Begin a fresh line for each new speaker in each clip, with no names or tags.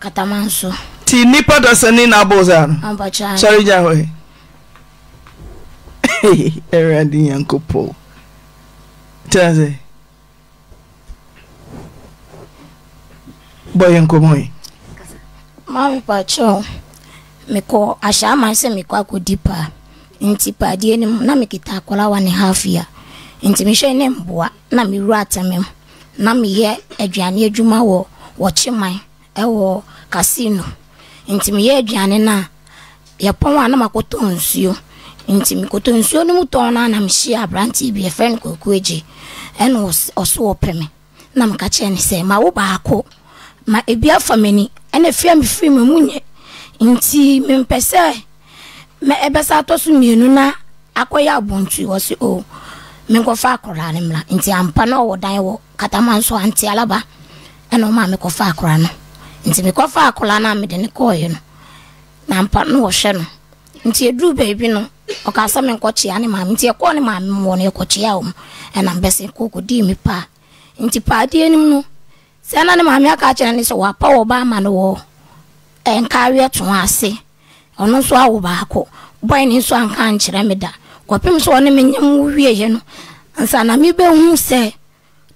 katamanso
ti nipa dɔ sani na boza no
amba cha sorry
ja ho awurade nyankopɔn yankopo sɛ boy yankomo yi
ma mi pa maame pakyɛw mekɔ ahyɛ ama sɛ mekɔ ko paa nti pa die ni na kita akɔla wa ni half year nti mi mehwɛ ni mboa na mi ru atame na mi ye aduane adwuma wo wo man ɛwɔ casino nti meyɛ aduane no a yɛpɔn a anam akoto nsuo nti koto nsuo no mu tɔn no a na mehyia aberante bi yɛfrɛ no kwaku agye ɛna ɔso ɔpɛ me na meka kyerɛ ne sɛ ma wo baako ma ebi afa m'ani ɛna fia me firi me mu nye nti mempɛ sɛ ɛbɛsa atɔ so mmienu na akɔyɛ abɔntu wɔ se o oh, menkɔfa akɔraa no mmra nti ampa na ɔwɔ dan wɔ katama nso ante alaba ɛna ɔma mekɔfa akɔra no nti mekɔfa akwadaa no a mede ne kɔɔeɛ no na mpa no wɔhwɛ no nti ɛduru baabi no ɔka sɛ menkɔkyea ne maame nti ɛkɔɔ ne maame mwɔ no yɛkɔkyea wɔ mu ɛnam bɛ kɔkɔdii me paa nti paadeɛ anim no sɛ na ne maame aka akyerɛ ne sɛ wapa wɔ ba ama no wɔ ɛnkaweɛ to ase ɔno nso awo baako bɔe ne nso anka nkyerɛ me da kɔpem sɛ ɔne menyam wo wieɛ no nsa na mebɛhu sɛ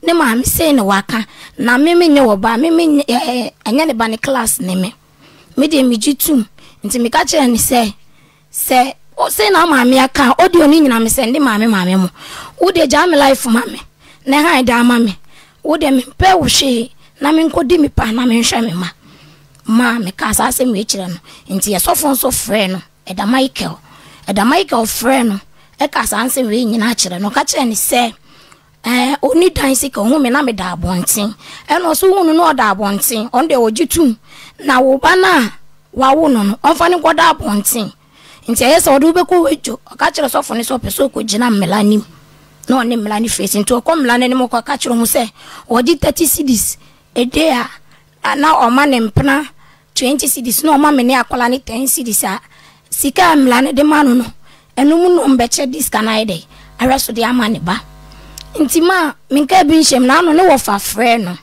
ne maame sei na waka na meme nyɛ wɔ ba meme ɛnyɛ eh, eh, ne ba ne class ne me me deɛ megye tum, nti meka kyerɛ ne sɛ sɛ sei na maame aka o ɔde ɔne nyina me sɛ nde maame maame mu wode gya me life ma me na ɛhan da ama me wode mempɛ wo hwee na di me pa na menhwɛ me ma ma meka saa asɛm wei kyerɛ no nti yɛsɔfo nso frɛ no ɛda michael ɛda michael frɛ no ɛka saa nsɛm wei nyinaa kyerɛ no ɔka kyerɛ ne sɛ ɛɛ eh, oni dan si ka ohun mi na mi da abɔnten ɛna eh, ɔso hunu na ɔda abɔnten ɔno deɛ ɔgye tum na wo naa na wawo no no ɔnfa ne kɔda abɔnten nti ɛyɛ sɛ ɔde wobɛkɔ wedwo ɔka kyerɛ sɔfo ne sɛ ɔpɛ sɛ ɔkɔgyina mmela anim na ɔne mmela no fɛsi nti ɔkɔ mmela no anim ɔka kyerɛ mu sɛ ɔgye thirty cedis ɛde a na ɔma ne mpena twenty cedis na ɔma me akɔla ne ten cedis a sika mmela no de ma no no ɛnum dɛ so de ama ne ba nti ma menka bi nhyɛ mu naano ne wɔfa frɛ no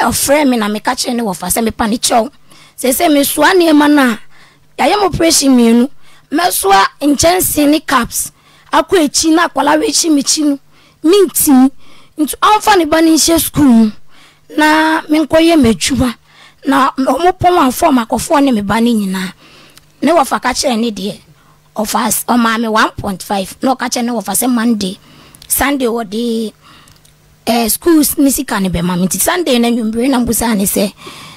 ɔfrɛ me na meka kyerɛ ne wɔfa sɛ mepa ne kyɛw sɛ sɛ mesoa nneɛma no a yɛayɛ mo operation mmienu mɛsoa nkyɛnse ne caps akɔ akyi na akwala wɔakyi mekyi no mentimi nti ɔmfa ne ba no nhyɛ sukuu mu na menkɔyɛ m'adwuma na ɔmo pɔn afɔm akɔfoɔ ne me no nyinaa ne wɔfa ka kyerɛ ne deɛ ɔfa ɔmaa me one point five na ɔka kyerɛ ne wɔfa sɛ monday sunday wɔde eh, school ne sika no bɛma me nti sunday no anwummere na mbusaa ni sɛ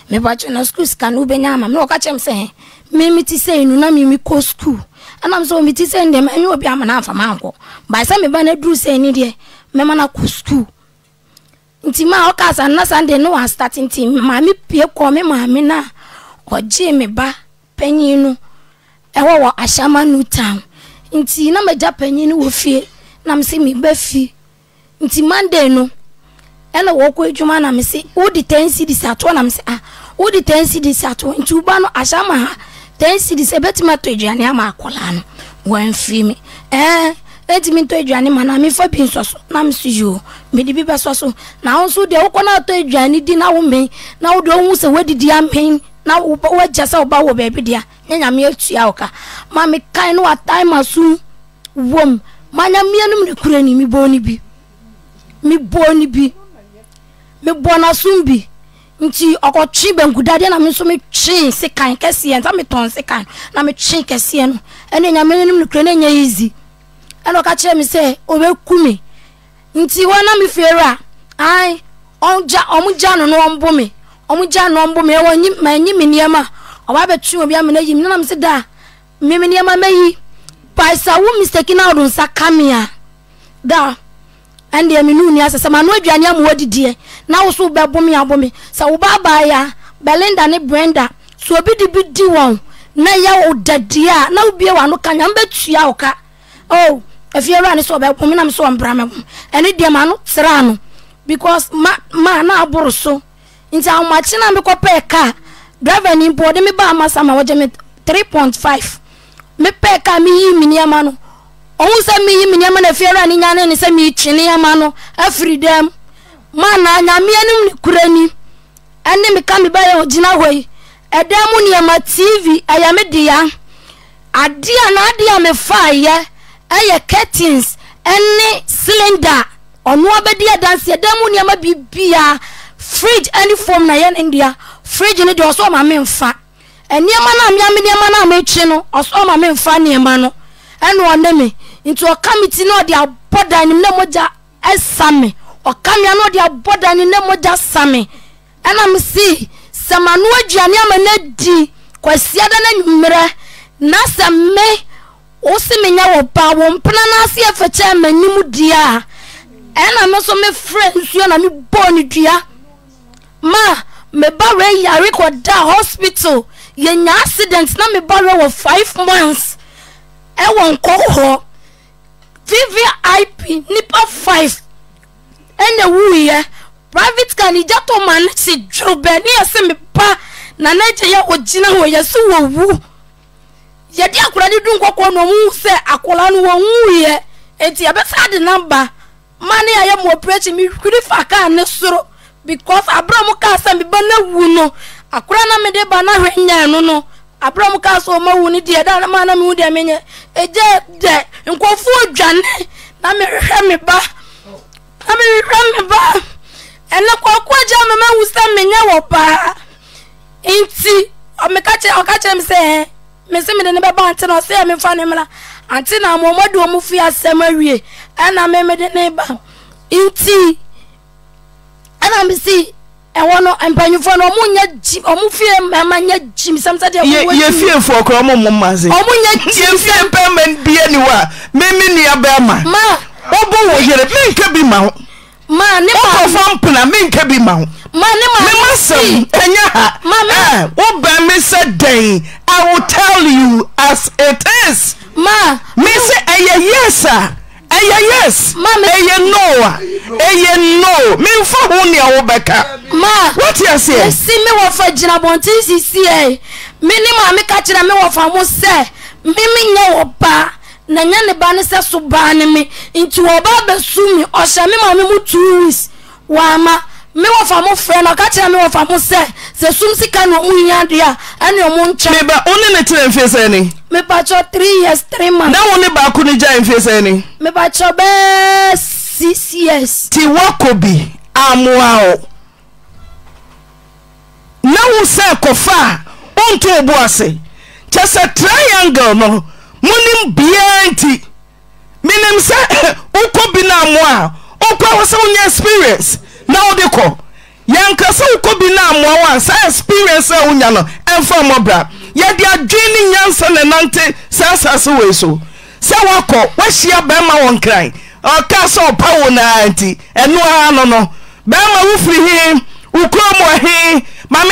mepakye no school sika no wobɛnya ama me na ɔka kyɛm sɛ meme te sɛ nu na meme kɔ school ɛnam sɛ ɔmete sɛ ndeɛ ɛnyɛ obi ama no amfa mankɔ bae sɛ meba no aduru sɛ ni deɛ mɛma no akɔ school nti ma ɔka sa na sunday no wastarte nti maame pie kɔ me maame no a ɔgyee me ba panyin no ɛwɔ wɔ ahyɛma new town nti na magya panyin no wɔ fie na m si mebe fie nti mande no ɛna wɔkɔ adwuma na m si wodi ten cedis atoɔ na si ah wodi ten cedis atoɔ nti wo ba no ahyɛ ama ha ten cedis ebɛtumi atɔ aduane ama akɔlaa no wɔmfiri mi ɛɛ ɛtumi ntɔ aduane ma na mefa bi nsɔ so na m si yoo mede bi bɛsɔ so na wo nso deɛ wokɔ no atɔ aduane di na wo mmɛn na wode wohu sɛ woadidi amɛn na wagya sɛ woba wɔ baabi dea ne nyame atua wo ka ma mekae no watae ma so wom manya mianom ne kura ni mebɔɔ ne bi mebɔɔ ne bi bi nti na me nso metwee kɛseɛ nsa na metwee kɛseɛ no ɛne nyame nom ɛna ɔka kyerɛ sɛ nti wɔn na a ae ɔgya ɔmo gya no no ɔmbo me ɔmo gya no ɔmbo ɛwɔ nyi ma nyi nneɛma obi ama n'ayi me na nam se da paisa wo mistake na ɔdo nsa kamea da ɛndeɛ me nuni asɛ sɛ mano aduane ama wadidiɛ na wo so wobɛbo me abo me wo baabaa yɛ belinda ne brenda so obi de bi di wɔn na ya wo dadeɛ a na wobie wano ka nyame bɛtua wo ka o oh, afie so ne sɛ ɔbɛbo me nam sɛ me ho ɛne ma no sra no because ma ma na aboro so nti ahomakye na mekɔpɛɛ kaa driver ni mpo ɔde me baa masa ma wɔgye me 3.5 mepɛ a meyi minma n sɛmy minafinsɛ mkinemnfridm nyaɛnmnkran eekameɛygyina i dam nema tv yɛ medea adenade mefayɛ yɛ catens ne cylinder ɔnoa bɛdiadanse dam nɛma biia fridge efomnn e fridge no e sɛmamemf nneɛma no mea me nneɛma no mekye no ɔma memfa nneɛma no ɛne ɔne me nti ɔka me ti na ɔde abɔ da nim na mogya sa me ɔka mea na ɔde abɔ da nim na mogya sa me ɛna me se sɛ mano aduane ama no adi kwasia da no anwummerɛ na sɛ me wo se menyɛ wɔ ba wɔ mpena no ase ɛfɛkyɛ m'anim die a ɛna me nso mefrɛ nsuo na mebɔɔ no dua ma meba wei yare da hospital yɛnya accident na mba wɔ 5 months ɛwɔ nkɔw hɔ vvip nnipa 5 ɛna wuiɛ private car ne gya ma ne ne yɛ na na gye yɛ ɔgyina hɔ yɛ so wɔwu yɛde ne du na ɔmo sɛ akora no wɔwuiɛ enti yɛbɛsa de namba ma ne yɛayɛ mɔ operation mehwiri fa kaa ne soro because aberɛ kaa sɛ meba na no akora na mede ba na hwɛ nya no no abrɛ m ka sɛ ɔma wu ne deɛ da na ma na mewu deɛ menyɛ ɛgye e dɛ nkɔfoɔ dwane na mehwɛ me ba na mehwɛ me ba ɛnɛ kɔko agya me mawu sɛ menyɛ wɔ paa nti ɔmeka kyerɛ ɔka kyerɛ me sɛ ɛ me se mede ne bɛba ante na ɔsɛ yɛ memfa ne mmra ante na mmɔmmɔde ɔ mu fie asɛm awie ɛna e memede ne ba nti ɛna e mesi ɛwɔ no mpanyinfoɔ no ɔmo nya ji ɔmo fie mɛma nya ji misɛm sɛ deɛ ɔmo wɔ ji yɛ fie
foɔ kora ɔmo mo ma se ɔmo nya ji yɛ fie mpɛmɛ bie ni wa mímí ni abɛ ma ma ɔbɔ wɔ yɛrɛ mi nkɛ bi ma ho ma ne ma ɔkɔ fɔ mpona mi nkɛ bi ma ho ma ne ma ne ma sɛm ɛnyɛ ha ma eh, mi ɛ wo bɛn mi sɛ dɛn i will tell you as it is ma mi sɛ ɛyɛ yɛsa ɛyɛ yes ɛyɛ no
a ɛyɛ
no memfa ho nea wobɛka wote aseɛ Si me wɔfa gyina bɔnten sisiɛ e. me ne maame ka kyerɛ me wɔfa ho sɛ me menyɛ wɔ baa na nyɛ ne ba ne sɛ so baa ne me nti wɔba bɛsu me ɔhyɛ me maame mu two weeks waama me wɔ fa mo na no ɔka kyerɛ me wɔ fa mo sɛ sɛ sum sika na ɔmo hia deɛ ɛne ɔmo nkyɛn. meba wo ne ne tena mfe sɛ ni. mepatsɔ three years three months. na wo ne baako ne gya mfe sɛ ba mepatsɔ bɛɛ six years. ti wɔkɔ bi amoa o
na wo sɛ kɔfa a wonto wo bo ase kyɛ sɛ triangle no monim biaa mi menim sɛ wokɔ bi no amoa a wokɔ wo sɛ wonya experience na ọ kɔ yɛnka sɛ wokɔ bi na ammoa wo a saa a wonya no ɛmfa mmɔbra yɛde adwene ne nyansa ne nante saa wei so sɛ woakɔ woahyia barima wɔ nkran ɔka sɛ ɔpa wo no no bɛrima he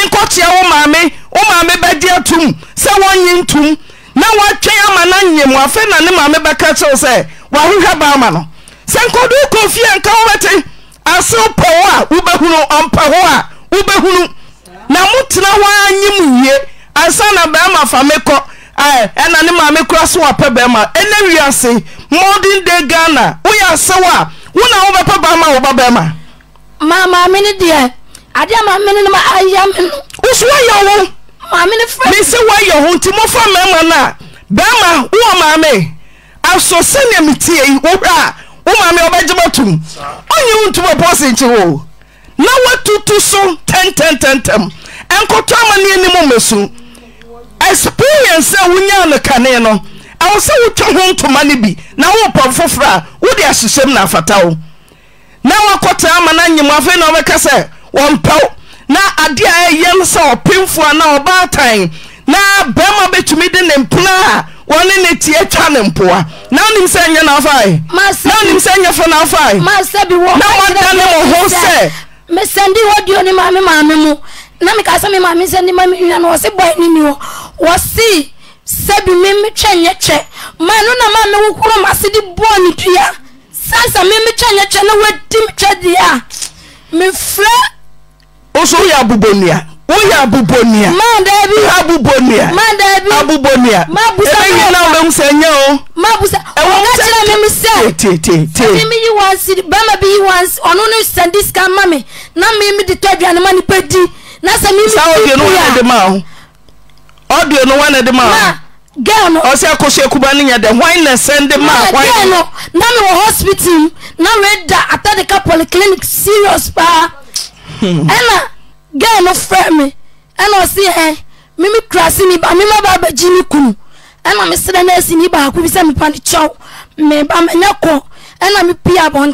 nkɔkyea wo maame wo maame bɛgye atom sɛ wɔnye ntom na woatwɛn ama no afei na ne maame bɛka kyerɛw sɛ no sɛ nka wobɛte asompa wo a wobɛhunu ɔmpa a wobɛhunu na motena hɔ a nyim ansa na bɛrima fa me ɛna ne maa me so wapɛ bɛrima ɛnɛ wiase modern day ghana woyɛ asɛw a wona
wobɛpɛ bɛrima a bɛrima deɛ ade a me no woso woayɛ wo me sɛ woayɛ ho nti mofa mmarima no a bɛrima
wowɔ maame aso sɛnea metie yi a womaame ɔbɛgye mɔ tom oyɛ wontuɔpɔsenkyi hɔo na woatutu so tɛntɛmtɛtɛm ɛnkɔtɔ ama no ani ɔmasu experiense sɛ wonyaano kane no ɛwɔ sɛ wotwɛ ho ntoma no bi na woepɔo foforɔ a wode asusɛm no afata wo na woakɔta ama no nyimafei ne ɔbɛka sɛ wɔmpɛw na ade aayɛm sɛ ɔpemfu ana ɔbaatae na bɛrima bɛtumi de ne mpina a wane
ne teɛ twa nempoa n n n sɛ ya fo nfaɛnwda ne o ho sɛ msnde se sɛimme nyɛf oso oyɛ abobɔnia
woyɛ abobonea abobonea abobonea ɛbɛyi na wobɛhu sɛ ɛnyɛ
o bɛma bi yi wansi ɔno no sɛnde sika ma me na meme de tɔ aduane ma nipa di na sɛ mesaa ɔdeɛ no wane de ma ho ɔdeɛ no wane de ma ho girl no. ọsẹ akọsẹ kuba ni yẹn dẹ wọn na sẹndé ma wọn. girl no na mi wọ hospital na mi da atadika polyclinic serious paa ẹnna. Hmm. gano fre me nasi meme tra sene ba memababeji me kun ana mesere no asinibakobs mepano bamnek ntn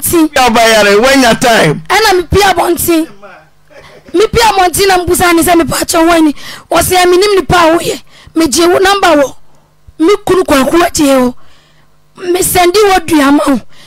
smenmnpaoye ba me kn kako mesendi wa duama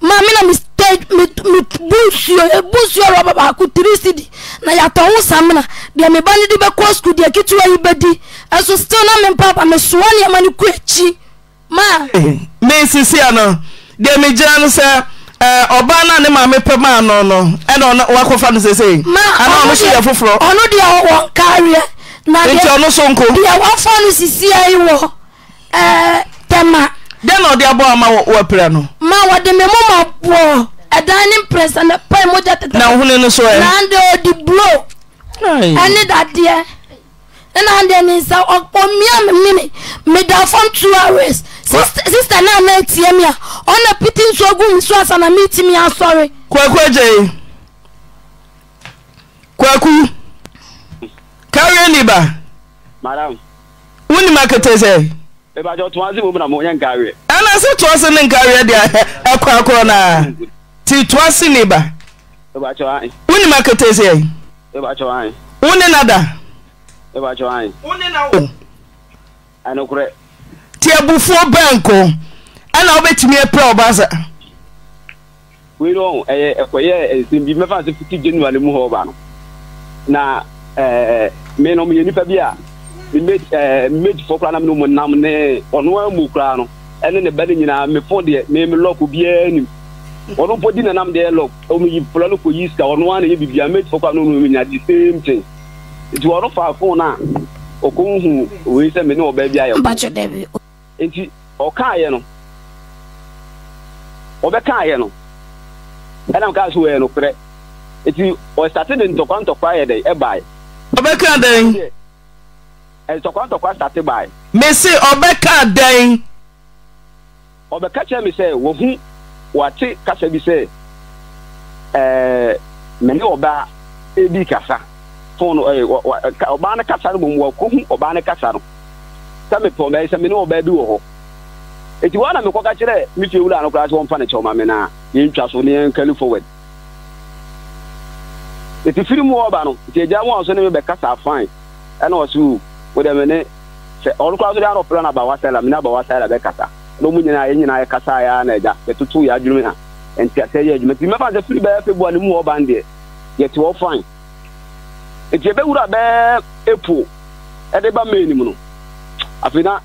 maame eh, na mebu nsuo ebu nsuo rɔba baako tiri si di na yàtọ̀ ho samina deɛ meba ne de bɛkɔ sukuu deɛ ketewa yi bɛdi ɛso still na eh, me mpaapa me soa nneɛma no kɔ akyi eh, maa. ne
sisi ano deɛ megyina no sɛ ɔbaa no a ne maame pɛ maa no no ɛna wakɔfa no sesei ana ɔno so yɛ foforɔ ɔno deɛ wɔ nkaareɛ na deɛ ɔno so nko deɛ wafa
no sisia yi wɔ ɛɛ tɛma dɛn na ɔde abɔ ama woapra ma wɔde me moma bɔɔ ɛdan ne mprɛsana pae mogya tetana wohone no so ndị nande ɔde blo ɛne dadeɛ ɛnande me two hours sister ne ana atia me a piti nso gu me na metimi asɔre kwaku agyei kwaku kawe ni ba
madam
wonim
anasị tụọsị
na nke arịa dị akwa akwa na ti tụọsị na ịba wunye maketezi anyị wunye nada
ti anyị. banko ana
wobɛtumi apra wo basa
wei e, e, e, no ɛyɛ ɛkɔyɛ nsɛm bi mɛfa sɛ fiti january mu hɔ ba no na me no meyɛ nnipa bi a made ɛɛ made fɔ na mi mu nam ne ɔno amu koraa no ɛne ne ba ne nyinaa mi fɔ deɛ mi mi lɔk biara nim ɔno mpo di na nam deɛ lɔk ɔmo yi fɔlɔ no kɔ yi sika ɔno ana yɛ bibi a made fɔ koraa no ɔno mi nya the same thing nti ɔno fa na ɔkɔ nhu oye sɛ mi ne bi ayɛ kɔ nti ɔkaa yɛ no ɔbɛkaa yɛ no ɛnam kaa so wɔyɛ no korɛ nti ɔsate ne ntɔkwa ntɔkwa yɛ dɛ ɛbaayɛ ɔbɛkaa dɛn. ntɔkwa ntɔkwa sate bae. mesi ɔbɛka dɛn. ɔbɛka kyerɛ mi sɛ hu wate kasa bi sɛ ɛɛ eh, mene ɔbaa ebi kasa fone eh, ɛɛ ɔbaa no kasa no mu hu ɔbaa no kasa no sɛ mepɛ ɔbɛyɛ sɛ mene ɔbaa bi wɔ hɔ eti wɔn na mi kɔka kyerɛ mi fie wura ano koraa sɛ wɔn fa ne kyɛw ma mi na yɛn twa so ne yɛn kɛli forward eti firimu mu ɔba no eti egya mu a ɔso ne mi bɛ kasa fain ɛna ɔso. mene ɔno koraa e. so de anɔpra no aba wasae la mene aba wasae la bɛkasa na ɔmu nyinaa yɛ nyinaa yɛkasa yɛ a na agya yɛtoto yɛ adwene ha nti asɛ yɛ adwuma nti mɛfa sɛ firi bɛyɛ febua ne mu wɔ ban deɛ yɛte wɔ fain nti yɛbɛwura bɛɛ epo ɛde ba mei nim no afei na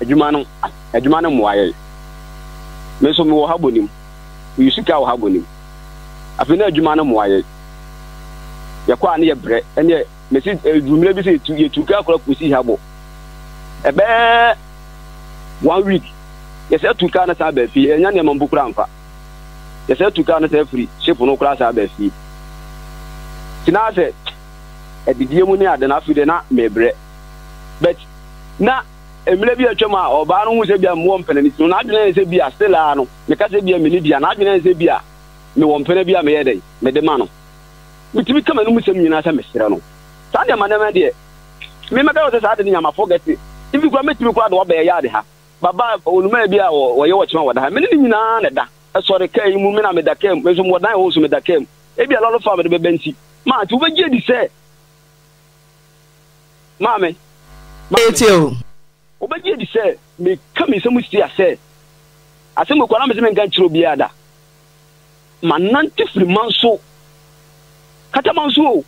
adwuma no adwuma no mmoa yɛ me nso mewɔ ha bɔ nim meyi sika wɔ ha bɔ nim afei na adwuma no mmoa yɛ yɛkɔ a ne yɛ brɛ ɛne yɛ mesi edumire eh, bi sɛ etu etu kura kura kusi ha eh, bɔ ɛbɛɛ one week yɛsɛ tu kaa ne saa bɛɛ fie eh, ɛnya nneɛma mpo kura nfa yɛsɛ tu kaa ne saa firi shipu no kura saa bɛɛ fie tena sɛ ɛdidie mu ne ade na afi de na mɛbrɛ but na mmerɛ bi atwam a ɔbaa no ho sɛ bia mewɔ mpɛnɛ no si no n'adwene sɛ bia stelaa no meka sɛ bia mene bia n'adwene sɛ bia mewɔ mpɛnɛ bi a meyɛ dɛn mede ma no metumi kama no mu sɛm nyinaa sɛ meserɛ no saa deɛ ma nɛma deɛ mmemmɛka wɔ sɛ saa de no nyamafoɔ gɛte ifi kura mɛtumi kora de wɔbɛyɛ yɛ ha baba onuma bi a wɔyɛ wɔkyema wɔ da ha mene ne nyinaa na da ɛsɔre kaa mu me na meda kaa mu nso wɔdan ɛwɔ so meda kaa mu ebi a lɔre fa mede bɛbɛ nti maa nti wobɛgye di sɛ maame wobɛgye di sɛ meka m'i nsɛm si asɛ asɛm ekura na mesɛ menka nkyerɛ obiara da ma nante firima nso katama nso o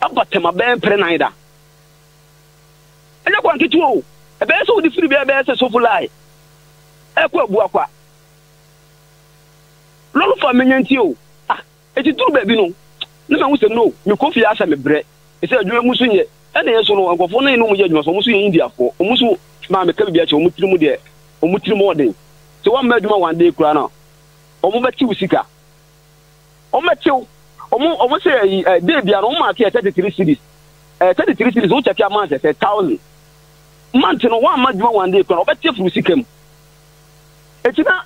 aba tɛm abɛɛ mpere nan da ɛnyɛ kwan ketewa o ɛbɛyɛ sɛ wode firi bi ɛbɛyɛ sɛ sofo lae ɛkɔ abu akwa lɔno fa menya nti o ah eti duru baabi no ne ma ho sɛ no mekɔ fie ahyɛ me brɛ ɛsɛ adwuma mu so nyɛ ɛna ɛyɛ so no nkɔfoɔ no ɛnom yɛ adwuma so ɔmo so yɛ indiafoɔ ɔmo so maa meka biribi akyɛ ɔmo tirim deɛ ɔmo tirim ɔden sɛ wɔn mma adwuma wɔn adan kura no ɔmo bɛtiw sika ɔmo bɛtiw ɔmo ɔmo sɛ ɛyi ɛ dee bia no ɔmo maa kɛ thirty three series ɛ thirty three series o kyɛkɛ amount ɛsɛ thousand month no wɔn a ma dwuma one day kora ɔbɛte furu sika mu eti na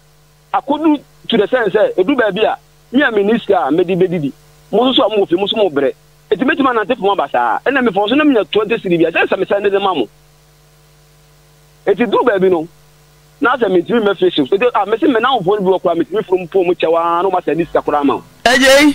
akodu to the sense sɛ eh, edu baabi a ah, mi a mi ni sika a ah, mɛdi bɛdidi mo nso a mo wɔ fi mo nso mo brɛ e, eti mɛti ma nante fom aba saa ah. ɛna mi fɔ so na mi nya twenty series bia sɛ sɛ mi sɛ ne de ma mo eti du baabi no n'asɛ mintimi mɛ fi si eti a mɛsi mɛ n'ahofo ni bi wɔ kora mintimi furu mu po mu kyɛw aa n'o ma sɛ ni sika kora ama o. ɛyɛ yi.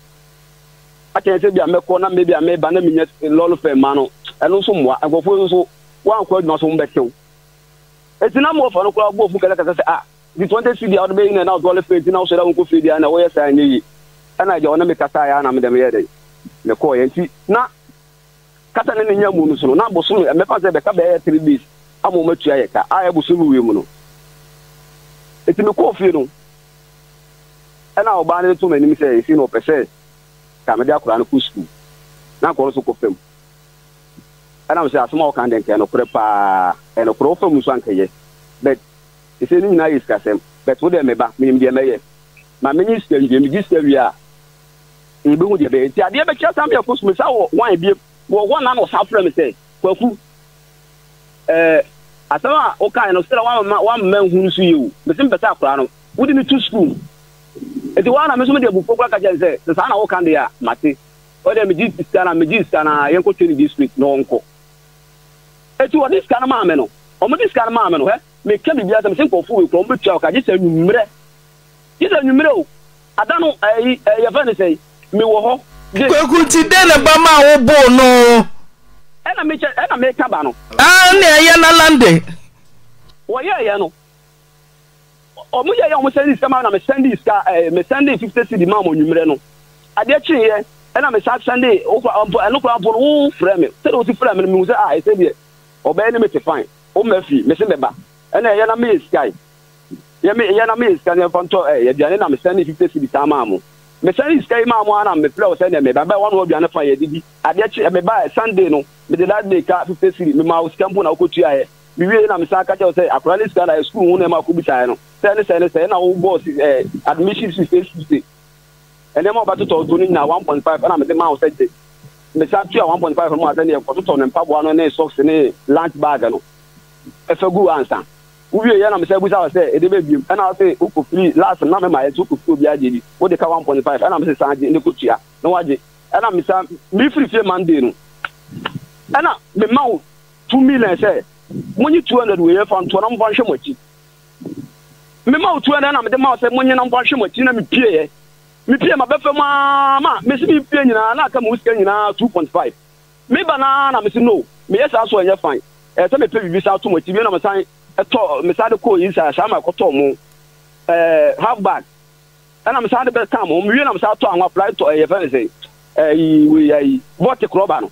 aka ese bia mekɔ na mebi a na menyɛ lɔɔre fɛ ma no ɛno nso mmoa nkurɔfoɔ nso woankɔ adwuma so eti na mo ɔfa no koraa bɔ kɛlɛ kasa sɛ a ah, di a ɔde bɛyi na ɛna ɔdɔ lɛ na ɔsɛ dɛ ɔnkɔ fɛ bi a na ɔyɛ saa nye yi ɛna ɔna mi kasa a na anam dɛm yɛ dɛ mekɔ yɛ nti na k'ata ne ne nya mu na bosom mɛfa sɛ bɛka bɛyɛ three days ama wɔn atua yɛ a yɛ no fie no ɛna ɔbaa ne to ka mede akora no kɔ sukuu na nkɔɔ no so kɔ fam ɛnam sɛ asɛm a wɔka de nka ɛnokorɛ paa ɛnokorɛ wɔfam nso ankɛyɛ but ɛsɛ no nyinaa yɛ sikasɛm but wo deɛ meba menim deɛ mɛyɛ ma menye sika nwie megye sika wie a ɛbɛhu deɛ bɛyɛ nti adeɛ bɛkyerɛ sa meyɛ kɔ sukuu sa wɔ wan bie wɔ hɔ na na ɔsa frɛ me sɛ kwaku ɛɛ asɛm a wokaeɛ no sɛ wamma nhunu so yie o mesɛ mpɛ sɛ akora no wode ne to nti waa na me nso mede abufo kora ka kyɛn sɛ sɛ saa na woka deɛ a mate ɔdɛ megye sika na megye sika na yɛnkɔtwe no district na ɔnkɔ ɛti wɔde sika no maa me no ɔmode sika no maa me no hɛ meka biribia sɛ mese nkɔfo wei kora ɔmbɛtua wo ka gye sɛ anwummerɛ gye sɛ anwummerɛ o ada no yɛfɛ ne sɛ mewɔ hɔ kwaku nti dɛn na ba ma a woboo no ɛna meka ba no ah, ne ɛyɛ na lande wɔyɛɛyɛ no ɔmo yɛ yɛ ɔmo sɛndi sika maa na mɛ sɛndi sika ɛɛ eh, mɛ sɛndi fifty cedi maa mo nwummerɛ no adeɛ kyi yɛ ɛna mɛ sa sɛndi okura mpɔ ɛno kura mpɔ no wuu frɛ mi sɛde o ti frɛ mi no mi n sɛ a ɛsɛ deɛ ɔbɛyɛ ne mi ti fain o mɛ fi mɛ sɛ mɛ ba ɛna ɛyɛ na mi yɛ sika yi yɛ mi yɛ na mi yɛ sika yɛ fɔntɔ ɛɛ yɛduane na mɛ sɛndi fifty cedi saa maa mo mɛ sɛndi sika yi maa mo ana mɛ filɛ o sɛndi mɛ ba bɛ wɔn aduane fa yɛ didi adeɛ kyi mɛ ba eh, sɛndi no mɛ de that day ka fifty cedi mɛ maa o sika mpo na o ko tua yɛ mi na mɛ sa akakyɛ o sɛ akɔla eh, ne na yɛ sukuu ho na ɛma ko bi saa yɛ no sɛne sɛne sɛ ɛna wobɔ eh, admission fees ɛsususe ɛnɛma wobɛtotɔ to no nyina one point five ɛna mede ma wo sɛ gye mesa tua one point five no mu a sɛne yɛkɔtotɔ ne mpaboa no ne socks ne lunch bag no ɛfɛ gu ansa wowie yɛ na mesɛ busa wɔ sɛ ɛde bɛbiem ɛna sɛ wokɔ firi last na mema yɛ sɛ wokɔ firi obiaa gye bi wode ka one point five ɛna mesɛ san gye ne kɔtua na woagye ɛna mesa mefiri fie monday no ɛna mema wo two million sɛ monye two hundred wɔ yɛ fa ntoɔ na mfa nhwɛ mo akyi mema otu ɛnɛ na mede ma sɛ na mepueɛ mepue ma bɛfɛ mu ma mesi nyinaa na aka ma nyinaa 2.5 meba na mesi no meyɛ saa so ɛnyɛ fan mepɛ biribi saa to na mesan ɛtɔ mesan de kɔɔ saa ma half bag ɛna mesan de na mesan tɔ anwa fly tɔ ɛyɛ fɛn sɛ ɛyi wei kurɔba no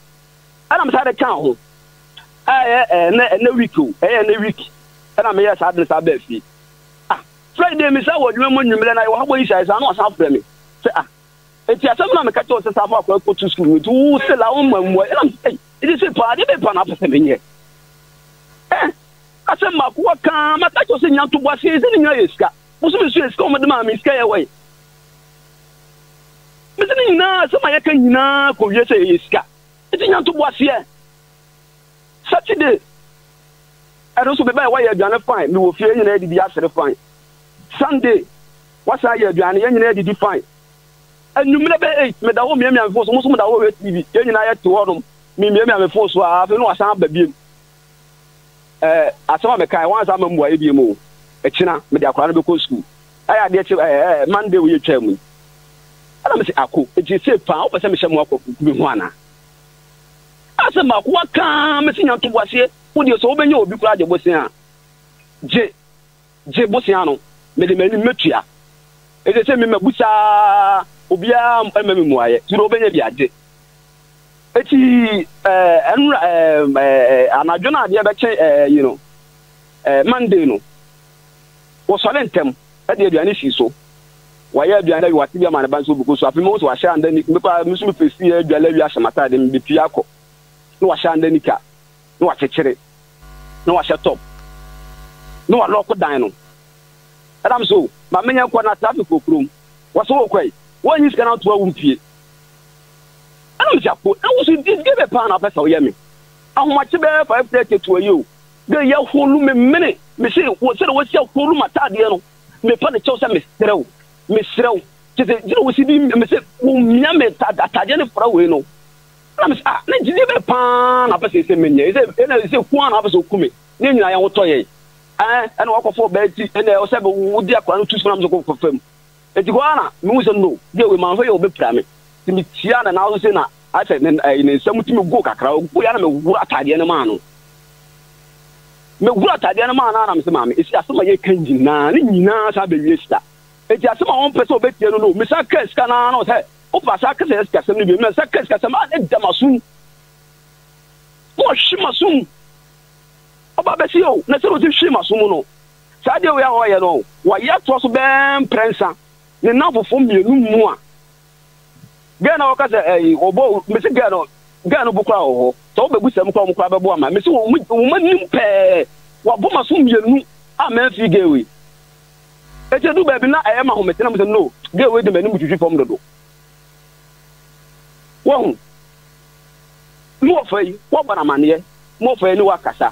ɛna mesan de ho ɛyɛ ɛnɛ ɛnɛ ɛyɛ ɛnɛ ɛna meyɛ saa de friday mi sɛ wɔ adwuma mu nwummerɛ na yɛwɔ habɔ yi hyɛ saa na ɔsan frɛ me sɛ ah nti asɛm na meka kyɛw sɛ saa fa akɔ akɔto skul mu nti wo sɛ la wo ma mmua ɛnam sɛ ɛde sɛ paa de bɛpa no apɛ menyɛ ɛ asɛm maako wɔkaa maka kyɛw sɛ nya to boase sɛ ne nyina yɛ sika wo so mesu yɛ sika ɔmde maa me sika yɛwɔ ɛ mese ne nyinaa asɛm a yɛka nyinaa kɔwie sɛ yɛyɛ sika nti nya to boaseɛ saturday ɛno so bɛba yɛ wɔayɛ aduane fae mewɔ fie nyinaa sunday wasa yɛ aduane yɛn nyinaa didi fine enumere bɛ eight meda hɔ miamia mi fo so musu meda hɔ wɛ tv yɛn nyinaa yɛ te hɔ nom mi so a afei no wasan aba biem ɛɛ asɛm a mɛka yɛ wansi ama mu ebiem o ɛkyina mede akwaraa no sukuu adeɛ kye ɛɛ monday twɛ mu ɛna sɛ ako eti paa sɛ hyɛ mu akɔ ho ana asɛ mako wakaa si aseɛ sɛ obi kura mede m'anim mɛtua ɛsɛ sɛ memabu saa obiara mma me mmuayɛ suro wobɛnya bi ade eti eh, ɛnura ɛɛ eh, eh, anadwo na adeɛ bɛkyɛ ɛɛ yi no ɛɛ mande no wɔsɔre ntɛm ɛde aduane si so wɔyɛ aduane awi wɔate bi ama ne ba nso buku so afei mo nso wɔahyɛ anda ni mekɔ nso mi pesi yɛ aduane awi ahyɛ mata ade mi pii akɔ na wɔahyɛ anda nika na wɔakyekyere na wɔahyɛ tɔp na wɔalɔɔko dan no. ɛnam so ma menyɛ nkɔ na traffic wɔ kurom wɔsɛ wɔkɔe wɔnyi sika no atoa wo mpie ɛnam sɛ akpo na wo so di bɛ paa na wopɛ sɛ woyɛ me ahomakye bɛɛ five thirty to ayi o dɛ yɛ holu me mene me se wɔsi holu ma taadeɛ no mepa ne kyɛw sɛ meserɛ wo meserɛ wo kyɛ sɛ gyina wɔsi bi me se wɔmia me ataadeɛ ne fora wei no nam sɛ ah na gyidie bɛ paa na wopɛ sɛ ɛsɛ menyɛ ɛsɛ ɛna ɛsɛ kuaa na wopɛ sɛ oku me ne nyinaa yɛ wotɔ yɛe ɛna eh, wakɔfɔ ɔbaa ti ɛna ɔsɛ bɛ wodi akora no tu so na mo so kɔ fam eti hɔ ana mihu sɛ no deɛ wei maa n fɛ yɛ ɔbɛpira mi ti mi tia na n'aso se na afɛ ne ɛɛ eh, ne nsɛm ti mi go kakra o go ya na mɛ wura ataadeɛ no maa no mɛ wura ataadeɛ no maa no ana mi sɛ maame esi asɛm a yɛ ka nyinaa ne nyinaa san bɛ wie sita eti asɛm a wɔn pɛ sɛ ɔbɛtia no no misa kɛ sika naa na ɔsɛ ɔpa sa kɛsɛ sika sɛm no bi mɛ sɛ kɛ sika sɛm a ne dama sum ɔhye ma sum. ɔba bɛsi o na sɛ ɔti hwi ma so mu no saa deɛ wei a ɔyɛ no wayɛ toɔ so bɛɛ mprɛnsa ne nanfofo mmienu mu a gɛɛ na wɔka sɛ ɛyi ɔbɔ mesi gɛɛ no gɛɛ no bo kora wɔ hɔ sɛ wobɛbu sɛm kora mo kora bɛboa ma mesi wɔn anim pɛɛ wabɔ ma so mmienu a mɛnfi gɛɛ wei ɛkyɛ du baabi na ɛyɛ ma ahometena mu sɛ no gɛɛ wei de m'anim twitwi fam dodo wɔn mu wɔfɛ yi wɔbɔ na amaneɛ mu wɔfɛ yi ne wɔakasa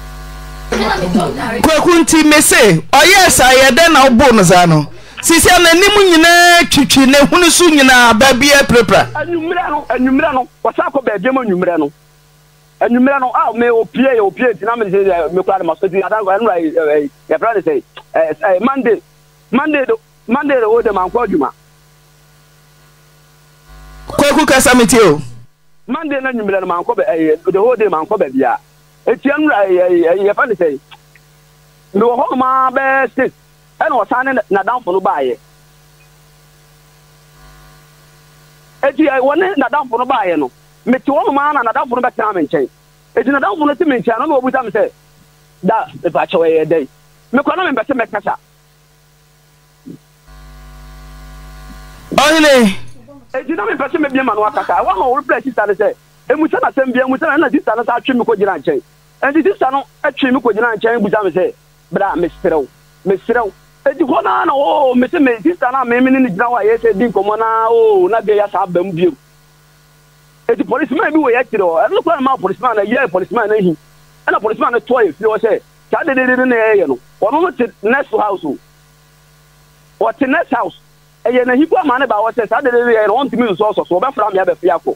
kwaku mese ɔyɛɛ sa yɛdɛn na wobo no saa no sisia na anim nyinaa twitwi
na ehunu so nyinaa baabia eh, pirapira. enyimire no enyimire no wɔsan akɔ baabi mu enyimire no enyimire no a ah, me opie yɛ ti na me sɛ me kura ne ma so ti ɛnura ne sɛ mande mande do mande o de ma nkɔ kasa mi ti o. mande na enyimire no ma nkɔ eh, de o de ma nkɔ etua nwura eh, eh, eh, yɛfa ne sɛ mewɔ hɔ noma bɛɛ six ɛna ɔsan ne nadamfo no baayɛ eti wɔne nadamfo no baayɛ no mete hɔ noma na nadamfo no bɛtena me nkyɛn eti nadamfo no te me nkyɛn no na obuta me sɛ da mepakyɛw ɛyɛ dɛn mekɔ na mempɛ sɛ mɛkasa ɔhene eti na mempɛ sɛ mebie ma no akasa wɔma wɔreprɛ sisan ne sɛ emusa na asɛm bia emusa na ɛna sista na saa atwe mi kɔ gyina nkyɛn ɛnti sista no atwe mi kɔ gyina nkyɛn busa mi sɛ bra meserew meserew eti hɔ naa na oo oh, mese me sista na meme ne ne gyina hɔ a yɛsɛ di nkɔmɔ na oo oh, na bia yɛ saa bɛm bio eti polisiman bi wɔ yɛ kyerɛ hɔ ɛno kora ne ma polisiman na yɛ polisiman na hi ɛna polisiman no toɔ yɛ fie hɔ sɛ saa dedede ne yɛyɛ no ɔno no te nurse house o ɔte nurse house ɛyɛ na hi kɔ ama ne ba wɔ sɛ saa dedede yɛyɛ no ɔntumi nsɔɔsɔ so ɔbɛfra mi abɛfia kɔ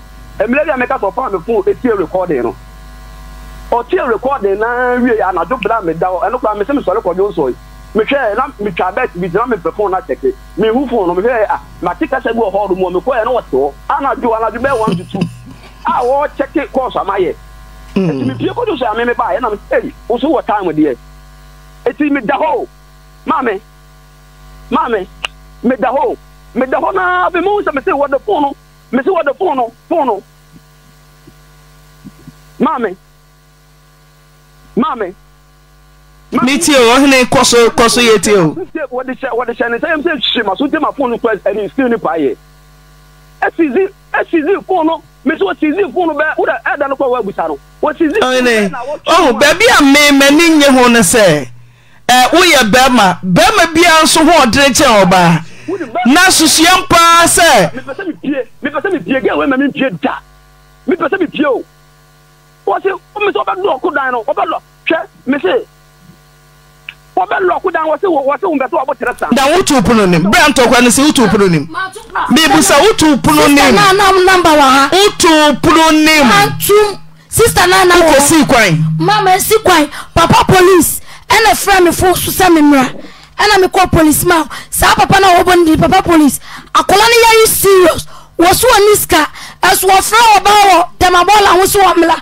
mmiri bi a meka sọ fan mi fún etie recording no ọtie recording náà wie yà anadwo bla mi da hɔ ɛnu kura mi sɛ mi sɔre kɔdwo nsɔ yi mi hwɛ na mi twa bɛt bi gyina mi pɛ fon na kyɛkɛ mi hu fon no mi hwɛ a ma ti kasa bi wɔ hɔ ɔdun mu mi kɔ yɛ na wɔte hɔ anadwo anadwo bɛyɛ one to two a wɔɔ kyɛkɛ kɔɔso ama yɛ eti mi pie kɔdwo so yà mi mi ba yɛ na mi ee nso wɔ time deɛ eti mi da hɔ o maame maame mi da hɔ o mi da hɔ naa bi mi hu sɛ mi si wɔ de fon no mi si wɔ de fon no fon no maame maame. ne tie o ɔhene kɔ so kɔ so yɛ tie o. wɔde hyɛ wɔde hyɛ ne nsa yɛm sɛ hyɛ ma so n tɛ ma fone kura ɛni still ni pa yɛ ɛsizi ɛsizi fone no mesi wɔsizi fone bɛ o da ɛda no kɔ wɔ ebusa no wɔsizi fone bɛ na wɔtɔ. ɔhun bɛɛbi a mɛmɛ ni nye ho ne sɛ ɛ
woyɛ bɛrima bɛrima biara nso ho ɔdene kyɛn ɔbaa
na susua mpaa sɛ. mipɛsɛ mi pie mipɛsɛ mi pie gɛɛ wɛmɛ mi pie da mipɛsɛ mi pie o. wɔsi misi wɔbɛ lɔku dan no wɔbɛ lɔ hwɛ misi wɔbɛ lɔku dan wɔsi wɔsi wɔn bɛtɛ wɔbɔ tɛrɛ san. da
wotu pono nim bẹẹ ntɔkwa ni sẹ wotu pono nim
bibusa wotu pono nim sista naa nam namba wa ha wotu pono nim sista naa nam wɔ si kwan mama si kwan papa police ɛna fira mi fo so mi mira ɛna mi kɔ police ma saa papa naa wɔbɔ ne di papa police akɔla ne yɛ serious wɔsi wɔ niska ɛso e wɔfra wɔ ba wɔ dɛmabɔla ahosuo wɔ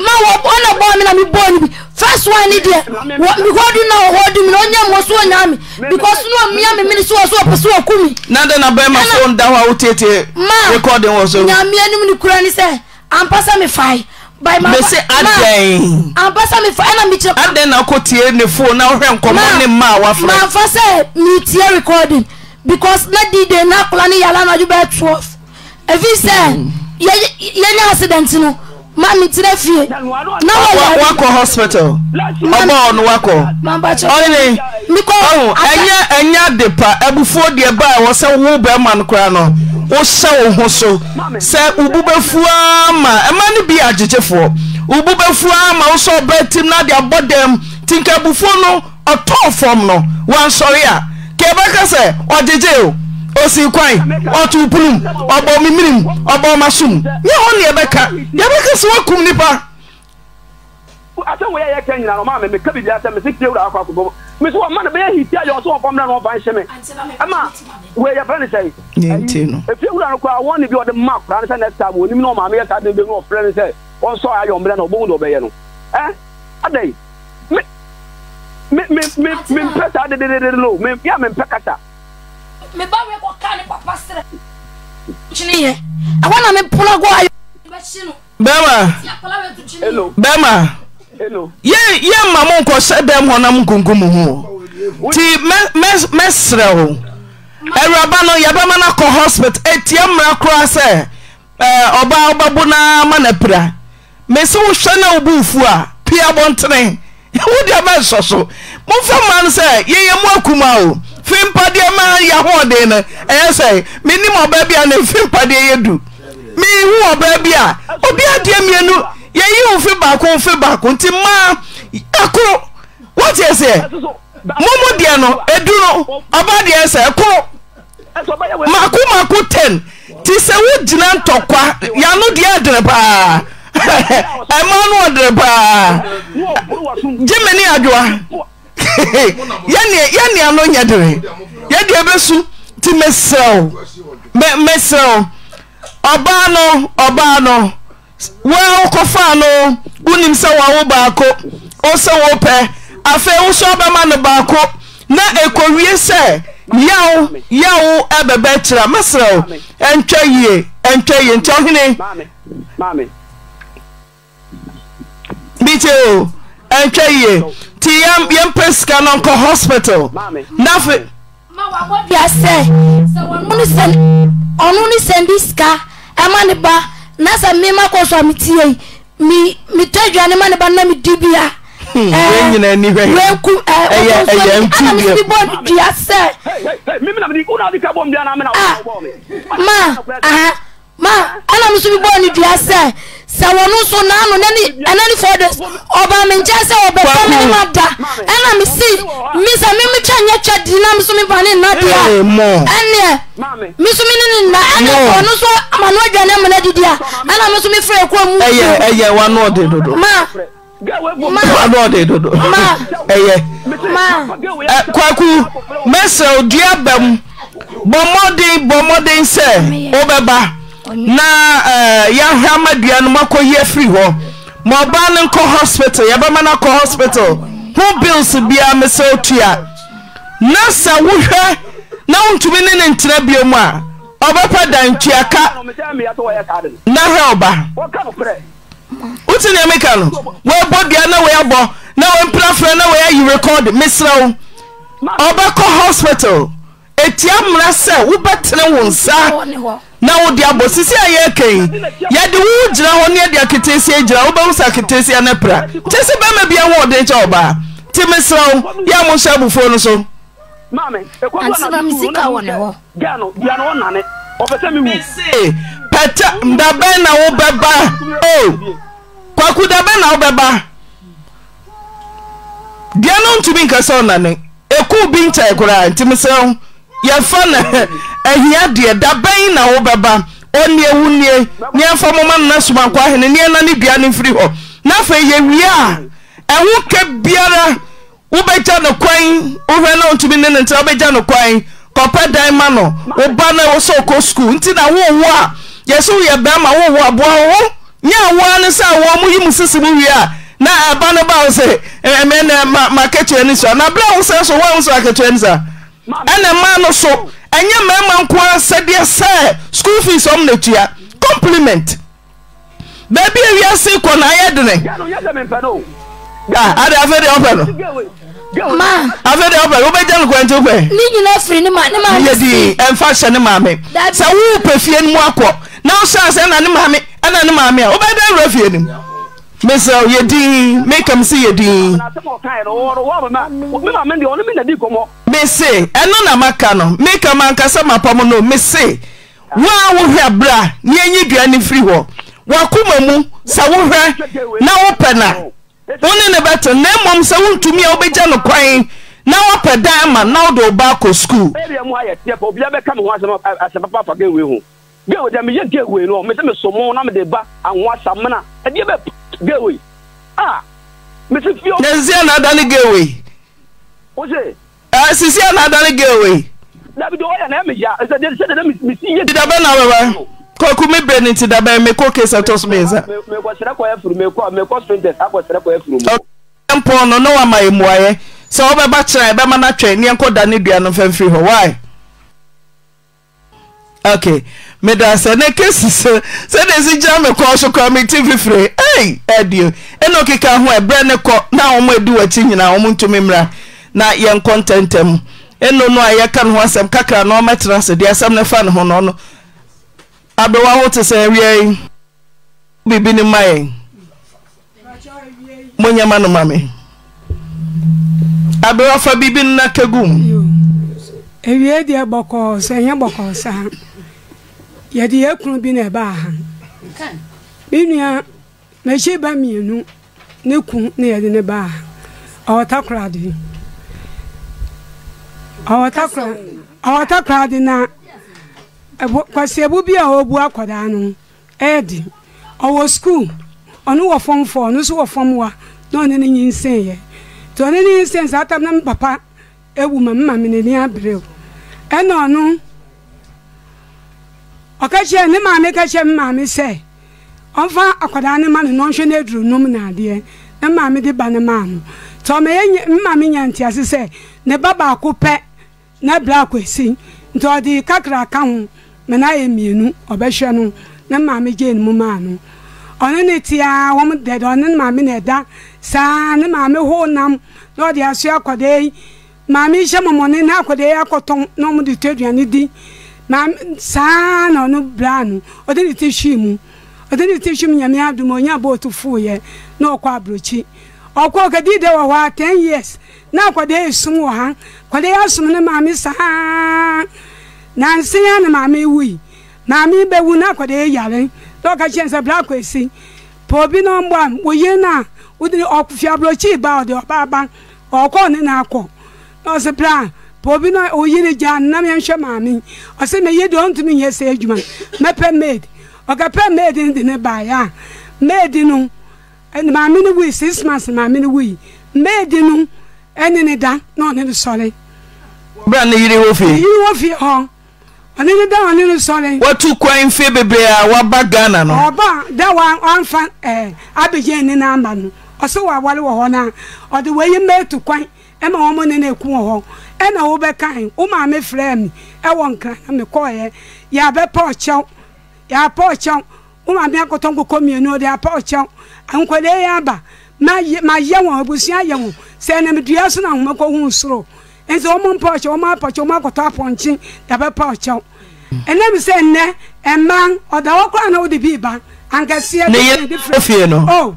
nɔmn mebɔne en faɔwoi aa nmne an sɛ s mefan f emawfa sɛ metiɛ redin beana ienaa ne yalab fsɛ hmm. yɛya acident o mami tire fie wakɔ
hospital ɔbɔ ɔno wakɔ ɔne ɔhu ɛnyɛ ɛnyɛ ade pa ebufuo deɛ ba ɛwɔ sɛ wo bɛrima no koraa no wohyɛ wo ho so sɛ wobu bɛfuaa ma ɛma no bi agyegyefoɔ wobu bɛfuaa ma wo sɛ ɔbɛ tim no ade abɔ dɛm tinka abufuo no ɔtɔɔ fam no wansɔre a kɛ ɛbɛka sɛ ɔgyegye o
osi kwan ɔtu punum ɔbɔ mimirim ɔbɔ masum nyɛ hɔ ne yɛbɛka yɛbɛka sɛ wakum nipa asɛm wɔyɛ yɛ kɛ nyina no ɔmaa me meka bibi asɛm mese kire wura akɔ akɔbɔ me so ɔma no bɛyɛ hiti ayɛ ɔsɛ ɔbɔ mmerɛ no ɔba nhyɛ me ɛma wɔyɛfrɛ ne sɛe
ɛfie
wura no koraa wɔne bi ɔde ma koraa no sɛ next time ɔnim na ɔmaame yɛ saa den bɛmu ɔfrɛ no sɛ ɔnsɔ ayɛ ɔmmerɛ no ɔbɔhu de ɔbɛyɛ no ɛ adɛn mempɛ saa dededede no yɛ mempɛ kasa
mabɛima yɛ mma monkɔhyɛ
bam hɔnam nkonko mu ho ɔ ti mɛserɛ wo ɛwuraba no yɛbɛma no akɔ hospita atia mmara kora sɛ ɔba ɔbabo no manapra mesi wo hwɛ ne wo bo wofu a pia abɔtene wodeɛ mɛsɔ so momfa ma no sɛ yɛyɛ mɔ akuma o fi mpadeɛ ma yɛhoɔden no ɛyɛ sɛ menim ɔbaa bi a ne mfi mpadeɛ yɛ du mehu ɔbaa bi a obi adeɛ mmienu yɛyi wo mfe baako mfe baako nti maa ɛkoro woteɛ sɛ momu deɛ no ɛdu no ɔba deɛ sɛ ɛkoro mako mako ten nti sɛ wogyina ntɔkwa yɛano deɛ adene paa ɛma no ɔdene paa gye me ne adwoa yɛnea no nyɛ dere yɛdeɛ bɛsu nti mesrɛw ɔbaa no ɔbaa no woa wokɔfaa no wonim sɛ woawo baako wo sɛ wo pɛ afei wo so wobɛma no baako na ɛkɔwie sɛ yaw yawo bɛbɛ kyerɛ mɛserɛw ɛntwɛ yie ɛntwɛ yie nti ɔhene bitio ɛntwɛ yie yɛmpɛ sika nonkɔ hospital
adua sɛ ɔno ne sɛmdi sika ɛma ne ba na sɛ mema kɔɔ so a metiei metɔ aduane ma neba hmm, n na medibia anamso mibɔɔ ne dua sɛ sɛ wɔno nso naano ɛnani four days ɔba me nkyɛn sɛ ma mm. da ɛna me si me sɛ me metwa nyɛ na me so me ba ne nna so ne ne nna ɛna a ɛna me so me frɛ kɔ mu ɛyɛ ɛyɛ dodo ma ma dodo
kwaku dua bɔmɔden bɔmɔden sɛ na eh, yɛha ma dua no makɔyi firi hɔ maɔba no nkɔ hospital yɛbɛma no kɔ hospital ho bulls biaa mesrɛ wo tua na sɛ wohwɛ na wontumi ne ne ntena biomu a ɔbɛpɛ dan ntuaka
na hɛ ba
wotineɛme ka noanɛnfɛ na wɛay recd mesera wo ɔbɛkɔ hospital tia mmra sɛ wobɛtene wo nsa na wode abɔ sisi a yɛ kei yɛde wo gyina hɔ ne yɛde aketesia gyina wobɛhu sɛ aketesia no pra kyɛ sɛ bɛma bia ho ɔden kyɛ ɔbaa nti mesrɛ wo yɛ mo hyɛ abufuo no so pɛkyɛ dabɛn na wobɛba o kwaku dabɛn na wobɛba deɛ no ntumi nkɛ sɛ ɔnane bi nkyɛe koraa nti yɛfa no ahia deɛ dabɛn na wobɛba ɔnneɛ wonnie neɛmfa moma nona somankɔ ahene nneɛna ne dua ne mfiri hɔ na afei yɛwie a ɛho kɛ biara wobɛgya no kwan wohwɛ na ɔntumi ne ne ntra wobɛgya no kwan kɔpɛ dan ma no wo na no ɔkɔ sukuul nti na wowo a yɛ sɛ woyɛ bɛima wowo aboa wo ho nyɛ woa ne sɛ wɔ mo yi mu sisi mu wie na aba no ba wo sɛ ni na berɛ a so woa wo so akatua ni sa ɛna mmaa no so ɛnyɛ mmarima nko ara sɛdeɛ sɛ school fees ɔmo na tua compliment baabi ewia se kɔ na ayɛ
dene
a
ah, ade afɛ deɛ ɔpɛ
no maa afɛ deɛ ɔpɛ
no wobɛgya no kwanti wopɛ
ne nyinaa firi ne ma ne maame yɛ di
ɛmfa hyɛ ne maame sɛ wopɛ fie no mu akɔ na wohyɛ asɛ na ne maame ɛna ne maame a wobɛda awura fie no mu mesa oh, yɛ din mekam sɛ yɛ din mese eh, ɛno na maka no mekam ankasa mapam no mese woa wohwɛ abra na yɛnyi dua no firi hɔ wakoma mu sɛ wohwɛ na wopɛ na wo ne ne bɛto na mmom sɛ wontumi a eh, wobɛgya
no kwan na wopɛ dan ma na wode wo ba akɔ skuul gawe deɛ meyɛ gawe no mesɛ mesomo na mede ba anwa samena ɛdeɛ bɛ gawe a mese fio nansia na ada ne gawe wose sisia na ada ne gawe dabide ɔyɛ na ɛmeya
sɛdɛdɛ mesi yɛ tidabɛ na bɛba kɔku me brɛ ne tidabɛ mekɔ kesa tɔ so meyɛsa
mekɔserɛ
kɔyɛ furu mekɔ mekɔ sprintes akɔserɛ kɔyɛ furu mu mpɔ no na wama mmuayɛ sɛ wobɛba kyerɛ ɛbɛma no atwɛn neɛnkɔda ne dua no mfamfiri hɔ wy okay meda sɛ ne kɛsi sɛ sɛde ɛsi gyina mekɔɔ so kora mete fifiri ei adio ɛne ɔkeka ho ɛberɛ ne kɔ na wɔm adi wakyi nyina wɔm ntumi mmra na yɛnkɔ ntɛntɛm ɛno no a yɛka ne ho asɛm kakra na ɔmɛtena ase deɛ asɛm ne fa ne ho no ɔno aberɛwa ho te sɛ awiai biribi ne ma yɛn monyɛma no ma me aberɛwa fa biribi no na ka
gum awie deɛ bɔkɔɔ sɛ ɛnyɛ bɔkɔɔ saa yɛde yɛ kunu bi na ɛba aha me nua n'akyi ba mmienu ne kun ne yɛde ne ba aha ɔwɔtakora de ɔwɔtakora ɔwɔtakora de na kwasiabu bi a ɔbu akwadaa no ɛyɛ de ɔwɔ sukuu ɔno wɔ fam fɔ ɔno nso wɔ fɔm wa na ɔne ne nyinsɛn yɛ nti ɔne ne nyinsɛn saa tam na mpapa ewu ma mma mi n'ani abere o ɛna ɔno. ɔka kyerɛ ne maame ka kyerɛ me maame sɛ ɔmfa akwadaa ne ma no na ɔnhwɛ no aduro nom na adeɛ ne maame de ba ne maa no nti ɔmɛyɛ me maame nya ntease sɛ ne ba baako pɛ na bra akwasi nti ɔde kakra ka ho me na ayɛ mmienu ɔbɛhwɛ no ne maame gye ne mu maa no ɔne ne tia wɔm dɛdɛ ɔne ne maame na ɛda saa ne maame ho nam na ɔde asoa akwadaa yi maame hyɛ mɔmɔne na akwadaa yi akɔtɔn na ɔmo de tɔ aduane di saa na ɔno bra no ɔde ne ti hwi mu ɔde ne ti hwi mu nyame adum otu bootu fuuyɛ na ɔkɔ aburokyi ɔkɔ kadi de wɔ hɔ a ten years na akɔde esum wɔ ha kɔde asum ne maame saa na nsia na maame wui maame bɛwu na akɔde yare na ɔka kyɛn sɛ bra akɔ esi pa obi na ɔmbɔ am oye na ɔde ɔfi aburokyi ba ɔde ɔba aba ɔkɔ ne na akɔ na ɔsi bra. pa obi na oyere gya nnam yɛnhwɛ maame ɔsɛ meyɛ deɛ ɔntumi nyɛ sɛ adwuma mɛpɛ maid ɔkɛpɛ maid no de ne baeɛ a maid no maame no wui six months maame no wui maid no ɛne ne da na ɔne no sɔre bra ne yiri wɔ fie yiri wɔ fie hɔ ɔne ne da ɔne no sɔre watu kwan mfe bebree a waba ghana no ɔba da wa ɔmfa ɛɛ abegye ne n'amba no ɔsɛ wawale wɔ hɔ na ɔde wɔyi mɛɛtu kwan ɛma wɔn ne ne eku wɔ hɔ ɛna wobɛkan wo maame frɛ me ɛwɔ nkra na mekɔɔyɛ yɛabɛpɛ ɔkyɛw yɛapɛ ɔkyɛw wo maame akɔtɔ nkokɔ mmienu ɔde apɛ ɔkyɛw nkɔdɛ yɛ aba mayɛ wɔn abusua yɛ wɔn sɛ ɛnamdua so na ahoma kɔhu soro nti wɔn mpɛ ɔkyɛw wɔn apɛ ɔkyɛw wɔn akɔtɔ apɔnkye yɛabɛpɛ ɔkyɛw ɛnam sɛ nnɛ mmaa ɔda wɔ koraa na wode bi ba ankɛseɛ bi fie no oh.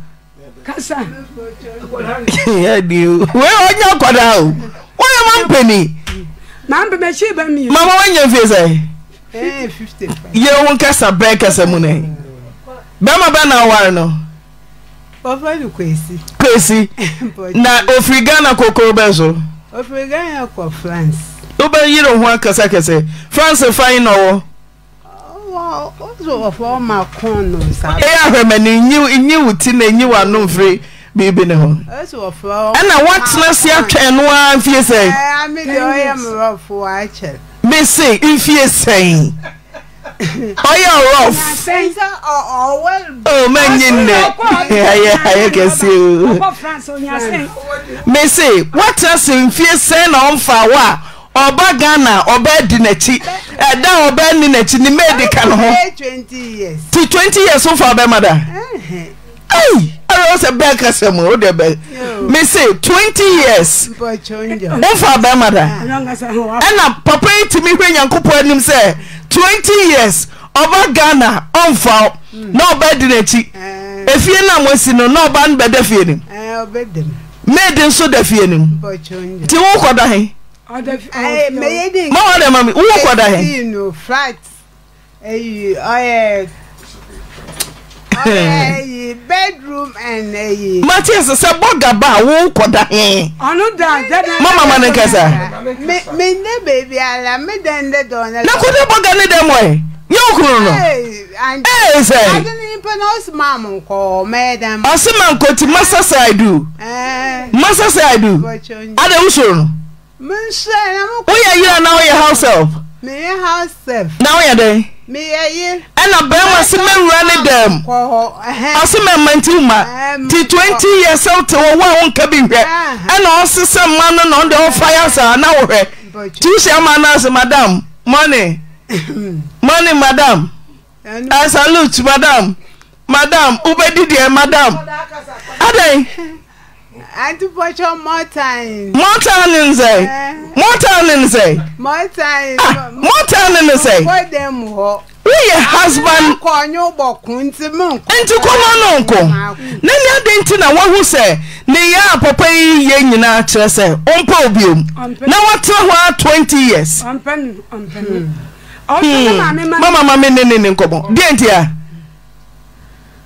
kasa.
wee onye akwadaa o onye ma mpeni.
ma mpe ma chi
ba mi. mama wa nye fie sɛ. ye wo nkasa bɛɛ kasa mu ne. bɛrima bɛ na awari no.
wɔfɛ ni kwesi.
kwesi na ofiri ghana kokoro bɛ so.
ofiri ghana kɔ france.
wobɛyiri ho akasakasa france fain na ɔwɔ ɛyɛahwɛma no nyi wo ti na ɛnyi wo ano mfiri biribi ne ho
ɛna woatena se atwɛn no a mfie sɛn
mese mfie sɛn
ɔyɛ rɔf nnɛ ayɛ ayɛ kɛseɛ o mese
woatena se mfie sɛn na ɔmfa wo ọba ghana ọba di n'akyi ɛda ọba ni n'akyi ni mee di ka ne ho ti twenty years nfa ọba ma da ɛyi ɛyɛ ɔsɛ bɛɛ kasa mu o de bɛ
mese twenty years nfa ọba ma da ɛna papa
yi e ti mi hwɛ nyankopɔ anim sɛ twenty years ọba ghana ɔnfa hmm. na ọba di n'akyi eh. efie na mo si no na ọba no bɛ fie nim eh, mee di nso da fie nim
ti wo kɔ da he. mama da mami wo kwa da he no flat eh eh
oh, oh,
bedroom and eh Matthias se
boga ba
wo kwa da mama ma ne baby na ko de boga ne de mo e nye okuru no eh se ọsịma nkọ ti masa
saidu
masa ada no woyɛ yirana woyɛ hawsef
na woyɛ dɛn
ɛna baim se mawura ne dɛm ase mɛ amanti woma nti 20 yɛ sɛw te
wɔwo a wo nka bi hwɛ ɛna ɔse sɛ ma no n de ɔfae asaa na wohɛ
tisiama
nase madam moni moni madam asaluch madam madam wobɛdideɛ madam adɛn
more times. nze. times, eh? eh? More
times, eh?
More times. Ah, more times, eh? Where them ho?
Where your husband?
Konyo bokunti mungu. Enti na ya se? Ne ya
papa yi ye nyina chere se. Ompa obiom. Na watra hwa 20 years.
Ompen, ompen. Hmm. Mama mama
ya.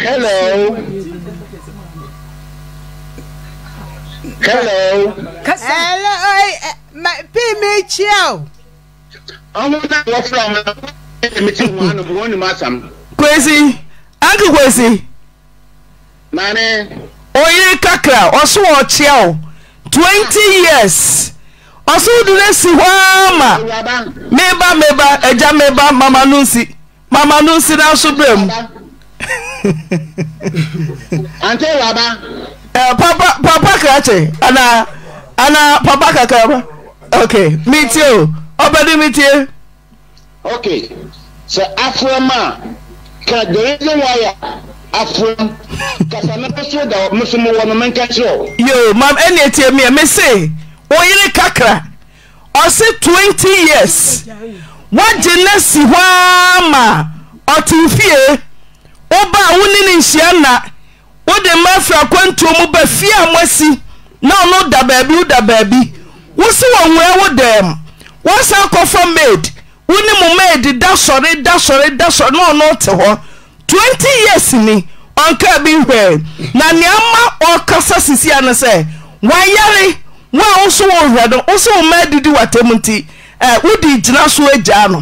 Hello. Hello. Hello. My PMH
yao. Ọmọ náà wọ́n fúnra wọn ẹ̀rọ Kwesi, Uncle Kwesi. Nani. Oyè
kakra, ọ̀sùn ọ̀kyẹ́ o, twenty years. Ọ̀sùn dùn esi hwáàmà. meba mèbá ẹja mèbá màmá nù nsì. Màmá nù nsì náà ante waba. ẹ eh, papa papa krakye ana ana papa kakraba Okay, mi
tie o ọbẹni mi tie. ok sɛ afrom a ka the reason why a afrom kasa ne bɛ so da musomu wɔ no
mɛ nka kyerɛ. yoo maam ɛni etie mi yɛ mi se oyiri kakra ɔsi twenty years wagye ne si hɔ ama ɔtun fie. wobaa a ne ne nhyia nna wode mma afiri akwantuo mu ba fie a moasi na ɔno da baabi beebi baabi wo se wɔwura wo dam woasa akɔfa maid wo ne mo maid da sɔre da sɔre da sɔre na ɔno te họ 20 years ni ọ ɔnkaa bi hwɛɛ na nea ma ɔkasa sisia no sɛ wayare wo a wo so wo hwɛ no wo se wo mmaa didi watamu nti nọ. gyina so agyaa no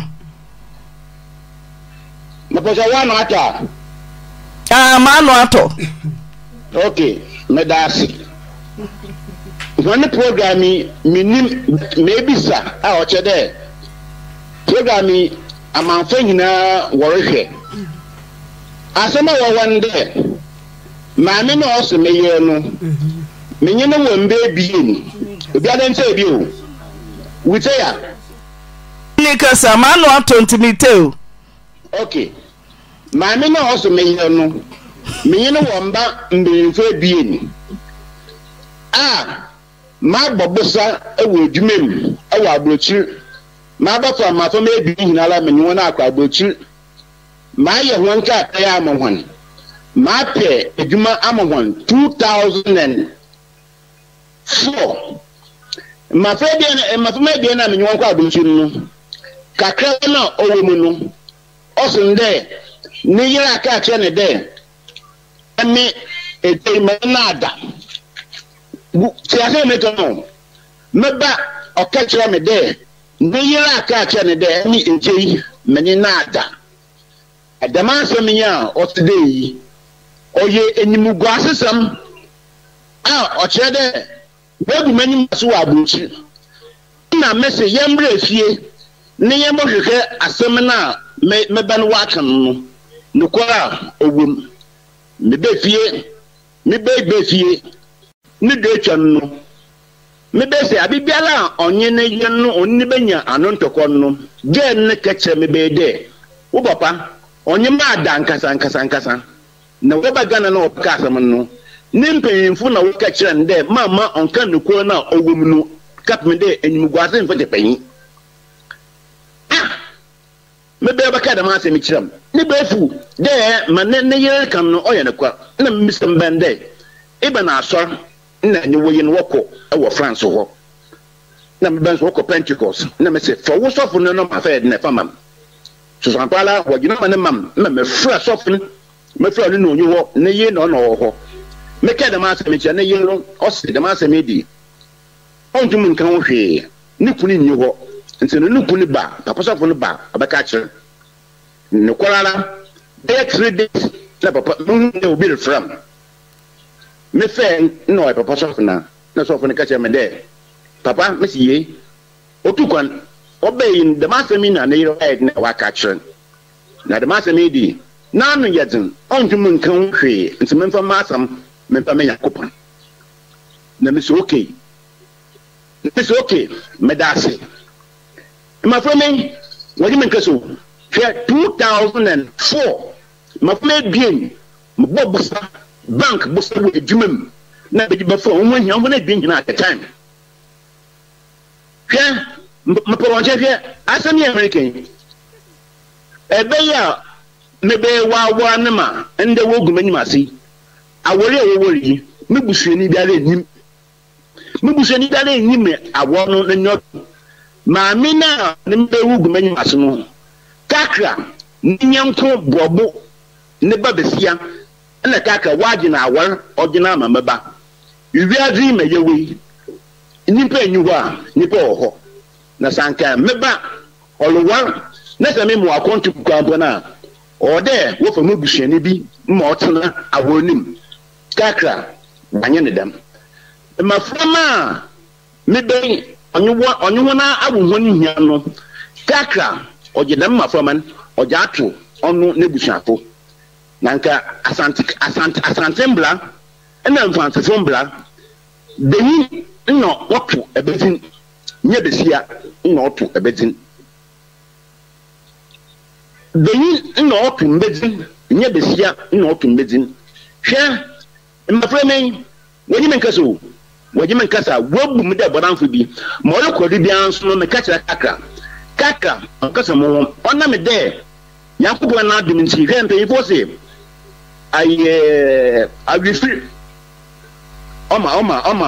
Ah, maano atɔ ok meda ase wɔne program yi menim mebisa a ɔkyɛ dɛ program yi amanfa nyinaa wɔrehwɛ asɛm a wɔwɔ no dɛ maame na ɔsɛ meyɛ no menye no mbe bie mu obiara nsɛ bi o wite ya ne kasa maano atɔ ntimi te o okay maame na ɔso menyere no menyere wɔ mba mbenyinfo ebien a maabɔ bosa wɔ edwuma mu ɛwɔ wɔ aburokyiri maabɛfa mmaframa ebien nyinaa la menye wɔn akɔ aburokyiri maayɛ wɔn krataa ama wɔn maapɛ edwuma ama wɔn two thousand and four mmafra ebien mmaframa ebien na menye wɔn kɔ aburokyiri no kakra na ɔwɔ mu no ɔso ndɛ. ne aka akyerɛ ne dɛ ɛme ɛdɛyi mɛ na ada te ase mi to no aka akyerɛ ne dɛ ɛme ɛdɛyi mɛ ne na ada ɛdɛm asɛm yi a ɔte dɛ yi ɔyɛ enyimugu asesɛm a ɔkyerɛ dɛ bɛɛbu m'anim so wɔ abunkyi na mɛsɛ ya mmerɛ fie ne yɛn bɔ asem na no no wɔaka no no. nukwa owum mebe fie mebe gbe fie mido etwa nnu mebe se abibiala onye na ihe nnu onibe nya anu ntọkọ nnu gee nne keche mebe de ụbọpa onye ma da nkasa nkasa nkasa na weba gana na ọpụka asam nnu ne mpanyinfo na woka kyerɛ no dɛ maama ɔnka nokuo no a ɔwɔ mu no kapem dɛ animguase mfa tɛ panyin mebɛɛ bɛka dɛm asɛm kyerɛ m ne bɛafu dɛ ma ne ne yere kam no ɔyɛ nokwa na mmesɛm bɛn dɛ ibɛn asɔr na ne wɔyi no wɔkɔ ɛwɔ france hɔ na mebɛn so wɔkɔ pentecost na mesɛ fa wo sɔfo no no mafɛɛ de na ɛfa mam sosankwala wɔgyina ma ne mam na mefura sɔfo no mefura no na onyi hɔ ne yere na ɔna ɔwɔ hɔ meka dɛm asɛm kyerɛ ne yere no ɔse dɛm asɛm yi di ɔntum nka ho hwee ne kunu nni hɔ nti ne nukun ne ba papasɔfo ne ba ɔbɛka kyerɛ ne kɔrara bɛyɛ three days na papa muhu ne obi refra mu me fɛ na ɔyɛ papasɔfo na na sɔfo ne ka kyerɛ me dɛ papa mesi yie otu kwan ɔbɛn yi dɛm asɛm yi na ne yɛrɛ ɔyɛ na waka kyerɛ na dɛm asɛm yi di n'ano yɛ dzen ɔntumi nkan hwee nti mmɛmfa mma asɛm mmɛmfa mma nyako pɔn na mesi okay mesi okay mɛda ase mafome wɔde mi nkaso hwɛ two thousand and four mafome ebien mabɔ bosa bank bosa wɔ adwuma mu na bɛgye bɛfa wɔn wɔn nyinaa wɔn ebien nyinaa at the time hwɛ mpɔrɔnkyɛ hwɛ asɛm yɛ amerika yi ɛbɛyɛ a mɛbɛyɛ waawa ne ma ndɛ wɔ guma anim ase awɔre a wɔwɔre yi me busuani biara enim me busuani biara enim awɔ no n'enyi ɔtɔ. maame no ne mbɛwu gu m'anim ase no kakra ne nyɛnko borɔbo ne ba besia ɛna kakra waagye na awar ɔgye na ama mɛba wiwiadze ma yɛwɔ wei nnipa enyi hɔ a nnipa wɔ hɔ na sanka mɛba ɔlowar na sɛ memu akɔnto kukuampɔ no a ɔwɔ dɛ wɔfa mu abusuani bi ma ɔtena awɔ anim kakra wanyɛ ne dɛm mmaframa a mebɛn onyụnwụ na-agbụ nwe n'ihi anụ kakra ojide mma fọman oji atụ ọnụ na-egbuchi na nke asantembla ena mfansefembla dehi nna ọtụ ebezin nye besia ya nna ọtụ ebezin dehi nna ọtụ mbezin nye besia ọtụ mbezin hwɛ wɔgye me nkasa wɔabu mu dɛ bɔdamfo bi ma ɔyɛ kɔdu biara nso no meka kyerɛ kakra kakra ɔnkasa mo ho ɔnam dɛ nyankopɔn no adom nti hwɛ mpanyimfoɔ se ayɛ awefiri ɔma ɔma ɔma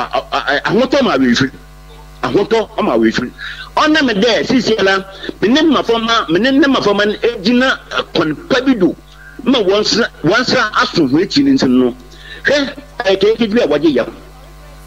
ahotɔ ma awefiri ahotɔ ɔma awefiri ɔnam dɛ sisi la mene mmafɔma mene ne mmafɔma no egyina kɔnpa bi do ma wɔn nsa aso ho ekyi ne nsɛm no hwɛ ɛkɛyɛ kejuwa wɔgye yam.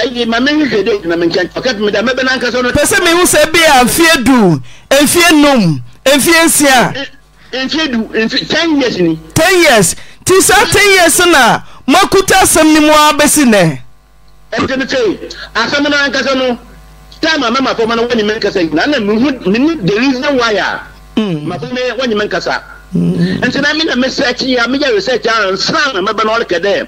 ayi maame yi hwɛ de gyina mi nkyɛn ɔkɛ tumi da mɛbɛ nankasa ɔno. pɛsɛ mi wusɛ bi a nfie du nfie num nfie nsia. nfie e, e, du
nfie e, ten years ni. ten years ti sa ten years na makuta asɛm ni mu abɛsi
nɛ. ɛnti mi sɛ asɛm nankasa no time a mɛma fɔm na wɔn nyimɛ nkasa na na mi hu mi ni the reason why a. Mm. ma fɔ mi wɔn nyimɛ nkasa. Mm. nti na mi na mi sɛ kyi ya mi yɛ research a nsan na mɛbɛ na ɔrekɛ dɛ.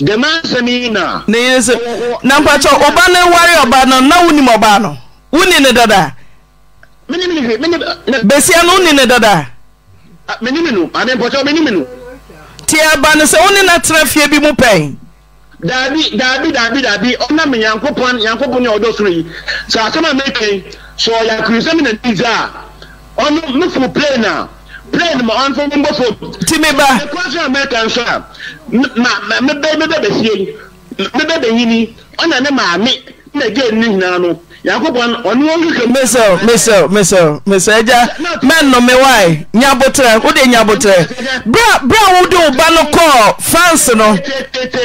neyese oh, oh. na mpatsɔ ɔba ne wari ɔba nɔ na wuni mɔ ba nɔ wuni ne dada besia no wuni ne dada ah, tia ba sɛ wuni na tena fie bi mu pɛn. daabi daabi daabi daabi ɔnam yankunpɔn yankunpɔn yɛ ɔdɔ soro yi sɛ asɛm a mɛ kɛn sɛ ɔyakuri sɛmi na niza ɔno nufu plen na. plane ma ɔnfɔ mbɔ fom. ti mi ba. ɛkura fi america nso a ma ma mi bɛ mi bɛ bɛ fie mi bɛ bɛ yini ɔna ne maame na gye ne nyinaa no yakubɔ ɔno wɔn keke.
mesel mesel mesel mesel ɛgya mɛn no mi wa yi nyabotrɛ o de nyabotrɛ bra bra wo de o ba no kɔɔ france no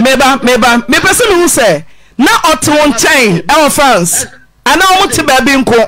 meba meba mepɛ sɛ mi hu sɛ na ɔte wɔn nkyɛn ɛwɔ france ana wɔn te baabi nko.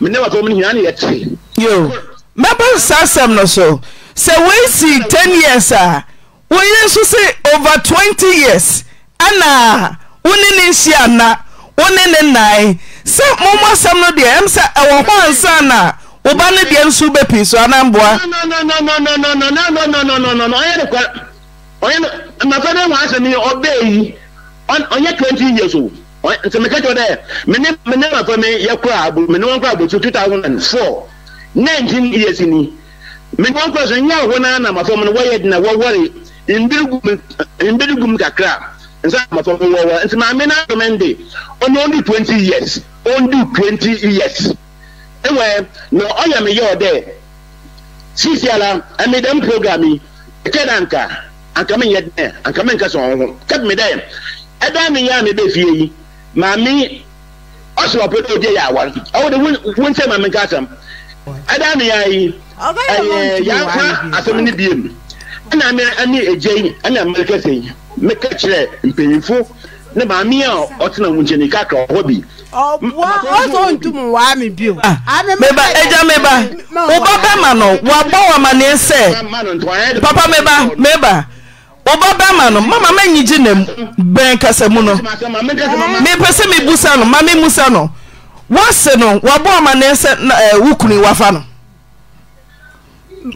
mɛbɛsaa asɛm no so
sɛ woisi 10 years a woyere nso se ova 20 years ana wone ne nhyia ana wone ne nae sɛ momɔ sɛm no deɛ ɛm sɛ ɛwɔ hɔ ansa na wo ba no deɛ nso w bɛpii so anamboayɛ
nti meka kyerɛ dɛ mene mene mafa me yɛkora abo mene wɔn kora abotu two thousand and four nineteen years ni mene wɔn kora so nyɛ ahɔ na na mafa mu no wɔyɛ dina wɔwɔre ndiri gum kakra nsa mafa mu wɔwɔ nti maame na atɔmɛ nde ɔno ɔno twenty years Only twenty years ɛwɛ na ɔyɛ me yɛ ɔdɛ sisi ala ɛmi dɛm program yi ɛkyɛ dɛ anka anka mi yɛ dɛ anka mi nka sɔn ɔho kɛpi mi dɛ ɛdá mi yɛ a mi bɛ maame ɔsɛ ɔpɛ dɛ ɔdi yɛ awar ɔwɔ de wɔn maame nka asɛm ɛda ne yɛ ayi ɛyɛ yɛafa asɛm ne bie ɛna ɛne yi ɛna sɛ yi kyerɛ mpanyinfo ne maame a ɔtena wɔn nika ka bi. ɔsɔ ah, meba egya meba bɛ ma no ma ne nsɛ papa
meba. ọba bɛma no mama manyigye nam bɛn kasa mu no
mepɛ sɛ mebu no ma
memu no woase no wabɔ ma ne sɛ wo kuni wafa no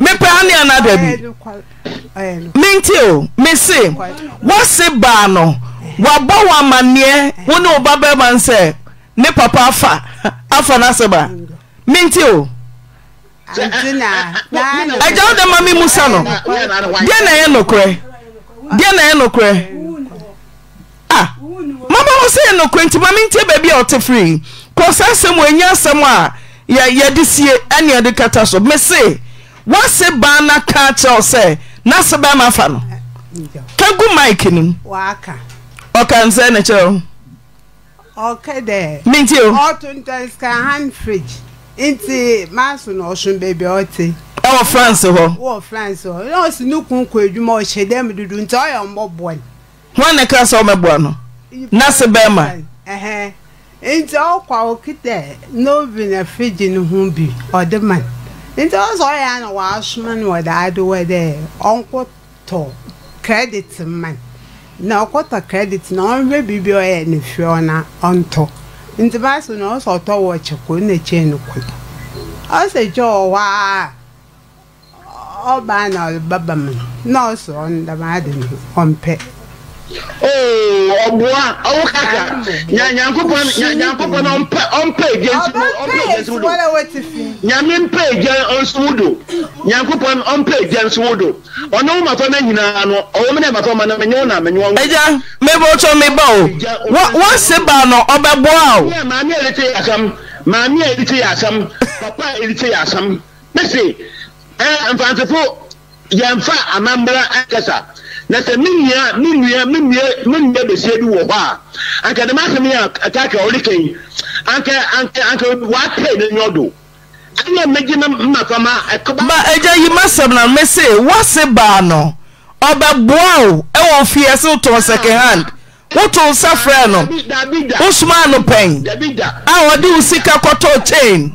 mepɛ a neana da bi o mese woase baa no ba bɛma n ne papa afa afa
ma memu sa no deɛ na
deɛ na ɛnokorɛ mama wo sɛ ɛnokorɛ nti ma mentie baabi a ɔte firii enye saa asɛm wɔanya asɛm a yɛde sie ɛnea de kata so me se woase baa na ka kyerɛ wo sɛ na se bɛma afa no ka gu mike no m
ɔka
n sɛ ne kyerɛ wo
ɛwɔ france hɔ wɔ france hɔ nɔɔse no kun kɔ adwuma ɔhyɛ dɛ mu dodo nti ɔyɛ mmɔboa no hwan na ka sɛ ɔmɛboa no nase bɛrima nti ɔkɔ a ɔkita na afigye no ho bi ɔde ma nti ɔsɛ ɔyɛ a na no wɔde adowa dɛ ɔnkɔtɔ credit ma na ɔkɔtɔ credit na ɔnhwɛ biribi ɔyɛ ne fie ɔna ɔntɔ nti baasi na ɔsɛ ɔtɔ wɔ kyɛ ko na kyɛn no ko ɔsɛ kyɛ ɔwɔ a ọba na baba m nọọsụ
ọgbụa na ọmpe eje nyame mpe eje nsụwụdo na nyinaa nọ ọwụ mene matọ mana menye ụna menye ọnwụ eja mebe ọchọ mebe o wọsi ba nọ ọbẹ gbọọ ahụ maami ya asam maami erite papa mfansefo yɛmfa amambra ankasa na sɛ me nua me nua me nua me nua besia bi wɔ hɔ a anka dɛm asɛm yɛ akaaka ɔde kɛn anka anka anka wapɛ ne nyɔ do ɛna mmegye na mmafama ɛkɔba. ba ɛgya yi ma sɛm na mmese
wase baa no ɔbɛboa o ɛwɔ fie ɛsɛ wotɔn second ah. hand wotɔn nsa frɛ no wosoma no a wɔde wo sika chain.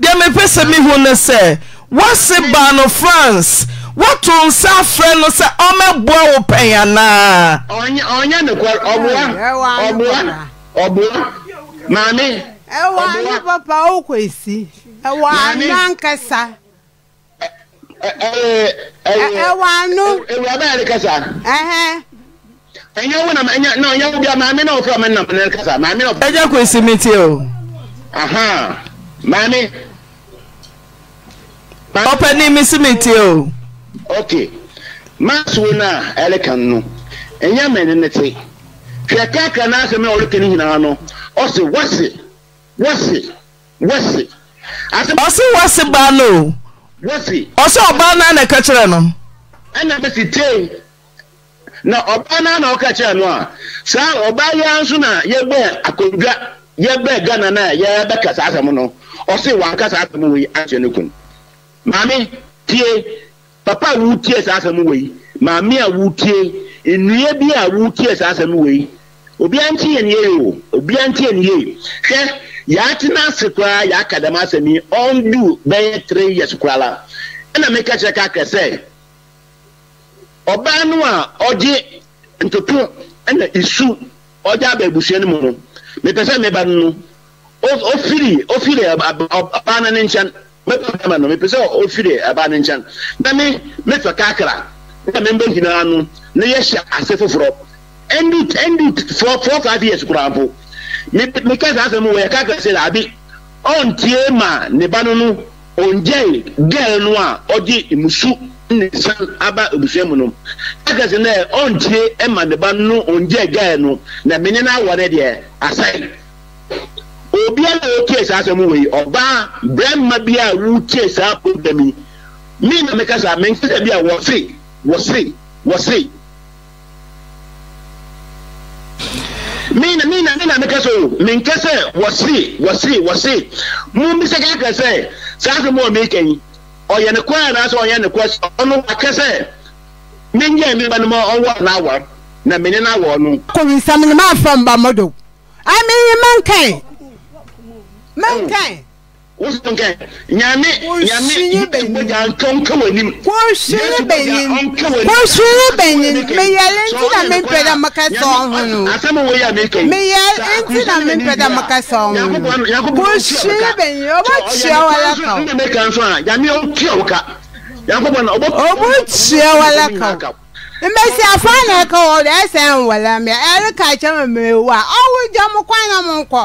deɛ mepɛ sɛ mehu no sɛ woase baa no france woto nsa afrɛ no sɛ ɔmɛboa wo pɛn anaa
ɔnyɛ
nokwar ɔboa ɔboa
ɔboa maame ɛwɔ ne papa wokɔ ɛsi ɛwɔ ano ankasa ɛwɔ ano ewuraba yɛ rekasa ɛhɛ ɛnyɛ wo na ɛnyɛ na ɔnyɛ wo bia maame
na wofra ɔmɛ na rekasa maame na ɔfra ɛnyɛ kɔ ɛsi mi tie o aha maame ɔpɛni mi o. ok maas wo na ɛreka no ɛnyɛ mɛni ne ti hwɛ kakra n'asɛm a ɔreka ne nyinaa si," ɔsi wɔsi Ọ wɔsi. ɔsi wɔsi baa no wɔsi. ɔsi ɔbaa naa na ɛka kyerɛ no. ɛna bɛsi na naa na a saa ɔbaa ya nso na yɛgbɛ akonnwa yɛgbɛ ghana maame tie papa a wotie saa asɛm wei maame a wotie nnua bi a wotie saa asɛm wei obiara nti yɛ yie o obiara nti yɛ yie hwɛ koraa asɛm yi ɔndu bɛyɛ koraa la ɛna ka ɔbaa no a ɔgye ntutu ɛna esu ɔgye aba no mu no no no ofiri ofiri ɔbaa no ne mɛfa fɛn no mepɛ sɛ ofiri ɛbaa ne nkyɛn na kakra na me mbɛ nyinaa no na yɛhyɛ ase foforɔ ɛndu ɛndu four four five years koraa po me meka saa asɛm wɔ yɛ kakra sɛ daabi ɔntie ma ne ba no no ɔngyɛn gɛl a ɔde musu ne aba abusua mu no kakra sɛ ɔntie ma ne ba no no ɔngyɛn no na mene na awɔ ne deɛ asae Obi a otie saa asɛm wɔ yi ɔbaa barima bi a wotie saa program yi mi na meka saa menkasa bi a wɔse wɔse wɔse mi na mi na mi na meka mi menkasa wɔse wɔse wɔse mu bi sɛ kaka sɛ saa asɛm wɔ mi kɛn ɔyɛ ne kwan anaasɛ ɔyɛ ne kwan ɔno akɛsɛ menyɛ mi ba no ma ɔwɔ n'awɔ na mene n'awɔ no. kò nsàmìlì máa fọ mbàmọ́dọ̀ àmì yìí máa ń kàn mankind. wosankan nyame nyame bɛgya nkanka w'anim kɔnhwere bɛnyim kɔnhwere bɛnyim meyɛle nti na mempɛ dɛ meka sɛ ɔho no meyɛle nti na mempɛ dɛ meka sɛ ɔho no kɔnhwere
bɛnyim ɔbɛkyea wala kaw
ɔbɛkyea wala kaw
mbɛsi afa na ɛka wɔ do ɛsɛn wala mɛ ɛreka kyɛ mɛ mɛ wa ɔwo gya mo kwan na mo nkɔ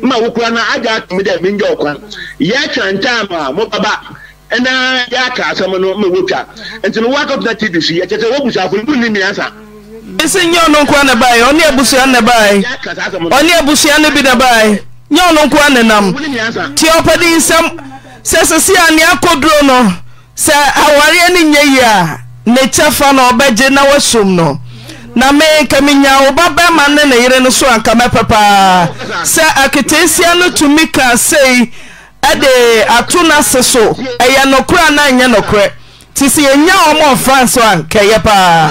ma wokura na agya ga dɛ mi nyɛ ɔkwan yɛtwa ntaama a mobaba ɛna yɛaka asɛm no ma wotwa nti no woakɔtena tv so yɛkyɛ sɛ wobusuafo no ni miɛnsa ɛsɛ nyɛ ɔno nkoa na bae ɔne abusua ne bae ɔne abusua
no bi na bae nyɛ ɔno nkoa ne nam nti ɔpɛde nsɛm sɛ sɛsi a ne akɔduro no sɛ awareɛ no nyɛ yi a ne kyɛfa na ɔbɛgye na wasom no na me nkaminya wo babɛma ne ne yere no so anka mɛpɛ paa sɛ aketeesia no tumi ka sei ɛde ato no ase so ɛyɛ nɔkorɛ a na ɛnyɛ nɔkorɛ nti sɛ yɛnya wɔ ma ɔfa nso ankɛyɛ paa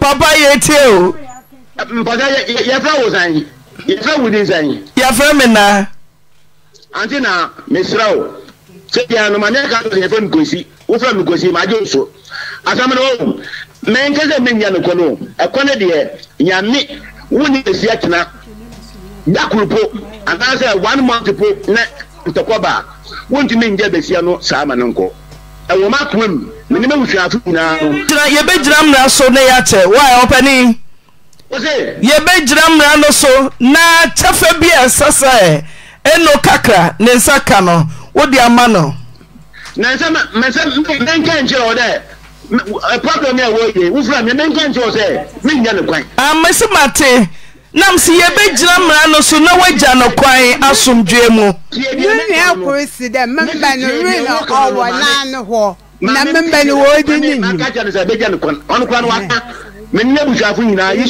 papa yɛtie o yɛfrɛ me naa sɛdeano manyɛ ka sɛ yɛfɛ mikosi wofrɛ mikosi magye so asɛm no o mɛnka no ɛkɔ deɛ nyame po anaasɛ one month po na ntɔkɔ baa wontumi ngya bɛsia no saa ma no nkɔ ɛwɔ ma akoma mu mene mahusuafo nyinaa no yɛbɛgyina mmara so na ɔpɛni
no so na bi a ɛsɛ ɛno kakra ne ka no wode ama no
na sɛ menka nkyerɛ wɔ dɛ problem a wɔye wofra me menka nkyerɛ wɔ sɛ menya ne kwan ah, mese
mate nam sɛ yɛbɛgyina mmara no so na woagya no kwan asomdwoe mu
nua koro si dɛ memba no re no ɔwɔ naa
no hɔ na memba no wɔdi ne nim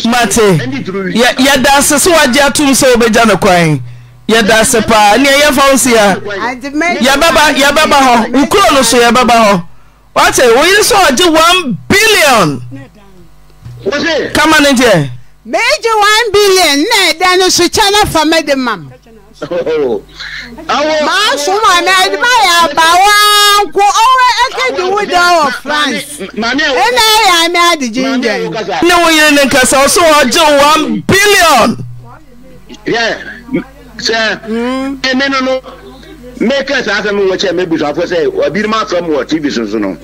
mate
yɛda ase sɛ woagye atom sɛ wobɛgya no kwan yɛda ase paa nea yɛmfa wo si a
yɛbɛba hɔ nkuro no
so yɛbɛba hɔ wate wo yere sɛ ɔgye 1 billion kama ne deɛ
meegye 1 billion na ɛda no so kyɛ no fa mɛde ma m maaso oh. ma mɛde ma yɛ abawa nko ɔwɔ ɛkɛdi wo da wɔ
france ɛna ɛyɛ ame adegye ndɛn ne
wo yere ne nkasa wo sɛ ɔgye
1 billion sɛ mene no meke saa sɛ mewɔ kyɛ mebusuafoɔ sɛ ɔbiri ma afrɛ m wɔ tv so so no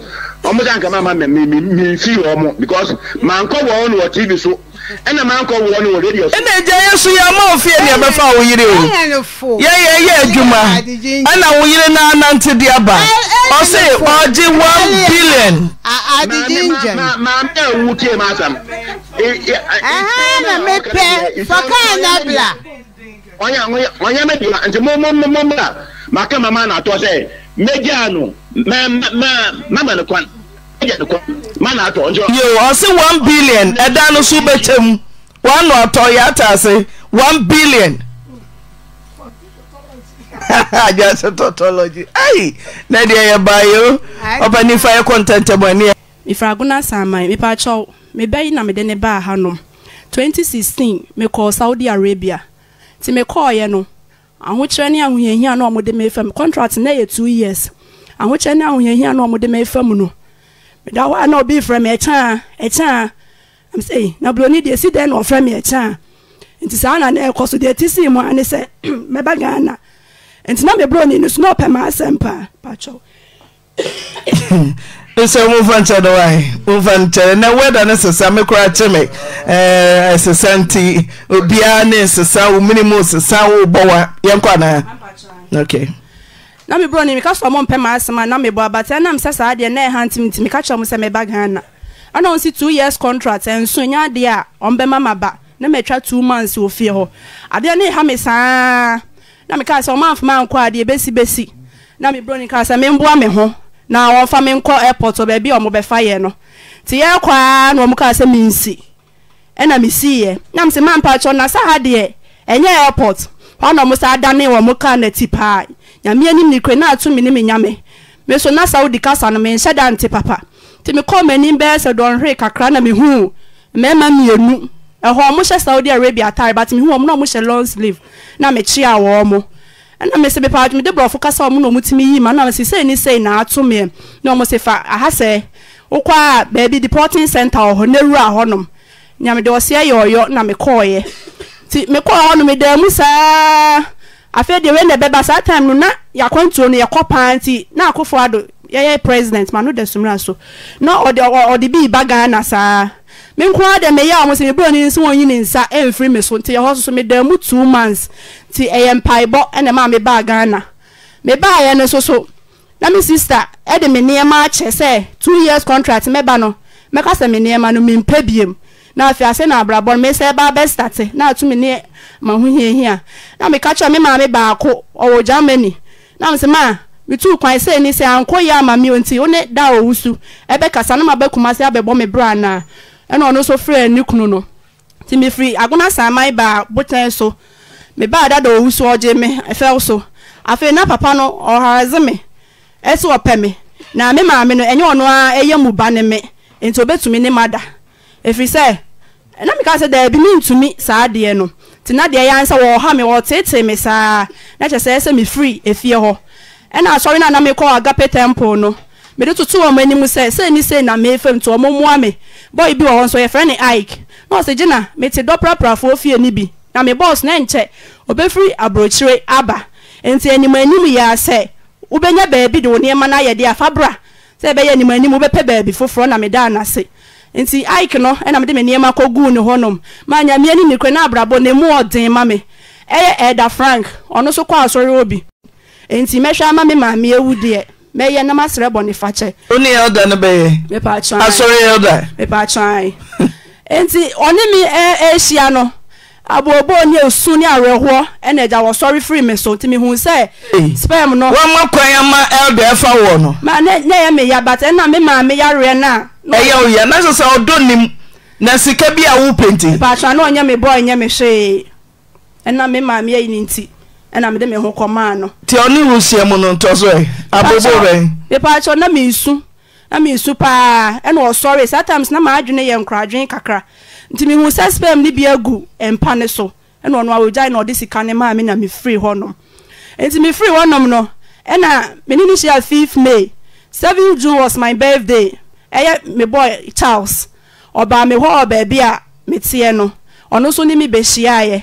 ɔmo sɛ anka mama memfi hɔ mo because mankɔ wɔ no wɔ tv so ɛna mankɔ wɔ no wɔ radio so ɛna agya yɛ so yɛ ama ɔfie ne ɛbɛfa wo yere
o yɛyɛ
adwuma
ɛna wo yere no
anante de aba ɔse ɔgye billion
maame tie m asɛm na mepɛ fɔkaa na bla onye ahụ ya onye mebiri ha nti mụmụmụmụ a maka mama na-atọ sị mejia nụ mama nụ kwan mejia nụ kwan ma na-atọ njọ. yo ọsị one billion ẹda e nso bẹkyẹ mu
wọn nọ ọtọ ya ata ase one billion.
agyase tautology ai na deɛ yɛ bayo ɔba nifa yɛ kɔntɛntɛbɔneɛ e mefiri e. agona saman mepɛ me bayi na mede ne baa hanom 2016 mekɔɔ saudi arabia nti mekɔɔyɛ no ahokyerɛ ne ahohiahia na ɔmo de me fam contract ne yɛ two years ahokyerɛ ne ahohiahia na ɔmo de me fam no meda hɔ a na obi frɛ me ɛkyɛn a ɛkyɛn a ɛm sɛ na buroni deɛ si dɛn na ɔfrɛ me ɛkyɛn a nti saa na na ɛkɔ so deɛ ti si mu a ne sɛ mɛba ghana nti na me buroni no so na ɔpɛ maa asɛm paa patwɛw. nso
mufa wae na weda ne sesa me kye eh, me sesa nti obiara ne sesa wo mini mu sesa wo bɔ wa yɛnkɔ anaa
na ne meka sɛ ɔmɔ mpɛ ma asɛm a na mebɔ sɛ saa deɛ na ɛha meka kyerɛ m sɛ meba ana ɔsi two years contract ɛnso adeɛ a ɔmbɛma na matwa two months hɔ adeɛ ne ɛha me saa na meka sɛ ankɔ adeɛ na ne na wɔmfa me nkɔ airport baabi a wɔbɛfa yɛ no nti yɛkɔ a na wɔn kaa sɛ mensi ɛna mesiiɛ na mesɛ mampa kyɛ na saa ha deɛ ɛnyɛ airport hɔ na wɔn saa adane wɔn kaa n'akyi paa nyame anim ne kure na ato me ne me nyame me so na saa odi kasa no menhyɛ da nte papa nti mekɔɔ m'anim bɛyɛ sɛ dɔnhwere kakra na mehuu mmarima mienu ɛhɔ wɔn hyɛ saudi arabia atare but mehuu wɔn na wɔn hyɛ long sleeve na mekyia wɔn mo ɛna mese bepɛ adwuma de borɔfo kasa ɔmo na ɔmo tumi yi ma na ɔmo sisei ne sei na ato meɛ na ɔmo se fa aha sɛ a baabi deporting center wɔ hɔ na ewura hɔnom nyamede ɔseɛ yɛ ɔyɔ na mekɔɔyɛ ti mekɔɔ hɔnom dan mu saa afei deɛ wei na ɛbɛba saa time no na yɛakwantuo no yɛkɔ paa nti na akofo ado yɛyɛ president ma no da sumra so na ɔde ɔde bi ba ghana saa mek de meyɛ m sɛ mesɛ yina sa i o ea a ɛaa oakas ebɛna ɛna ɔno nso frɛ ne kunu no nti firi agona saman baa botan so mebaa dada owu so ɔgye me ɛfɛw so afei na papa no ɔharadze me ɛsɛ ɔpɛ me na me maame no ɛnyɛ ɔno a ɛyɛ mu ba ne me nti obetumi ne ma da efiri sɛ ɛna meka sɛ daabi ntumi saa adeɛ no nti na deɛ yɛn sɛ wɔha me wɔtetee me saa na kyerɛ sɛ ɛsɛ me firi efie hɔ ɛna asɔre na na mekɔ agape temple no mede totoo ɔm anim sɛ sɛ na meefam nti ɔmomoa me bɔy bi wɔ hɔ nso yɛfrɛ ne ike na ɔse gyina mete dɔpraprafoɔ fie no bi na me bɔs na nkyɛ obɛfiri aborɔkyire aba nti animanim yɛa ya wobɛnya baabi de wo nneɛma no ayɛdeɛ afabra sɛ ɛbɛyɛ wobɛpɛ foforɔ na nti no ɛna mede me nneɛma ne hɔnom ma nyameɛ ne abrabɔ ne ma ɛyɛ ɛda frank ɔno kɔ asɔre nti mɛhwɛ mɛyɛ na masrɛ bɔne fakyɛ wone nti ɔne me ɛhyia e e, e no abooboo ne osu ne awerɛhoɔ ɛna agya wɔsɔre firi me so nti mehu sɛ spam no kwan ama elda ɛfa wɔ no ma ɛyɛ meya but ɛna no a ɛyɛ na sɛ sɛ ɔdɔ nim na sika bi penti na ɔnyɛ me bɔɔ ɛnyɛ me hwee ɛna me nti ɛna mede me ho kɔmaa no nti ɔne wusiɛ mu no ntɔ
so ɛ abobo bɛn
mepaakyɛ na mensu na mensu paa ɛna ɔsɔre saa times na maadwene yɛ nkoradwene kakra nti mehu sɛ spam ne bi agu mpa ne so ɛna ɔno awogyae na ɔde sika ne maa me na mefiri hɔnom nti mefiri hɔnom no ɛna mene no hyia 5 may 7 june was my birthday ɛyɛ me boy charles ɔbaa me hɔ ɔ baabi a meteɛ no ɔno nso ne me bɛhyiaeɛ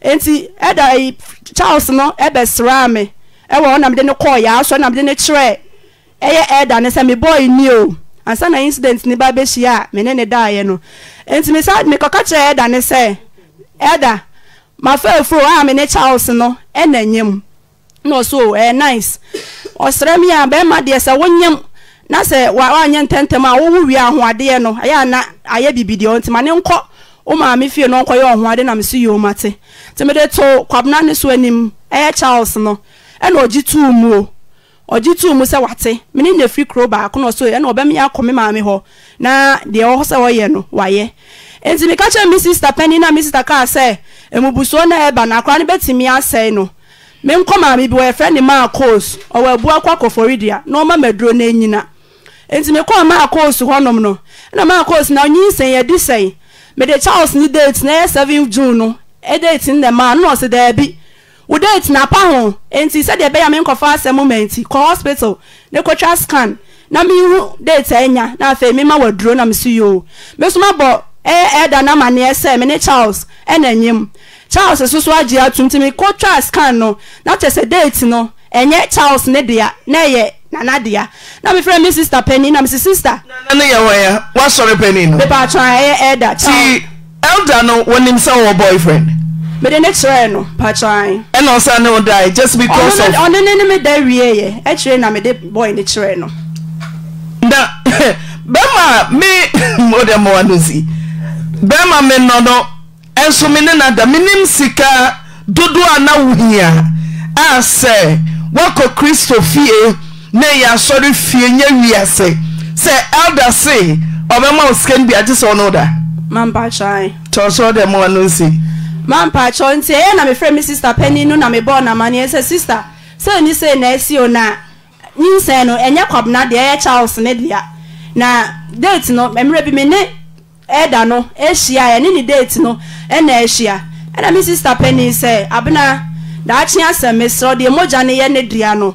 nti ɛda yi charles no ɛbɛsraa me ɛwɔ ɔnam de ne kɔɔ yɛ aso ɔnam de ne kyerɛ ɛyɛ ɛda ne sɛ me bɔɔ ni o ansa na incident ne ba bɛhyia a me ne ne daeɛ no nti me saa mekɔka kyerɛ ɛda ne sɛ ɛda mafɛɛfuro a me ne charles no ɛna nyam na ɔso ɛyɛ nice ɔsrɛ mi a bɛrima deɛ sɛ wonyam na sɛ wanyɛ ntɛntɛm a wowo wie ahoɔdeɛ no ɛyɛ ana ayɛ bibi deɛ ɔntima ne nkɔ wo maame fie no ya ɔho ade na meso yio mate nti mede to kwabena ne so anim ɛyɛ charles no ɛna ɔgye too mu o ɔgye too mu sɛ wate mene nya firi kuro baako na ɔso ɛna ɔbɛme akɔ me maame hɔ na deɛ ɔhɔ sɛ ɔyɛ no wayɛ nti meka kyerɛ me sister pani na me sister kaa sɛ emubusuo na ɛba na akora no bɛtumi asɛe no menkɔ maame bi wɔyɛfrɛ ne maa kos ɔwɔ abua kɔ akɔfɔridua na ɔma maduro no anyina nti mekɔɔ maa kos hɔnom no ɛna maa kos na ɔnyinsɛn yɛde sɛn mede charles ne date na seven june no ɛdate e ne ma no ɔsi daabi wo date na pa ho nti sɛdeɛ ɛbɛyɛ me nkɔfa asɛm ma nti kɔ hospital ne kɔtwa scan na mehu date anya na afei mema waduro na meso yoo meso mabɔ ɛyɛ e, ɛda e na amaneɛ sɛ me ne charles ɛna anyim charles soso agye atum nti mekɔtwa scan no na kyɛ date no ɛnyɛ charles ne dea na ɛyɛ nana dea na mi fẹ mi Sister penny na mi si sista.
nana ne yẹ wọ ya
wa sọrọ penny no. pepa atwa ẹ yẹ elder town. ti elder no wọn ni sẹ wọ boyfriend. mede ne kyerɛ no patran ɛna ɔsa ne wo dae just because of ɔno ne ne me da wie yɛ akyire na mede boy ne kyerɛ no
na bɛma me wode mmoa no si bɛma me nɔ no ɛnso me ne nada menim sika dodoɔ a na wohia a sɛ woakɔ kristo fie na ɛyɛ asɔre fie nyɛ wiase sɛ elda se ɔbɛma wo sika no bi agye sɛ ɔno da
tɔɔ sɛ ɔdɛ mmoa no nsi mampakyɛ nti ɛyɛ na mefrɛ me sister pani no na mebɔɔ namanneɛ sɛ sister sɛ ni sei na asi o no a nyinsɛn no ɛnyɛ kwabena deɛ ɛyɛ charles ne dea na date no mmerɛ bi me ne ɛda no ahyia ɛne ne date no ɛna ahyia ɛna me sister pani sɛ abena daakye asɛm mesrɛ deɛ mogya ne yɛ ne dea no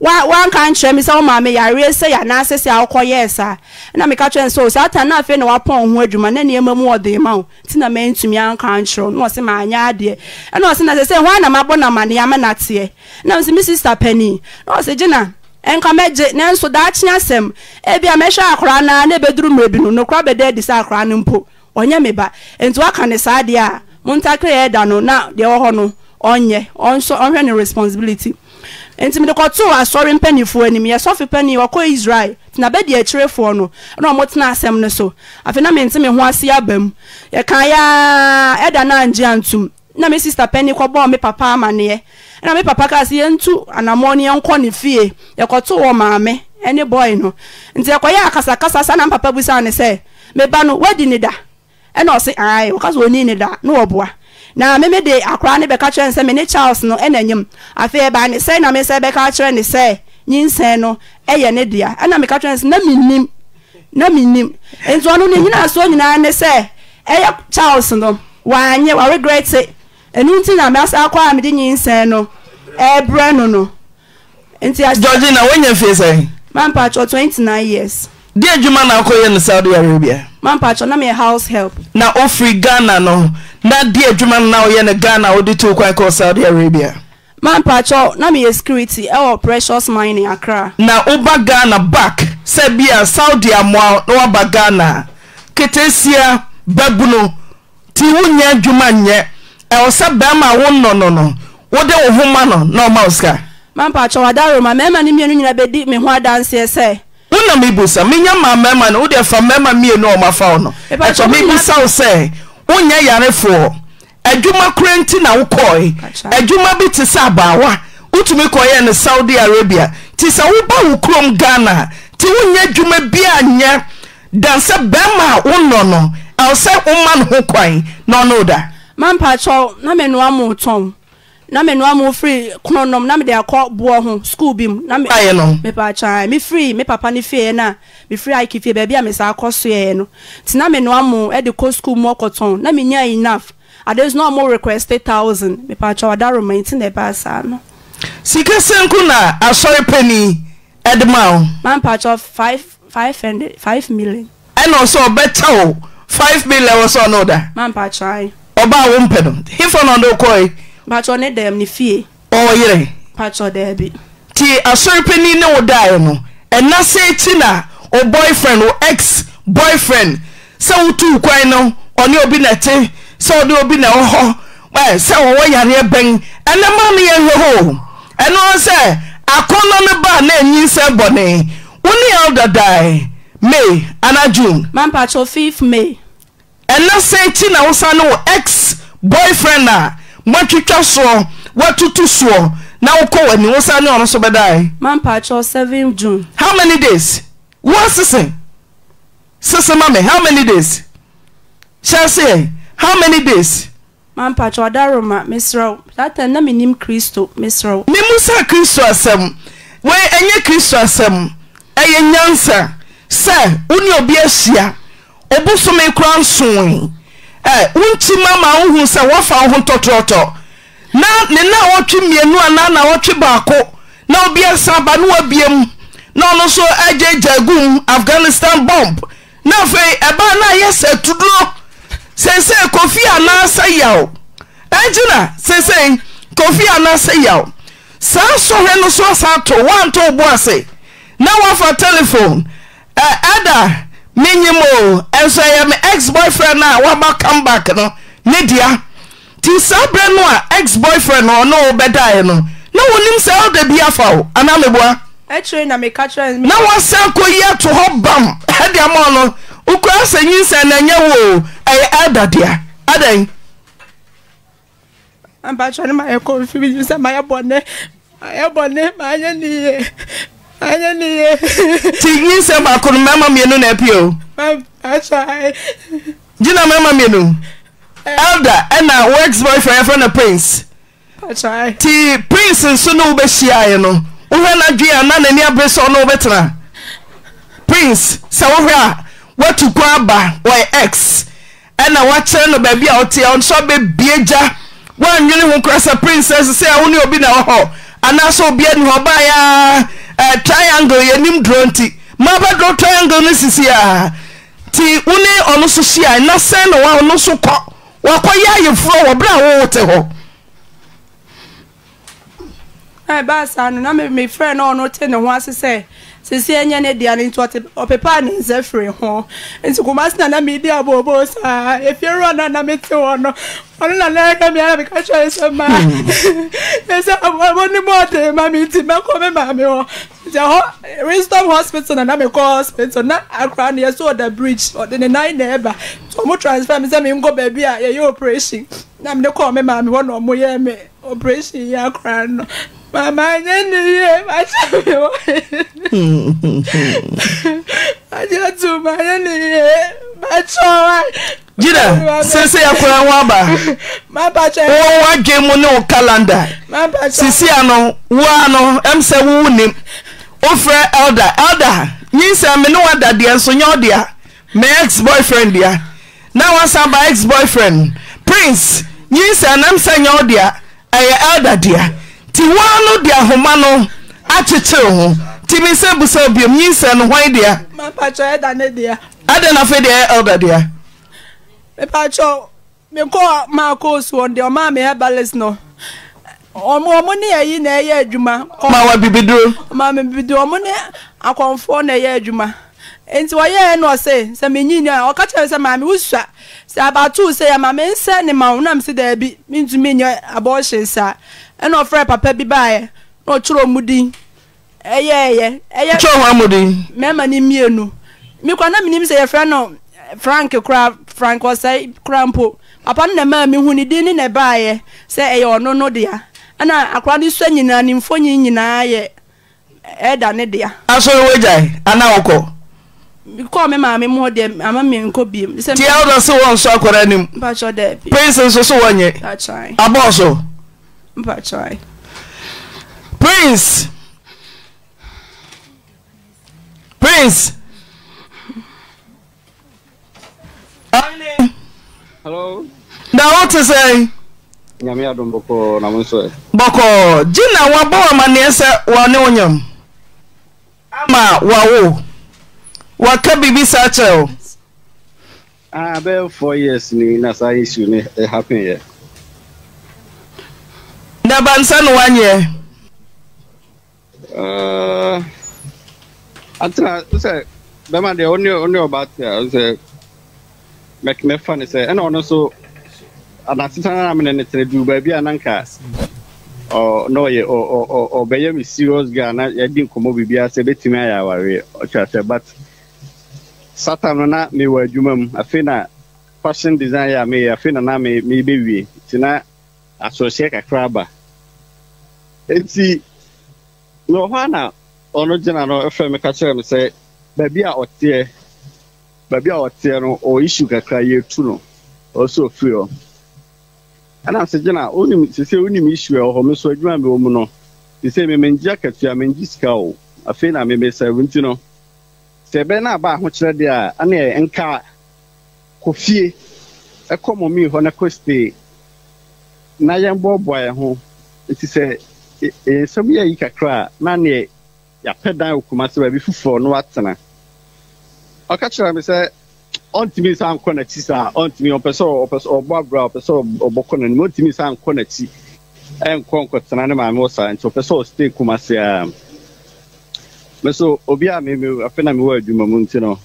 wanka nkyerɛ me sɛ wo oh, maame yareɛ sɛ yɛanaasɛ sɛ awokɔ yɛɛ saa na meka kyerɛ sɛ saa no na wapɔn ho adwuma na nneɛma mu ma wo nti na mantumi anka nkyerɛ na ɔse maanyɛ adeɛ ɛna ɔse na sɛ sɛ a na mabɔ namanneama na msɛ me sister pani na ɔse gyina nka mɛgye na ɛbɛduru mmerɛ bi no nokora adi sɛ akora no mpo ɔnyɛ me ba nti waka ne saa deɛ a ɛda no na deɛ hɔ no ɔnyɛ nti mede kɔto asɔre mpanifo aniyɛsɔfe pani ɔkɔ isrel tena bɛde akyerɛfoɔ no nmotena sɛm o soo s an me papa a t anakɔnfeo mamɛkaaapa na meme de akora ne bɛka kyerɛ ne sɛ mene charles no ɛna nyim afei ɛbaa e ne sɛ na me sɛ bɛka kyerɛ ne sɛ nyinsɛn no ɛyɛ e ne dea ɛna meka kyerɛ ne sɛ na mennim na mennim nti ɔno ne nyinaa soɔ nyinaa ne sɛ ɛyɛ charles no wanyɛ waregrɛte ɛno e nti na masa akɔ a mede nyinsɛn no ɛbrɛ no no nti georgina
woanya fie sɛ
mampakyɛ 29 years
deɛ adwuma na akɔyɛ no saudi arabia
mampakyɛ na meyɛ house help
na ofiri ghana no na di adwuma no na woyɛ no ghana wode too kwan kɔɔ saudi arabia
mampakyɛ na meyɛ security ɛwɔ precious mine akra
na woba ghana back sɛ bia saudi amoa na woaba ghana ketesia babu no nti wonyɛ adwuma nyɛ ɛwɔ sɛ bɛrima
a wonnɔ no no wode wo ho no na ɔma wo sika mampakyɛ wadaroma mmarima no mmienu nyina bɛdi me ho adanseɛ sɛ wonam ibusa menya ma mmarima no wode fa mmarima mmienu a
ɔmafa wo no wo sɛ wonyɛ yarefoɔ adwuma kora nti na wokɔe adwuma bi te sɛ abaawa wotumi kɔyɛ no saudi arabia nti sɛ woba wo kurom ghana nti wonyɛ adwuma bia a nyɛ dan sɛ bɛrima a wonɔ no ɛwɔ sɛ woma no ho kwan na ɔno da
na menoa na me noa mu firi kono nom na me de akɔ boɔ ho school bi mu na me ayɛ no mepa kyan me firi me papa ne fie na me firi aiki fie baabi a me saa akɔ so yɛ no nti na me noa mu de kɔ school mu ɔkɔtɔn na me nya enough adeɛ ah, no a mo request thousand mepa kyan wada roma nti na ɛba saa no.
sika senku na asɔre panyin ɛde ma o.
mampa kyan five five hundred five million.
ɛna ɔsɛ ɔbɛkyɛw five million wɔ sɛ ɔno da.
mampa kyan.
ɔbaa wo mpɛ no hefa na ɔde
kɔɛ patɔ ne dɛm ne fie ɔwɔ yerɛ patɔ ti asɔre panin
ne wo daeɛ no ɛna sɛ ti na o boyfriend o ex boyfriend sɛ wotu kwan no ɔne obi na te sɛ ɔne obi na ɛwɔ hɔ ɛ sɛ wɔwɔ yareɛ bɛn ɛnɛ ma no yɛ hwɛ hɔ ɛno sɛ akɔnɔ no ba na ɛnyi sɛ bɔne wo ne yɛw dadae may ana june mampatɔ 5 may ɛna sɛ ti na o ne wo ex boyfriend a moatwitwa soɔ woatoto soɔ na wokɔ wɔ ani wo sa ne ɔno sobɛda w an das woa sese sese mame an
das hyɛseɛ w an dasmemu
sa kristo asɛm nyɛ kristo asɛm ɛyɛ nyansa sɛ wonne obi ahyia ɔbosome kora nsoe wontima ma wohu sɛ woafa wo ho ntɔtrɔtɔ na ne na wɔtwe mmienu na wɔtwe baako na obiasa ba ne wabiam na ɔno nso agye gya gum afghanistan bomb na afei ɛbaa na ayɛ sɛ tuduro seisei kofi anaasɛ yaw ɛgyina seisei kofi anaasɛ yaw saa sɔhwɛ no so asa ato woanto wo bo ase na woafa telefone ɛda ne nyim o ɛnso ɛyɛ me ex boyfriend a waba back? no ne dea nti saa berɛ no a ex boyfriend no ɔne wobɛdaeɛ no na wonim sɛ woda bi afa e wo anaa meboa
na woasan kɔyi
ato hɔ bam ɛde ama no wokora sɛ
nyinsɛ na ɛnyɛ wo o ɛyɛ ada dea adɛn abatwa ne mayɛ kɔmfi bi nyim sɛ mayɛ bɔne mayɛ bɔne maanyɛ ne yie iyisɛ bammainn p
gyina mama minu elda ɛna wox yfɛɛfɛ no prince ti prinse nso ne wobɛhyiaaɛ no wo hɛ nodwe ananani bee sɛ no wobɛtena prince sɛ wo hɛ a woatu ko ba x ɛna wakyerɛ no baabi a ɔteɛ ɔnsɛbɛbuegya woawene ho kora sɛ prince asesɛa wone obina wo h anasɛobia ne hɔ baeaa Eh, triangle yɛnim duro nti mabɛdoro triangle no sisi a nti wo ne ɔno so hyia na sɛn na wa ɔno so kɔ wakɔyɛ ayeforɔ wɔ berɛ a wowo te hɔ
ɛbaa eh, saa no na mefrɛ na ɔno te ne ho ase sɛ sisi enye ne dea ne nti ɔpepa ne nsa firi ho nti kumasi
na mi di abobo saa efie ruwa na na mi ti wɔ no ɔno na ɛka mi ara mi ka kyerɛ sɛ maa ɛsɛ ɔmo ni mo ɔde ma mi ti mɛkɔ mi maa mi wɔ
nti ɛhɔ wisdom hospital na na mi kɔ hospital na akora ne yɛ ɔda bridge ɔde ne nan na ɛba nti ɔmo transfer mi sɛ mi nkɔ baabi a yɛyɛ operation na mi de kɔɔ mi maa mi hɔ na ɔmo
yɛ mi operation yɛ akora no. mama nye ne yie makyɛ me
wɔ
makyɛ to manyɛ ne yie
makyɛ wa gyina sese akora ho aba wo wadwe mu ne wo kalanda
sisia no
woa no ɛm sɛ wowo nim wofrɛ elda elda nyinsɛ me ne woada deɛ nso nyɛ ɔdea me ex boyfriend dea na woasa ba ex boyfriend prince nyinsɛ nam sɛ nyɛ ɔdea ɛyɛ elda dea tiwaa no de ahoma no akyekyere ho nti mi sɛ busa biom nyinsɛ no hwan dea adɛn na afei deɛ elda
dea ịdị mekɔ maakos wɔn deɛ ɔmaa me herbalist no ɔmo ɔmo ne yɛyi na ɛyɛ adwuma ma wa bibiduro ma na ɛyɛ adwuma nti ɔse sɛ ɔka kyerɛ sɛ maame sɛ sɛ yɛ maame nsɛ ne ma wo nam se ɛna ɔfrɛ papa bi baeɛ na ɔkyerɛ mu din ɛyɛ ɛyɛ ɛyɛ mɛma ne mmienu na menim sɛ yɛfrɛ no eh, frank kora frank kora mpo papa na maa din ne na ɛbaeɛ sɛ ɛyɛ ɔno no dea ɛna akora no sua nyinaa ne mfonyi nyinaa yɛ eh, ɛda ne dea
asɔre wagyae anaa wokɔ
kɔɔ me maame mu hɔ deɛ ama nkɔ nso anim nso
so so
But try. Prince! Prince!
Hello? Now what to say? Nyamiadum Boko Namuswe. Eh.
Boko, Jina Waboa Maniesa Wanonyam.
Ama Wawo. Waka bibi Sachel. Ah, been four years, ni nasa issue, it happened here. daba nsa na wanyɛ. Eh, atena sɛ bɛma deɛ ɔne ɔne ɔba te a sɛ mɛfa ne sɛ ɛna ɔno nso anasesa na mene ne tene duru baabi a na nka ɔ na ɔyɛ ɔbɛyɛ me serious guy na yɛdi nkɔmmɔ biribiara sɛ bɛtumi ayɛ awareɛ ɔkyerɛ but satan no na mewɔ adwuma mu afei na fashion design yɛ a meyɛ afei na na mebɛwie nti na asɔhyɛ kakra aba nti na ɔhɔ na ɔno gyina no ɛfrɛ me ka kyerɛ me sɛ baabi a ɔteɛ baabi a ɔteɛ no ɔwɔ isu kakra ya yɛtu no ɔsɛ ofiri hɔ ɛna sɛ gyina onim sesɛ wonim issue ɛwɔ hɔ me so edwuma mi wɔ nọ. no sesɛ me mengye akatua mengye sika o afei na meme sɛ wo nti no sɛ ɛbɛn no aba ahokyerɛ dị a ɛne ɛnka kɔ fie ɛkɔ mɔmii hɔ na kɔ stay na yɛn bɔɔboa yɛn ho nti sɛ nsɛm e, e, yɛ yi kakra a na neɛ yɛapɛ dan wɔ kumase baabi foforɔ no watena ɔka kyerɛ me sɛ ɔntumi nsa nkɔ n'akyi saa ɔntumi ɔpɛ sɛ ɔpɛ sɛ ɔbɔ abura ɔpɛ sɛ ɔbɔkɔ n'anim ɔntumi nsa nkɔ n'akyi ɛnkɔ nkɔtena ne maame wɔ saa nti ɔpɛ sɛ ɔstay kumase a me so obi a me me afei na mewɔ adwuma mu nti no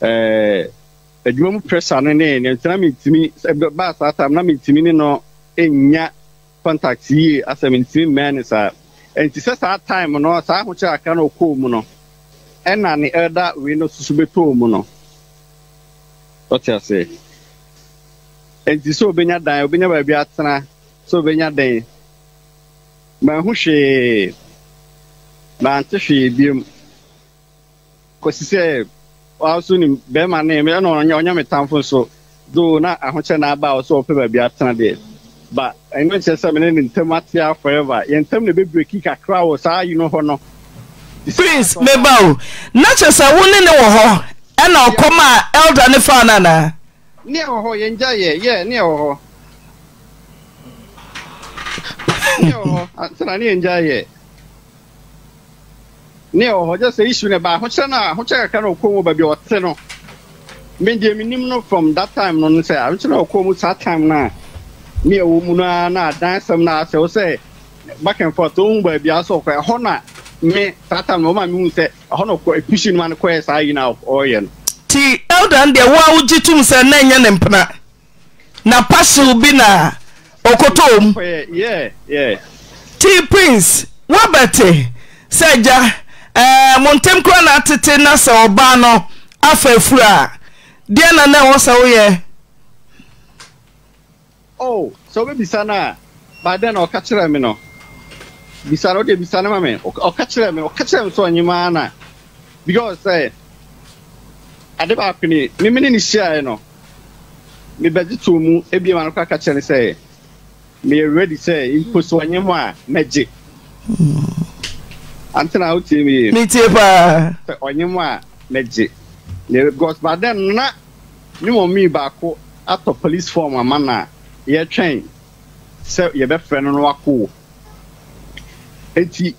ɛɛ adwuma mu pressure no ne ne ntena mentumi baa saa tam na mentumi ne no ɛnya contact yie asɛmntimi mmɛn ne saa nti sɛ saa time no saa ahokyerɛ aka no ɔkɔɔ mu no ɛna ne ɛda wei no soso bɛtɔɔ mu no ɔte ase nti sɛ obenya dan obenya baabi atena sɛ obenya dan manhu hwee nante hwee biom kɔsi sɛ ɔso ne bɛrima ne ɛna ɔnyɛ ɔnyɛ me tamfo so do na ahokyerɛ na aba a ɔsɛ ɔpɛ baabi atena deɛ ba ɛnyɛ kyerɛ sɛ mene ne ntam ate a forever yɛntam na ɛbɛbreki kakra wɔ saa yi no hɔ no prince meba o na kyerɛ sɛ wo ne ne wɔ hɔ ɛna ɔkɔm a elda ne
faa no anaa
ne ɛwɔ hɔ yɛngya yɛ yɛ ne ɛwɔ hɔ ne ɛwɔ hɔ sɛna ne yɛngya yɛ ne ɛwɔ hɔ gye sɛ issue ne baa ahokyerɛ no a ahokyerɛ kakra na ɔkɔ mu baabi a ɔte no medeɛ menim no from that time no no sɛ ahokyerɛ na ɔkɔ mu saa time no a miewu mu na na-ada nsị m na-asị ụsị back and forth ụmụ mgbe bịa sọ kwa hụ na me tata na ọma mihu sị hụ na epushi nwa na kwee saa yi na ọyẹ no. ti elda ndị ewu ahụ ji tum sị na enye ne mpana na pasịl bi na okoto m.
ti prince wabete sị gya ee mụ ntem kura na atete na sị ọbaa no afọ efuru a deɛ na na ɛwɔ sɛ woyɛ.
oh sɛ wobɛbisa eh, no a baadɛn hmm. na ɔka kyerɛ me no bisa no wode bisa no ma me ɔka kyerɛ me ɔka kyerɛ me sɛ ɔnyemaa no a because sɛ ade baako ne meme ne hyiaeɛ no mebɛgye too mu ebiema no kɔ aka kyerɛ ne sɛ meyɛ ready sɛ mpo so ɔnye mu a mɛgye antena wotie me paa sɛ ɔnye a mɛgye because baadɛn na ne mɔ mii baako atɔ police form ama no a yɛtwɛn sɛ yɛbɛfrɛ no no wakoo nti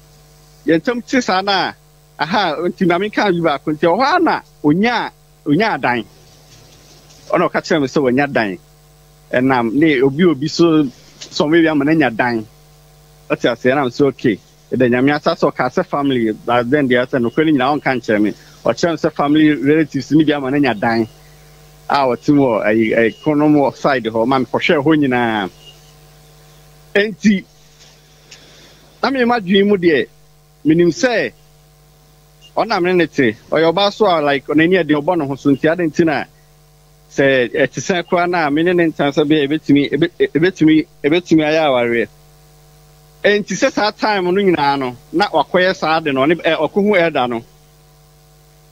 yɛntɛm te saa no a aha nti maame ka bi baako nti ɛwɔ hɔ a na adan ɔna ɔka kyerɛ me sɛ wɔnya dan ɛnam ne obi obi so sɔmbe bi ama n'anya dan ɔte ase ɛnam sɛ okay ɛdɛ nyame asa sɛ ɔka sɛ family na then deɛ sɛ nokorɛ no nyinaa ɔnka nkyerɛ me ɔkyerɛ me sɛ family relatives ne bi ama n'anya dan. a wɔte wɔ kono wɔ side hɔ eh, ma mekɔhwɛ hɔ nyinaa enti na mema dwene mu deɛ menim sɛ ɔna mene ne te ɔyɛ so a like ɔnani aden ɔbɔ ne ho so nti ade nti na sɛ ɛte sɛ koraa no a mene ne ntam sɛ bɛyɛ ɛbɛtumi e, ayɛ awareɛ enti eh, sɛ saa time no nyinaa no na wakɔyɛ saa de no ɔne ɔko ho ɛda no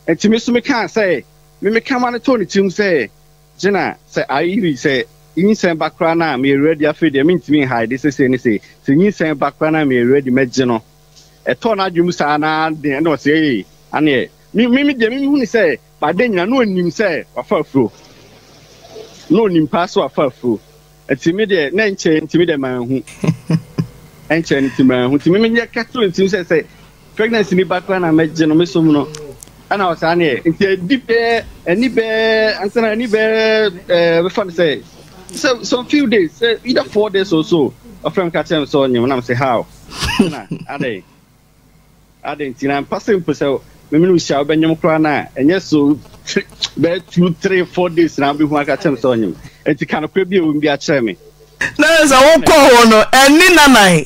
enti me so mekaa sɛ mmeka ma no tɔ ne tirim sɛ gyina sɛ ayiri sɛ nyinsɛn ba koraa no a meyɛwura di afei deɛ mentumi nhaade sesei ne sɛ sɛ nyinsɛn ba koraa no a meyɛwura di mɛgye no ɛtɔ no adwom saa na deɛ na ɔsɛ ɛyɛ aneɛ mimi deɛ mimi huni sɛ bade nyina na onim sɛ wafa afuro na onim paa so wafa afuro ntumi deɛ na nkyɛn ntumi deɛ maa ho nkyɛn ntumi maa ho ntumi mi nyɛ kɛtoro ntumi sɛ sɛ pregnancy ni ba koraa na mɛgye no mesom no ɛna ɔsan ne yɛ nti ɛdi bɛɛ ɛni bɛɛ ansana ɛni bɛɛ ɛɛ bɛfa ne sɛ sɛ some few days sɛ either four days or so ɔfrɛm ka kyerɛ mi sɛ ɔnyɛ mu nam sɛ how ɛna ade ade nti na mpa se mpo sɛ mímínú hyia ɔbɛnyɛm koraa na ɛnyɛ so bɛɛ two three four days na ɔbɛhu aka kyerɛ mi sɛ ɔnyɛ mu nti kanokora bi a wɔn bi akyerɛ mi. na sɛ wokɔ hɔ no ɛni nanan.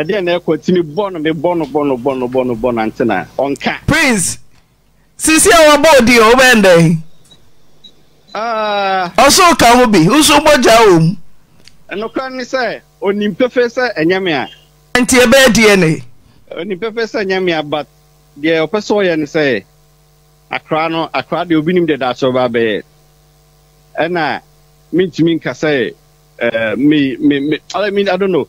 ɛdeɛ na ɛkɔntini bɔno me bɔno bɔno bɔno bɔno bɔno ante na ɔnka prince sisi a wɔbɔ odi a wobɛn dɛn ah. ɔso ka ho
bi nso bɔgya wɔ mu
ɛnokora ne sɛ onim pefe sɛ ɛnyɛ me a nti ɛbɛyɛ deɛ ne onim pefe sɛ ɛnyɛ me a but deɛ ɔpɛ sɛ ɔyɛ sɛ akra no akra deɛ obi nim deɛ daakye ɔba bɛyɛ ɛna mentumi nka sɛ eh, mi me me i don't know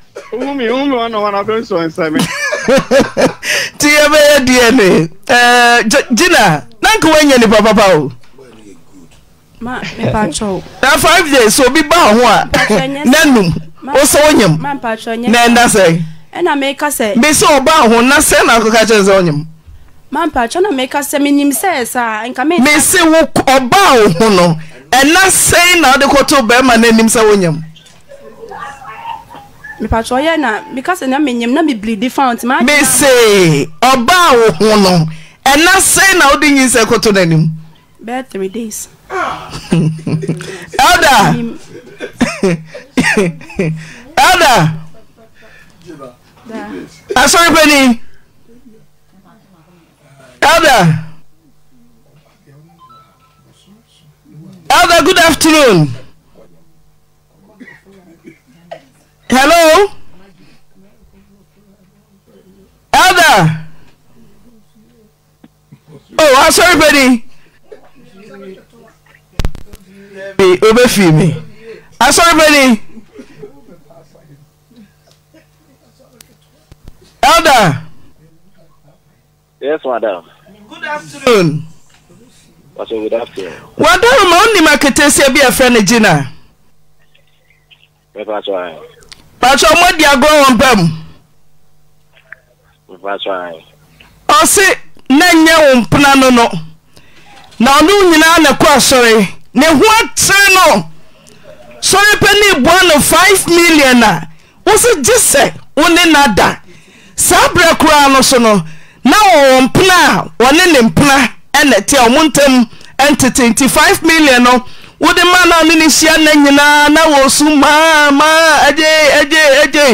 nti yɛbɛyɛ deɛ noɛ
gina na nka woanya nipa
papaoafayɛ
sɛ obi ba wo ho a na anum wo sɛ wonyamna ɛna sɛe mese wɔba wo ho na sɛe nawkɔka kyɛn sɛ wonyam mese ɔba wo ho no ɛna sɛe na wode
kɔtɔ bɛima ne nim sɛ wonyam mepatro ɔyɛ na because na menyim na meblidi fount ma me se ɔbaa wo no ɛna sɛn na wode nyi sɛ koto n'anim bɛɛ three days elda
elda asɔre pani elda elda good afternoon hello elder oh asọ́rí bẹ́ni mi ò bẹ́ fi mi asọ́rí bẹ́ni elder.
yes madam.
good afternoon.
Pastor, good afternoon.
wàá dáhùn mọ́ ọ́n ní ma kété sí ẹbí ẹ̀fẹ́ ni Gina?
Pẹ́pẹ́ aṣọ àyàn.
patro mɔdi agorɔ wɔn pɛ mu na nyɛ wo na ọnụ nyinaa na kɔ asɔre ne ho nọ no sɔre pɛ ne boa a se gye nada saa berɛ koraa anọ so na ọwụwa mpena a ne nti wode ma na ɔne no hyia nna nyinaa na wɔsu maamaa hia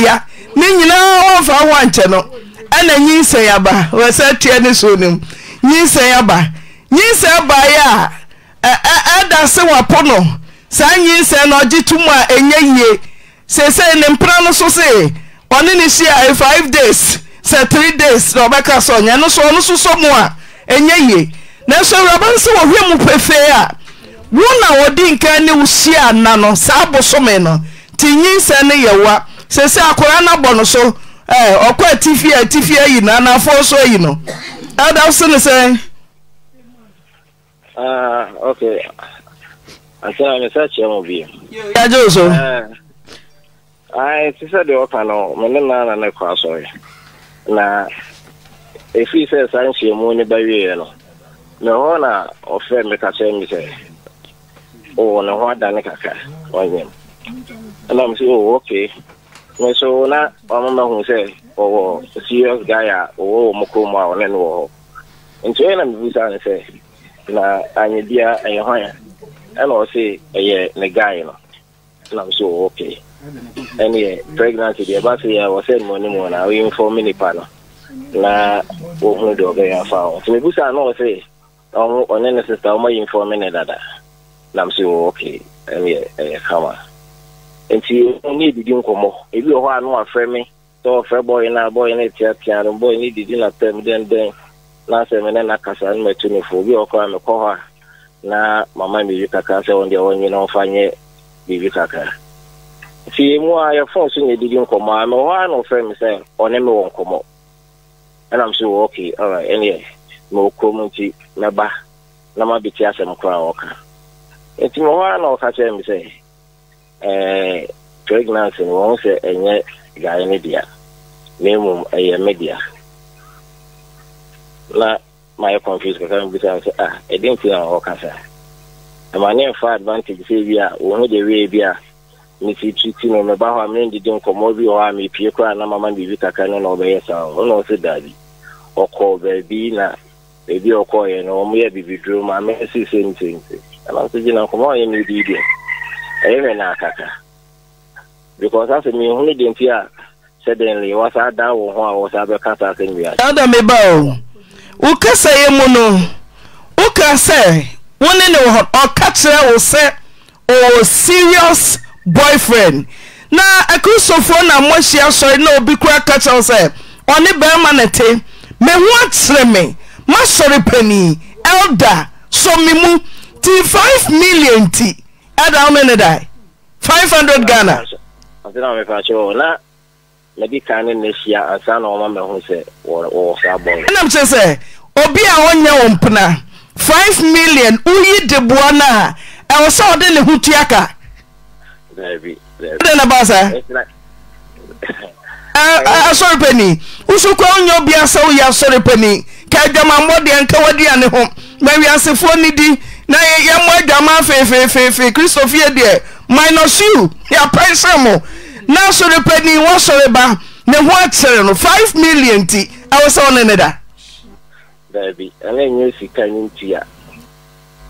ya ne yinaa mfa hokyɛ oiɛ yinsɛe abaɛ a ɛdase wopo no saa nyinsɛe naɔgye tom a ɛnyɛ yie sese ne mpera no so se ɔne no hyia 5 days sɛ te days nɔbɛka sɛyɛn oɔnososɔ m a nyɛ yie nanso awurɛbɔn sɛ wɔhwɛ mu pefee a wo na wɔde nka ne na ana saa bosome no ne akora no so a atifi ayi no anafoɔ so ayi no ɛda so ne
sɛ
ah, yagye so eh, ah, ti sɛ deɛ ɔka no mene naana ne kɔ asɔre na ɛfiri sɛ ba no na hɔ na me ka o na ho adane kakra ɔnyam ɛna m sɛ oh, okay me so na ɔmama sɛ ɔwɔ serious guy a ɔwɔ wɔ mo kurom a ɔne no wɔ hɔ nti ɔyɛ na mebisa ne sɛ na anyɛ bia ɛyɛ a ɛna ɔse ɛyɛ ne guy no ɛna m sɛ oh, okay ɛne yɛ deɛ ɛba sɛ yɛ wɔsɛ mu na ɔyɛmfɔ nipa no na wɔhunu deɛ ɔbɛyɛ afa wo nti na ɔse ɔne ne sista ne dada nam sɛ wɔ ok ɛyɛ kama nti ne yɛdidi nkɔmmɔ ebi wɔ hɔ a no wafrɛ me sɛ wɔfrɛ bɔye no a bɔye no tiatia no bɔye no didi natam dɛndɛn na sɛ me ne nakasa no matu ne fo obi wɔ koraa mekɔ hɔ a na mama biribi kakra sɛ wɔn deɛ wɔnye no ɔmfa nyɛ biribi kakra nti emu a yɛfon so ne didi nkɔmmɔ a mewɔ hɔ a na ɔfrɛ me sɛ ɔne me wɔ nkɔmmɔ ɛnam sɛ wɔ ok alright ɛneɛ mewɔ nti mɛba na mabɛti asɛm koraa wɔka nti ma hɔ na ɔka kyerɛ me sɛ pregnancy eh, no wɔn sɛ ɛnyɛ guy ne dea na mmom ɛyɛ me dea na mayɛ confuse kakra me bisa sɛ ah ɛde nti na ɔka ɛma ne bi a wɔn ho de wie a mesi titi no meba hɔ a nkɔmmɔ bi wɔ hɔ a na mama biribi kakra no na ɔbɛyɛ saa ɔna ɔsɛ daabi na baabi a no ɔmo yɛ bibiduro ama nkuzi na nkɔmɔ a ɔyɛ mmiri bi ɛyɛ mɛ na akaka because asɛ mi hu ne dɛmpi a sɛdɛnli wasa da wɔn ho a wɔsa bɛka saa asɛm wia.
ada mi ba o wo kasa yɛ mu no wo ka sɛ wo ne wɔ ɔka kyerɛ wo sɛ ɔwɔ serious boyfriend na akristofoɔ na mmɔhyia sɔre na obi kura ka kyerɛ wo sɛ ɔne bɛrima ne te mehu akyerɛ me masɔre panin elda so me mu ti 5 milli0n ti adaw no ne da 500 ghanaɛnamkye sɛ obia a ɔnyɛ wo mpena 5mili0n woyi de boa no a ɛwɔ sɛ ɔde ne ho tua kadɛ na baa sa asɔre pani wosukwa wonnyɛ obiasa woyɛ asɔre pani ka adwama mmɔ deɛ nka w'adua ne ho maawiasefoɔ no di na yɛmmɔ agyama afeefeefeefe kristofie deɛ minus u mo na asɔrepani wɔsɔre ba ne ho akyerɛ no 5 million nti ɛwɔ sɛ wone ne da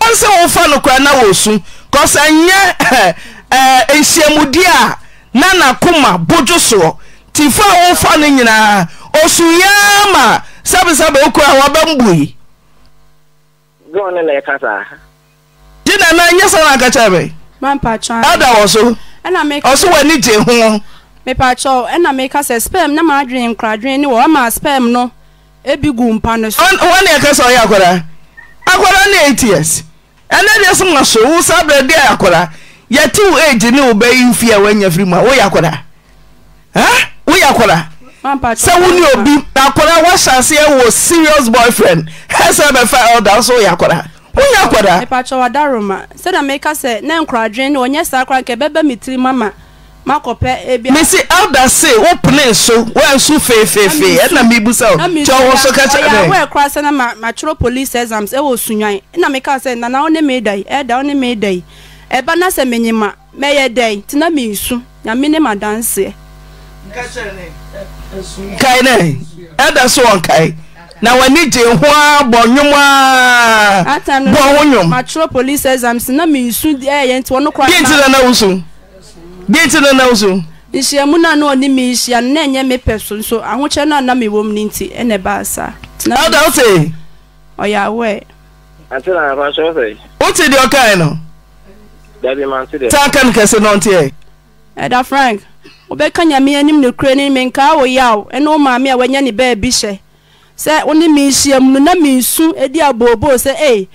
ɔn sɛ wofa na wɔsu eh, a na nakoma bodwo soɔ nti fa a wofa no nyinaa ɔsu ma sɛbesɛbe na na nyɛ sa na akakyaabɛ
adawo ọsụ ɔso ọsụ gye ho mepakyɛw ɛna meka sɛ na maadwene nkradwene ne wɔ ɔma spam no bi gu mpa no so wane ɛka sɛ ɔyɛ akwadaa
akwara na ats ɛnɛ deɛ so ma so wo saa berɛ deɛ akwadaa yɛte wo age ne wo bɛyi mfie a woanya firi mu a woyɛ akwadaa ha woyɛ akwadaa sɛ wo ne obi akwadaa woahyɛ aseɛ wɔ serious boyfriend ɛ sɛ fa ɔda so woyɛ
wonya kwada epatwa wadaro ma sɛda meka sɛ ne nkradwen ne ɔnyɛ saa kora nkɛ bɛbɛ me tiri mama makɔpɛ ebia mesi elda se wo
pene so woanso feefeefee ɛna mebu sɛ kyɛ wo so ka kyɛ woɛ
kora sɛ na matwerɛ police exams ɛwɔ sunwan ɛna meka sɛ nana wo ne medai ɛda wo ne medai ɛba na sɛ menyima mɛyɛ dɛn tena mensu nyame ne madanseɛ kae
ne ɛda so wɔnkae na w'ani gye ho a bɔ
nwom a bɔ ho nwom deɛ nti na na wo so deɛ nti na na wo so nhyiamu e no a na ɔne me nhyia na ɛnyɛ me pɛ so nso ahokyɛ no na mewɔ mu no nti ɛna ɛbaa saa
ada wo se
ɔyɛ awɛ
wote deɛ ɔkae no saa ka
no kɛse no ɔnteɛ ɛda frank wobɛka nyame anim ne kure ne menkaa wo yaw ɛne wo maame a wanya ne baabi hyɛ sɛ wone mehyia mu no na mensu di abooboo sɛ e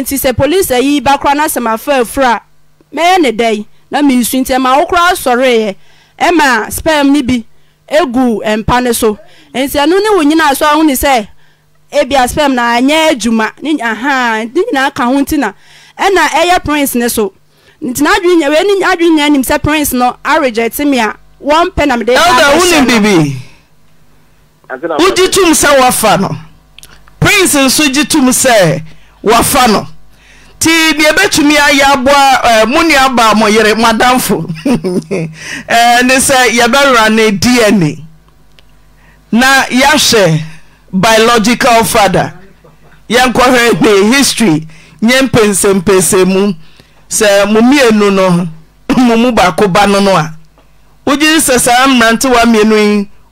nti sɛ polise ayi ba kora no asɛm afa afuru a mɛyɛ ne dɛn na mensu nti ɛma wo koraa sɔreeɛ ɛma spam no bi egu mpa no so nti ɛno ne wo nyinaa so aho ne sɛ ebia spam na anya adwuma ne aha ne nyinaa ka ho nti na ɛna ɛyɛ prince ne so nti na adwene nyɛ wei ne adwene nyɛ nim sɛ prince no aregye te me a wɔmpɛ na mede ɛda wonim
bibi wogye tom sɛ woafa no prinse nso gye tom sɛ woafa no nti neɛ bɛtumi ayɛ aboa eh, mo nnuabaa mɔ yere madamfo eh, ne sɛ yɛbɛwera ne dna na yɛahwɛ biological father yɛnkɔhwɛ ne history nyɛ mpɛnsɛmpɛnsɛ mu sɛ momienu no mo mu baako ba no no a wogye sɛ saa mmerante wa mmienu yi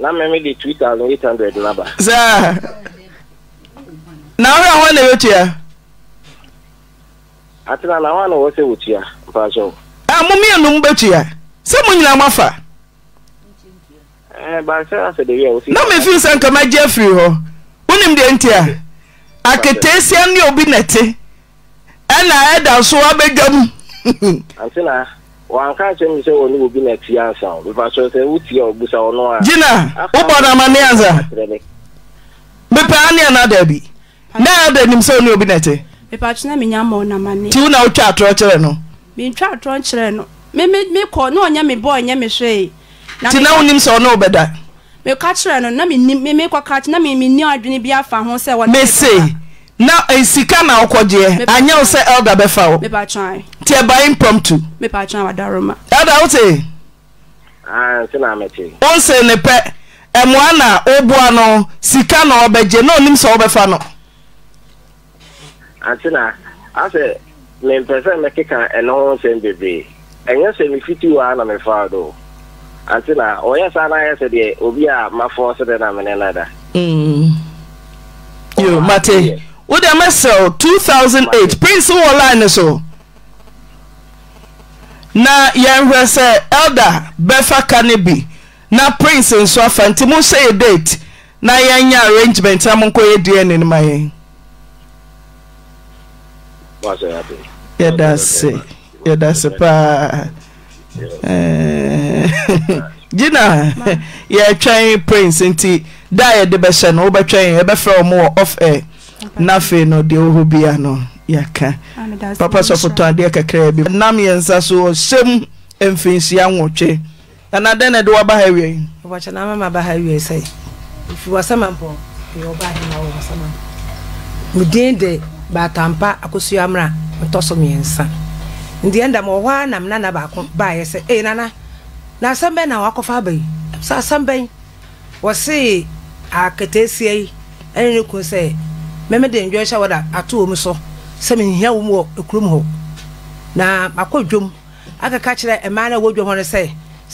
na mmemme dị 2800 naba
saa na ọrụ ahụ na ewetu ya
atena na nwa na
ọwọ sị wetu ya mpaghara a mụ mmienu mgbetu ya sị mụ nyina mafa
eh, na mefi
sɛ nka magye hụ. hɔ m dị ntị a
aketeesia
ne obi nɛte e na ɛda so abɛdwa mu
wanka akyerɛ mi sɛ wɔne na ti ansa o bifa so sɛ wotie a a. gyina wobɔ na amane ansa
ana na ada nim sɛ wone obi na ɛte
wo na
wotwa atorɔ kyerɛ no
mekɔ na ɔnyɛ me bɔ ɔnyɛ me hwee na wonim sɛ ɔne wobɛda meka kyerɛ no na mekɔka na menni adwene bi afa ho sɛ mese
na sika na wokɔgyeɛ anyɛ wo sɛ elda bɛfa wo
nti
ɛba impromptu
elda
wote wonse ne pɛ ɛmoa na woboa ano sika na ɔbɛgye na onim sɛ wobɛfa no
ante ah, na asɛ mempɛ sɛ mɛkeka ɛno ho nsɛm bebree ɛnyɛ sɛ mefiti wɔ a na mefaa do ante ah, na ɔyɛ saa na ayɛ sɛ deɛ obi a mafoɔ sɛ dɛ na mene nada
mm. yo mate wode mɛsɛw 2008 prince wɔ line so na yɛnhwɛ sɛ elder bɛfa ka ne bi na prince nso afa nti monhyɛ yɛ date na yɛnyɛ arrangement na monkɔ yɛ deɛ ne no ma yɛn yɛda se yɛda se paa eh, gyina yɛtwɛn prince nti da yɛde bɛhyɛ no wobɛtwɛn yɛbɛfrɛ wɔ mo wɔ off air na no deɛ wɔ hɔ bia no yɛka papa sɔfotɔ adeɛ kakraa bi nam yɛnsa so ɔhyɛm nwɔtwe
ana dɛn na ɛde ha medin de baatampa akosua mmra so mmiɛnsa ndeɛ ndam wɔ a nana baako sɛ ee nana na asɛm bɛn na wakɔfa aba yi sɛ asɛm bɛn yi ɛne ne kun sɛ mɛmɛ de ndwɛ hyɛ wɔda ato wɔn so sɛ mehia wɔn wɔ kurom hɔ na makɔ dwom akeka kyerɛ mmaa no a wɔwɔ dwom hɔ no sɛ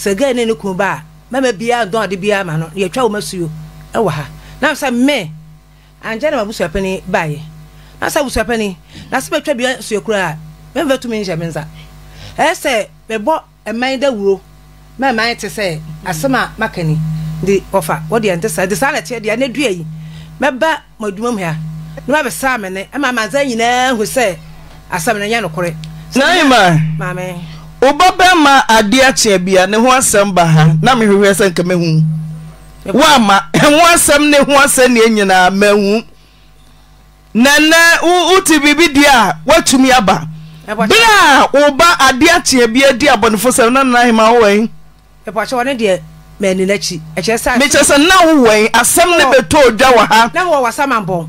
sɛ gaa ne ne kunu ba a mɛmɛ biara dɔn ade biara ma no yɛtwa wɔn asuo ɛwɔ ha na sɛ mmɛ ankyɛ na mabusua panyin baayɛ na sɛ abusua panyin na sɛ bɛtwa biara suo kura a mɛmɛ tumi nhyɛ me nsa ɛyɛ sɛ mɛbɔ mman dawuro mɛmman te sɛ asɛm a maka ni de ɔfa wɔde ɛnte saa de saa na ɛteɛ deɛ ne dua yi mɛba mo adwuma mu ha na wabɛsa amene e ma amansa nyinaa hu sɛ asɛm no nyɛ nokorɛ naima wobabɛma adeɛ akyea bia
ne ho asɛm ba ha na mehwehwɛ sɛ nka mahu woama ho asɛm ne ho asɛm neɛ nyinaa mahu nɛnɛ wote biribi deɛ a woatumi aba
berɛ a
woba adeɛ akyea bia di abɔnefo sɛm na nanahema wowai
mekyerɛ sɛ na
wowai asɛm ne bɛtɔ odwa wɔ ha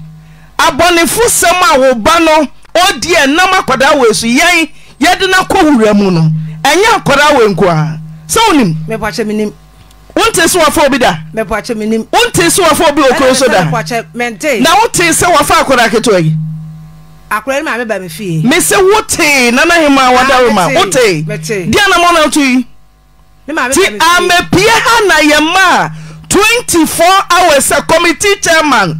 abɔnefo sɛm a ọ dị no ɔdiɛ nam akwadaa wɔ asu yɛn yɛde no kɔ wura mu no ɛnyɛ akwadaa wɔ a sɛ
wonim
wonte sɛ wafa obi da wonte sɛ wafa obi okuro so da
na wote
sɛ wafa akwadaa ketewa yi
nana na mɔna woto yi nti amapie ha na
yɛ hours chairman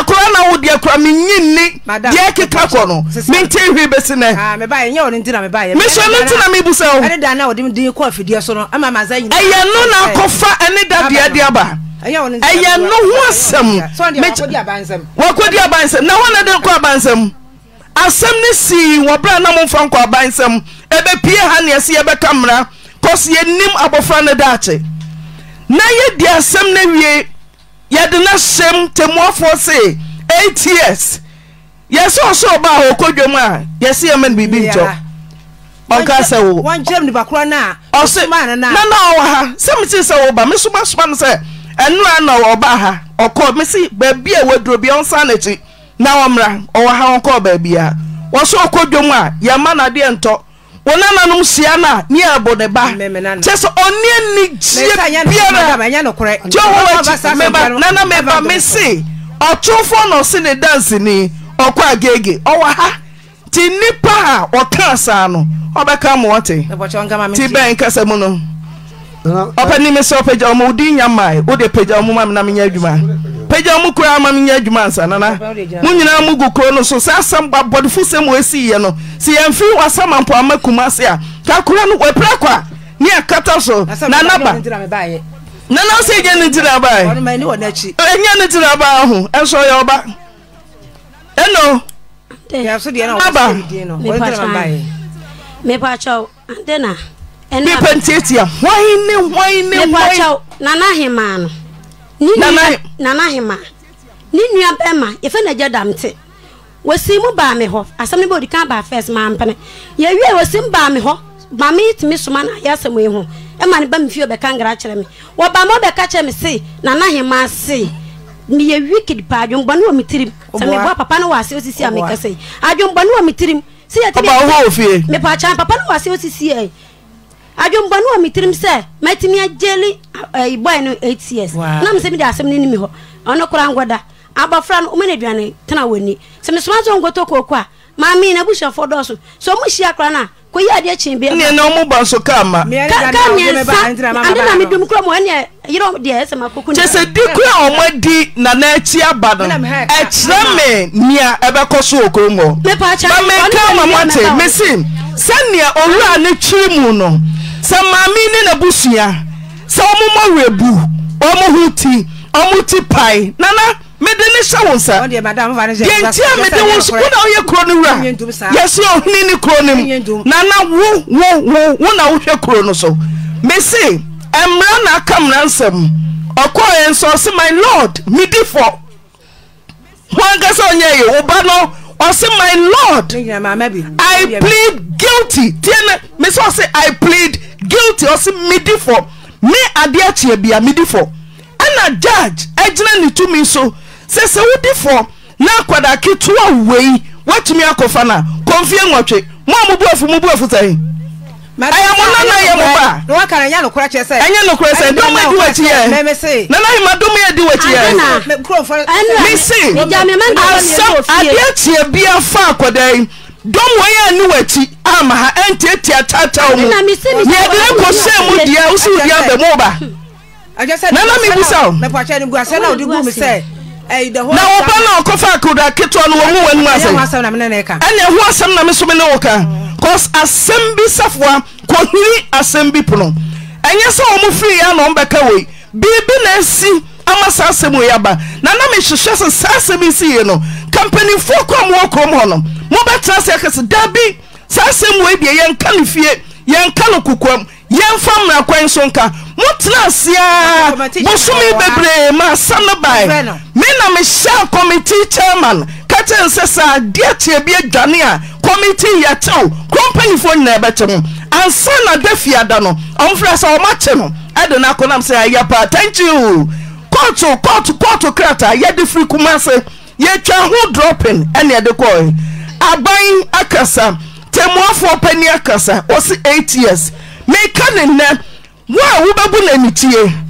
akora na wo deɛ kora
menyinni deɛ keka kɔ no mente hwee bɛsi nɛ mehyɛ no nti na mebu sɛ wo ɛyɛ no na eh. akɔfa ɛne da deade aba ɛyɛ no ho asɛm wakɔdi abansɛm
na hɔ na de kɔ abansɛm asɛm no sii wɔ berɛ a na momfa nkɔ abansɛm ɛbɛpie ha neɛ sɛ yɛbɛka mmara kɔs yɛnim abɔfra no daakye na yɛdi asɛm no awie yɛde ne hyɛm tɛmuafoɔ se eight years yɛsɛ ɔsɛ ɔba a ɔkɔdwa mu a yɛsɛ yɛma no biribi ntɔ ɔnka sɛ wo na na ɔwɔ ha sɛ mete sɛ woba me soma soma no sɛ ɛnora na ɔba ha ɔkɔ me se baabi a waduro bi ɔnsa n'akyi na ɔmmra ɔwɔ ha ɔnkɔɔ baabi a wɔsɛ ɔkɔdwa mu a yɛma no adeɛ ntɔ wɔnananom sia no a ne ɛbɔ ne ba kyɛ sɛ ɔne anigyeɛ biara gyɛwɔwakyi
nana meba me se
ɔtomfoɔ na ɔse ne danseni ɔkɔ agege ɔwɔ ha nti nnipa a ɔka saa no ɔbɛka mmoɔte ti bɛn kasa mu no ɔpɛ nime sɛ ɔpɛgya ɔma wodi nya mae wode pagya ɔmo ma mena menya adwuma pagya ɔmo koraa ma menya adwuma ansa nana mo nyinaa mu gu kuro no so saa asɛm babɔdefo sɛm wɔasiiɛ no sɛ yɛmfiri wasɛm ampo ama kuma ase a kakora no wɔapira kɔ a ne akata so na naba
nana sɛ ɛnya ne ntira bae ɛnya
ne ntira baa ho ɛnso ɔyɛ ɔba
ɛno aba mepakyɛw ande na nipa ntiatia hwan ne hwan ne hwan. nana no nana nua bɛma na mu baa hɔ asɛm bɛ odi kan baa fɛs maa mpene yɛwie mu baa hɔ maame yi tumi soma na yɛ asɛm yi ho ɛma ne ba mi fie ɔbɛka nkira kyerɛ mi kyerɛ mi nana yɛ pa wɔ mi tirim bɔ papa wɔ ase osisi a mi kɛse wɔ mi tirim si yɛ mi pa papa wɔ ase osisi yɛ. adwembɔne wɔ me tirim sɛ matumi agyeli eh, eh, boy no eight years na mesɛ mede asɛm no nimi hɔ ɔno kora ngɔda abɔfra no womane aduane tena wɔni sɛ mesoma so nkɔtɔ kooko a maame na abusuafoɔ dɔɔso sɛ ɔmo hyia kora no a kɔyi adeɛ kyee bi ne na ɔmo ba so ka ma ka mmiɛnsa ade na medum kura mu ɛneɛ yerɛ deɛ ɛsɛ makoko kyɛ sɛ di kora a ɔmo
adi na na akyi aba no ɛkyerɛ me nea ɛbɛkɔ so wɔ kurom hɔ ma meka ma moate mese sɛnea owura ne twi mu no sɛ maame ne n'abusua sɛ ɔmomɔ werɛ bu ɔmo ho ti ɔmo ti pae nana mede ne hyɛ wo nsa yɛnti a mede wo so wona woyɛ kuro no wura yɛsɛ ɔhene ne kuro no mu nana wo wo wo wo na wohwɛ kuro no so mese mmara na aka mmara nsɛm ɔkɔɔ yɛn nso ɔse my lord medifɔ ho ankasa ɔnyɛ yɛ wo ba no ɔse my lord i plead guilty tiɛ ne mese ɔse i plead guilty ɔsi midi fɔ me adeɛ kyeɛ bia midi ɛna judge ɛgyina ne tumi so sɛ sɛ wodi fɔ na akwadaa ketewa wei watumi akɔfa na kɔnfie nwɔtwe mo a mo bu afu mo bu afu sɛn
ɛyɛ mo nana yɛ mo ba ɛnyɛ nokora sɛ dɔm adi wakyi yɛ nana yɛ ma dɔm yɛ di wakyi yɛ misi asɛm adeɛ kyeɛ
bia fa akwadaa yi. dɔm wɔi a ne w'ati ama ha ɛntiatia taataw mu yɛdɛ kɔ sɛ mu deɛ wo sɛ wodi abɛ mu ba
nana mebu sa wo na wɔba na ɔkɔfa akoda ketewa no wɔmu w'anim asɛ ɛne ɛho asɛm na me so me ne wo ka cause asɛm bi
safoa kɔhiri asɛm bi pono ɛnyɛ sɛ wɔ mo firi ya na ɔmbɛka wei biribi na asi ama saa asɛm wei aba na na mehwehwɛ sɛ saa asɛm yi siiɛ no kampanifoɔ kɔ a mowɔ kurom hɔ no mobɛtena sɛ ɛkɛ sɛ da bi saa sɛm wɔ bie yɛnka no fie yɛnka no kokoam yɛmfa mmarakwan so nka motena aseaa bosome bebree ma asa no bae me na mehyɛa committee chairman ka kyɛn sɛ saa deɛ kyeɛ bi adwane a committee yɛtew kɔmpanifoɔ nyinaa ɛbɛkye ho ansa na da fiada no ɔmfrɛ sɛ ɔmakye no ɛde no akɔnam sɛ ayɛ paa thank you kɔɔto kɔɔto kɔɔto krataa yɛde firi kuma ase yɛtwa ho dropping ɛne ɛde kɔɛ aban akasa tɛmuafoɔ pani akasa wɔsi eight years meka ne nnɛ wo a wobɛbu n'anikyie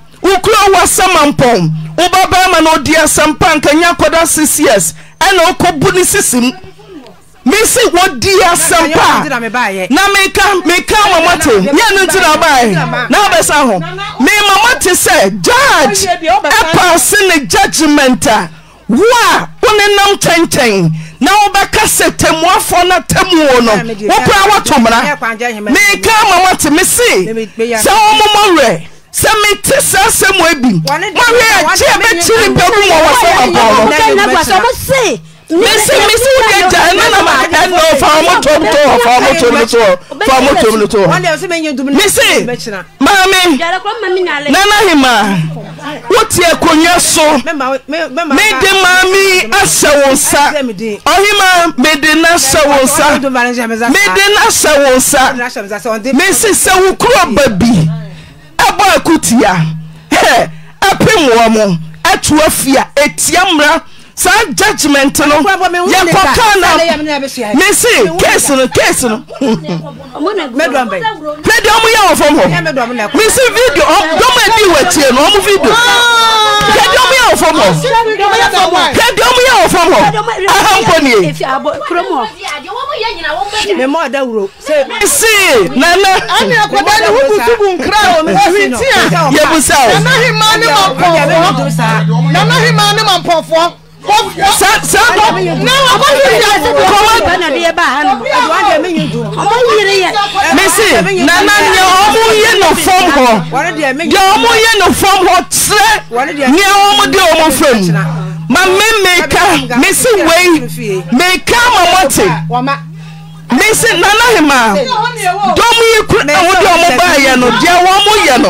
wokuro wɔ sɛma mpɔw wobɛbarɛ ma no odi asɛm pa a nkanya kɔdasess ɛne wokɔbu ne sisim mesi wodi asɛm paa
na eka maɔte yɛno ntidabaɛ na
obɛsaho mema mɔte sɛ jadge ɛpal se ne judgement a wo a wo ne nam kyɛnkyɛn na wobɛka sɛ tamuafɔɔ no ata mu o no wo prɛ wotomara
meka ma mɔte mese sɛ wommɔ werɛ sɛ mete saa sɛ mo
abimoweakye bɛkene biago mɔ wɔsɛ abɔno mese me se woga ya ɛnonamnɔ
fmese maame nanahemaa wo
teakonya so
mede maa me asɛ wo sa hem mede nɛoede nsɛ wo sa mese sɛ wo koro ba bi
bɔ akutia ɛpewoa mu atua fia ɛtia mmra saa judgment no yɛkɔ kaa na
mese case no
case no
na deɛ ɔmo yɛ wɔ fam hɔ mese video dɔm adi wɔatie no ɔmo video hwɛ
deɛ ɔmo yɛ
wɔ fam hɔ hwɛ
deɛ ɔmo yɛ wɔ fam hɔ aha nkɔ nie
mese nana yɛbusa o nana hima ne ma mpɔfoɔ
sɛ bɔ ɔmɔ yiri yɛ
kɔwɔ ɔmɔ yiri yɛ mesi nana nea ɔmɔ yɛ no fɔm
hɔ deɛ ɔmɔ yɛ no fɔm hɔ kyerɛ nea ɔmɔ de ɔmɔ fɛ mu
ma me meka mesi wei meka ma mɔte mesi nana hema
dɔm yi kura na wɔde ɔmɔ baa yɛ no deɛ wɔn mo yɛ no.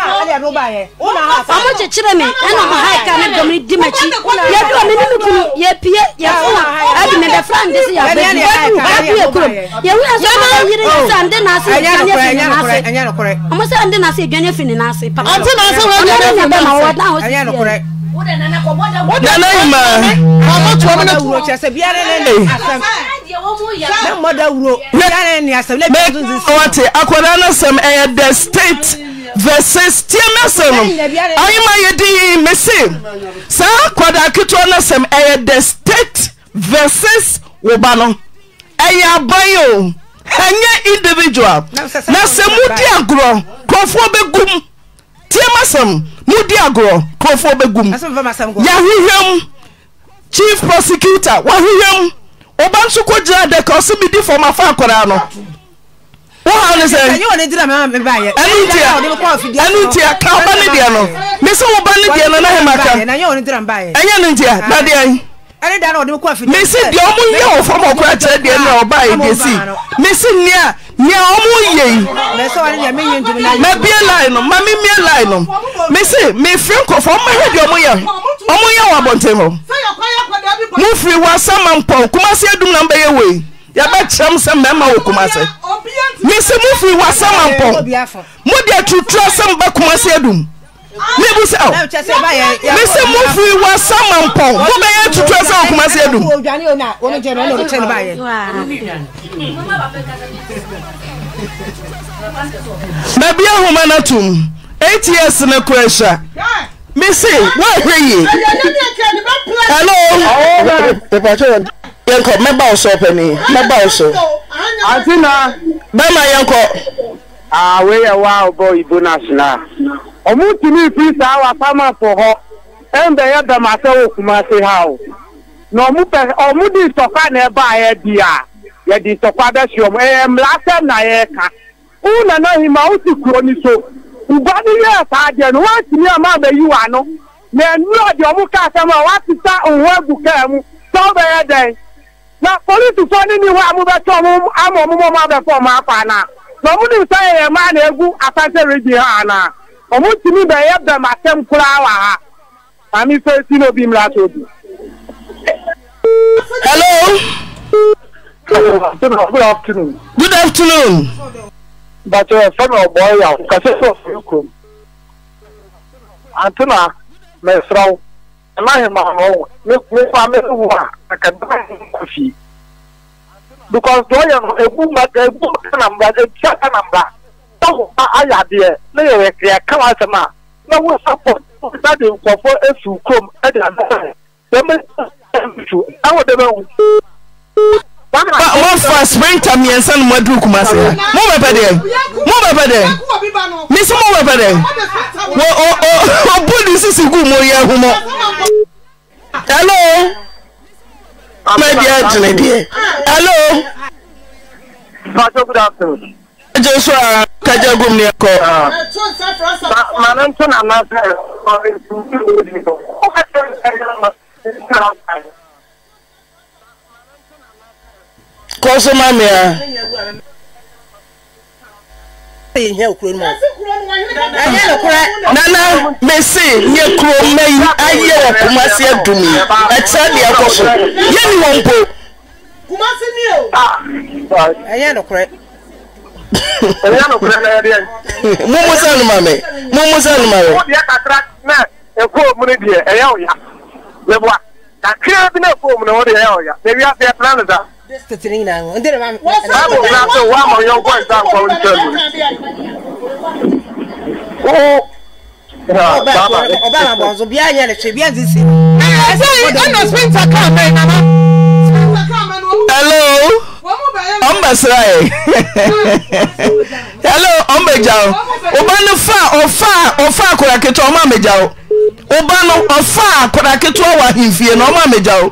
yɛ no ba yɛ wona ha me ɛna ɔmo ka ne dɔm ne di m'akyi yɛdu ɔne ne ne kunu yɛpie yɛfona ɛde ne dɛfra nde se yɛabɛ yɛ kurom yɛwura sɛ ɔmo yere sɛ nde n'ase aduane afi ne n'ase ɔmo sɛ nde n'ase aduane afi ne n'ase papa ɔmo ne ne bɛ ma wɔ na ɔsi yɛ nana yi ma mama tuwa mana sɛ biara ne ne asɛm na mmɔda
wuro biara ne ne asɛm na biara ne ne asɛm. mɛ kawate akwadaa ɛyɛ
the state verses tie mi asɛm ɔyima yɛ di mi si saa akwadaa ketewa no asɛm ɛyɛ the state verses wo ba no ɛyɛ eh, aban o ɛnyɛ eh, individual
na sɛ mu di
agorɔ kurɔfoɔ bɛ gum tie mi asɛm mu di agorɔ kurɔfoɔ bɛ gum
yahwehwɛm
chief prosecutor wahwehwɛm ɔba nso kɔ gyina adaka ɔsɛ mi di fɔm afa no wọ́n hàn ní sẹ́yìn. ẹ̀yin
wọ̀ ní dira mẹ́wàá mi báyẹ̀. ẹnu tiẹ̀ ẹnu tiẹ̀ ká ọba ní diẹ nọ mẹsàn wọ ọba ní diẹ nọ náà yẹ máa kà. ẹ̀yin wọ̀ ní dira mi báyẹ̀. ẹ̀yin ní tiẹ̀ ah. dade ẹ̀yin. ẹni dáná ọdún kọ́ àfidie. mẹsì diẹ ọmú yẹ wọ fọmọ ọkọ ẹkyẹrẹ diẹ náà ọba yìí ah. diẹ sí mẹsì níà níà ọmú yẹ yìí.
mẹ bíẹ láì nọ mẹ mi bíẹ láì nọ
mẹsì mi fi nkọfọ ọmọ ẹhẹ diẹ ọmú yẹ ọmú yẹ wọ abọntẹ mọ.
mo fi wọ asẹ́mọ̀ mpọ̀ kọ́másí ẹ̀dùn náà bẹ́yẹ
wẹ̀yì yɛbɛkyerɛm sɛ mmarima wɔ kuma sɛ
mesɛ mofiri wasɛm ampɔ
mode atuturɔ sɛm ba kuma sɛ adum mebu sɛ mesɛ mofiri wasɛm ampɔ mobɛyɛ atuturɔ sɛ wɔ kuma sɛ adum baabi ahoma no tom eight years ne kora hyia
mese woahwɛ
yie
hello
yɛnkɔ mɛba ah, wo so ɔpani mɛba wo so na bɛma yɛnkɔ yɛ wa ɔbɔ ibo hɔ kuma se
ha o na di a yɛde nsɔkwa bɛhye ɔmo ɛyɛ mmara sɛm na yɛreka wo nana hima wosi kuro ni so ugba no yɛ saa deɛ no woatumi ama abɛyi w'ano na
nnuro ka mu na polisifoɔ ne niwa a mobɛtɔ ama ọmụmụ mu abɛfɔ ɔmo akɔ anaa na ɔmo nim sɛ yɛyɛ mmaa na
egu asase redi ha anaa ɔmo ntumi bɛyɛ dem asɛm koraa awa ha maame fɛ si na obi mmira so hello. good afternoon. good afternoon. bàtà ẹ̀fọ́ mi ọ̀bọ̀ ẹ̀yà kàṣẹ́ sọ̀ fún ikùn àǹtí ẹ̀ yẹ màá akadama mu kofi because deɛ ɔyɛ no egu ma egu ma na mbra etia ka na mbra ɔho
ma ayɛ adeɛ ne yɛ yɛ ka wa asɛm a na wo support na de nkɔfo esu kurom ɛde asɛm dɛm ɛntu ɛwɔ dɛm ɛwɔ.
wɔfa sprinter
mmiɛnsa no moaduru kuma se ha mobɛpɛ dɛ mobɛpɛ dɛ mese mobɛpɛ dɛ ɔbu ne sisi gu mu yɛ ahomɔ hello
mẹ́ẹ̀dì ẹ̀ tìǹ díẹ̀.
hello. pastor good afternoon. ẹjẹ sọ ara kájẹ
gómìn ní
na màmá ń tún àmà
fẹ́ O ìtúntì lóde ìbò. ó bá tẹ̀ ẹ́ ẹ́ lọ́wọ́ sí i. kọ́sọ́mà mi à
yɛ
hia okuro mu
ɛyɛ no korɛ nana mesi nye
kuro mma yi ayɛ kumasi adum yi ɛkyerɛ deɛ ɛkɔ ni wɔn po.
kumasi ni o. ɛyɛ ah. no korɛ. ɛyɛ no korɛ n'ayɛ deɛ.
mumu sɛ numu amɛ mumu sɛ numu amɛ. o deɛ kakra na ekuro mu ni deɛ ɛyɛ o ya lɛbua kakra bi na ekuro mu na o deɛ ɛyɛ o ya na ewia deɛ plan
tètèrè yìí náà ndé nàbà. báwo ni a tó wà mọ yọ ọgbọ ìta nǹkan orí tẹlu.
ọba àbọ̀ ọ̀zọ̀
bí àyẹ̀ rẹ̀ ṣe bí àti sí. ẹ ṣe ọ̀nà sprinter kan mẹ́rin nàmá.
hello ọmbasira yẹ hello ọmbeja o ọba no fa ọfa ọfa akora ketewa ọmọ ameja o ọba no ọfa akora ketewa wà hìmfìyẹ ọmọ ameja o.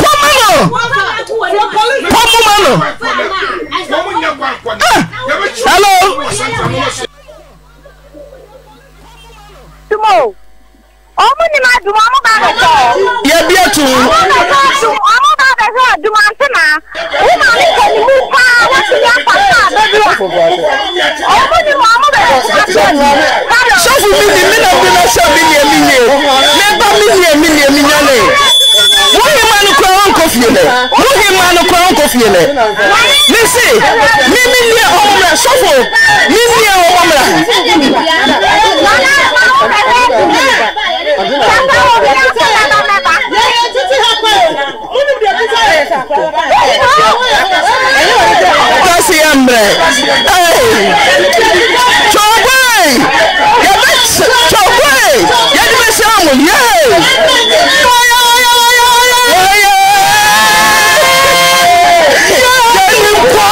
pɔnpu ma nɔ hello.
tumo ɔmu ni ma dum ɔmu ba bɛ tɔ. yɛ biɛ tu.
ɔmu ba bɛ tɔ dumanti na wuma mi kɛ ni mu paa wasi ya pata bɛ bi wa
ɔmu ni ma ɔmu bɛ tɔ sɔfu mi ni mi na bi na sɛ mi yɛ mi yɛ mi ba mi yɛ mi yɛ mi yɛ ne wohi ma no koraa wonkɔ fie nɛ wohi ma no koraa wonkɔ fie nɛ me se
me me nie hɔ mmra sɔfo me nie hɔ mmra
Kwasi Emre. Chogwe! Yabet! Chogwe! Yadimese amu! Yay! Fire!
Yeah! Yeah! Yeah!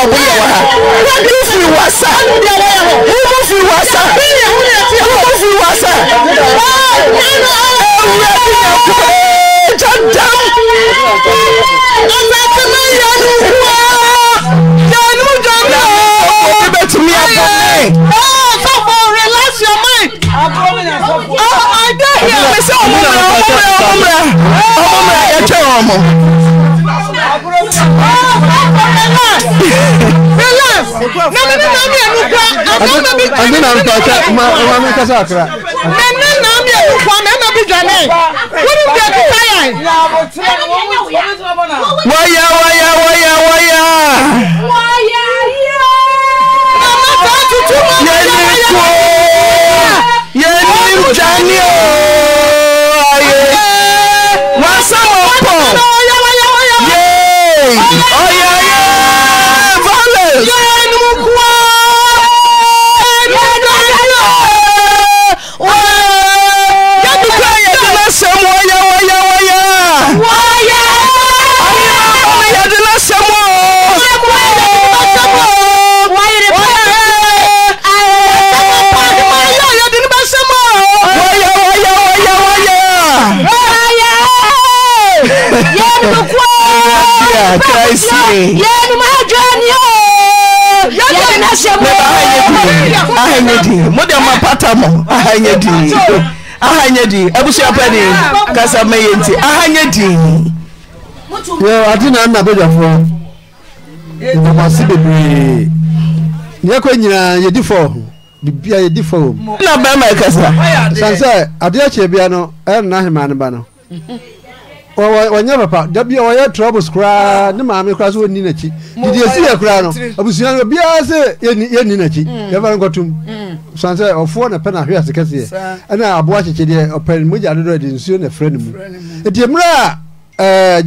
bɔ bo yɛ wa ha wadi fi wa sa wumu fi wa sa wumu fi wa sa ewura bi na kuma ja dam ɔbɛ ti ma yɛ nu wa yanu
jɔ na o bɛ ti mi abɔ mi. Relax your mind. Oh, I dare you. Ọmọ mìíràn ọmọ mìíràn ọmọ mìíràn ẹ jẹ́ ọmọ ɔde na mpɛkyɛ ma me nkasa akra
nana na me ɛwu kwa na ɛna bi dwane wode bi ati taya
waya waya waya waya mama saa tutu ma yɛni ko
yɛni dwane o
yẹnu kúọ́ yẹnu máa jọ ẹni o yẹnu
ẹsẹ̀ mú o.
ahanyẹ di mo de ma pata mọ ahanyẹ di ahanyẹ di ebusua pẹ ni kasa mẹyẹ nti ahanyẹ di.
yẹ
adi na nna bẹjọ ọ nnọmasi bebree yẹ kọ nyinaa yẹ di ihe bibia yɛ di fam na bɛrima ɛkasa san sɛ adeɛ kyerɛ bia no ɛnna hema ne ba no wɔnyɛ papa dabi a troubles koraa ne maame koraa so wɔnni n'akyi didi esi yɛ koraa no abusua no biara sɛ yɛnni n'akyi mm. yɛfa no nkɔtum mm. san sɛ ɔfoɔ na pɛ na ahwɛ ase kɛseɛ ɛna aboa kyekyedeɛ ɔpɛ ne mogya dodoɔ de nsuo na frɛ no mu nti mmerɛ a eh, eh,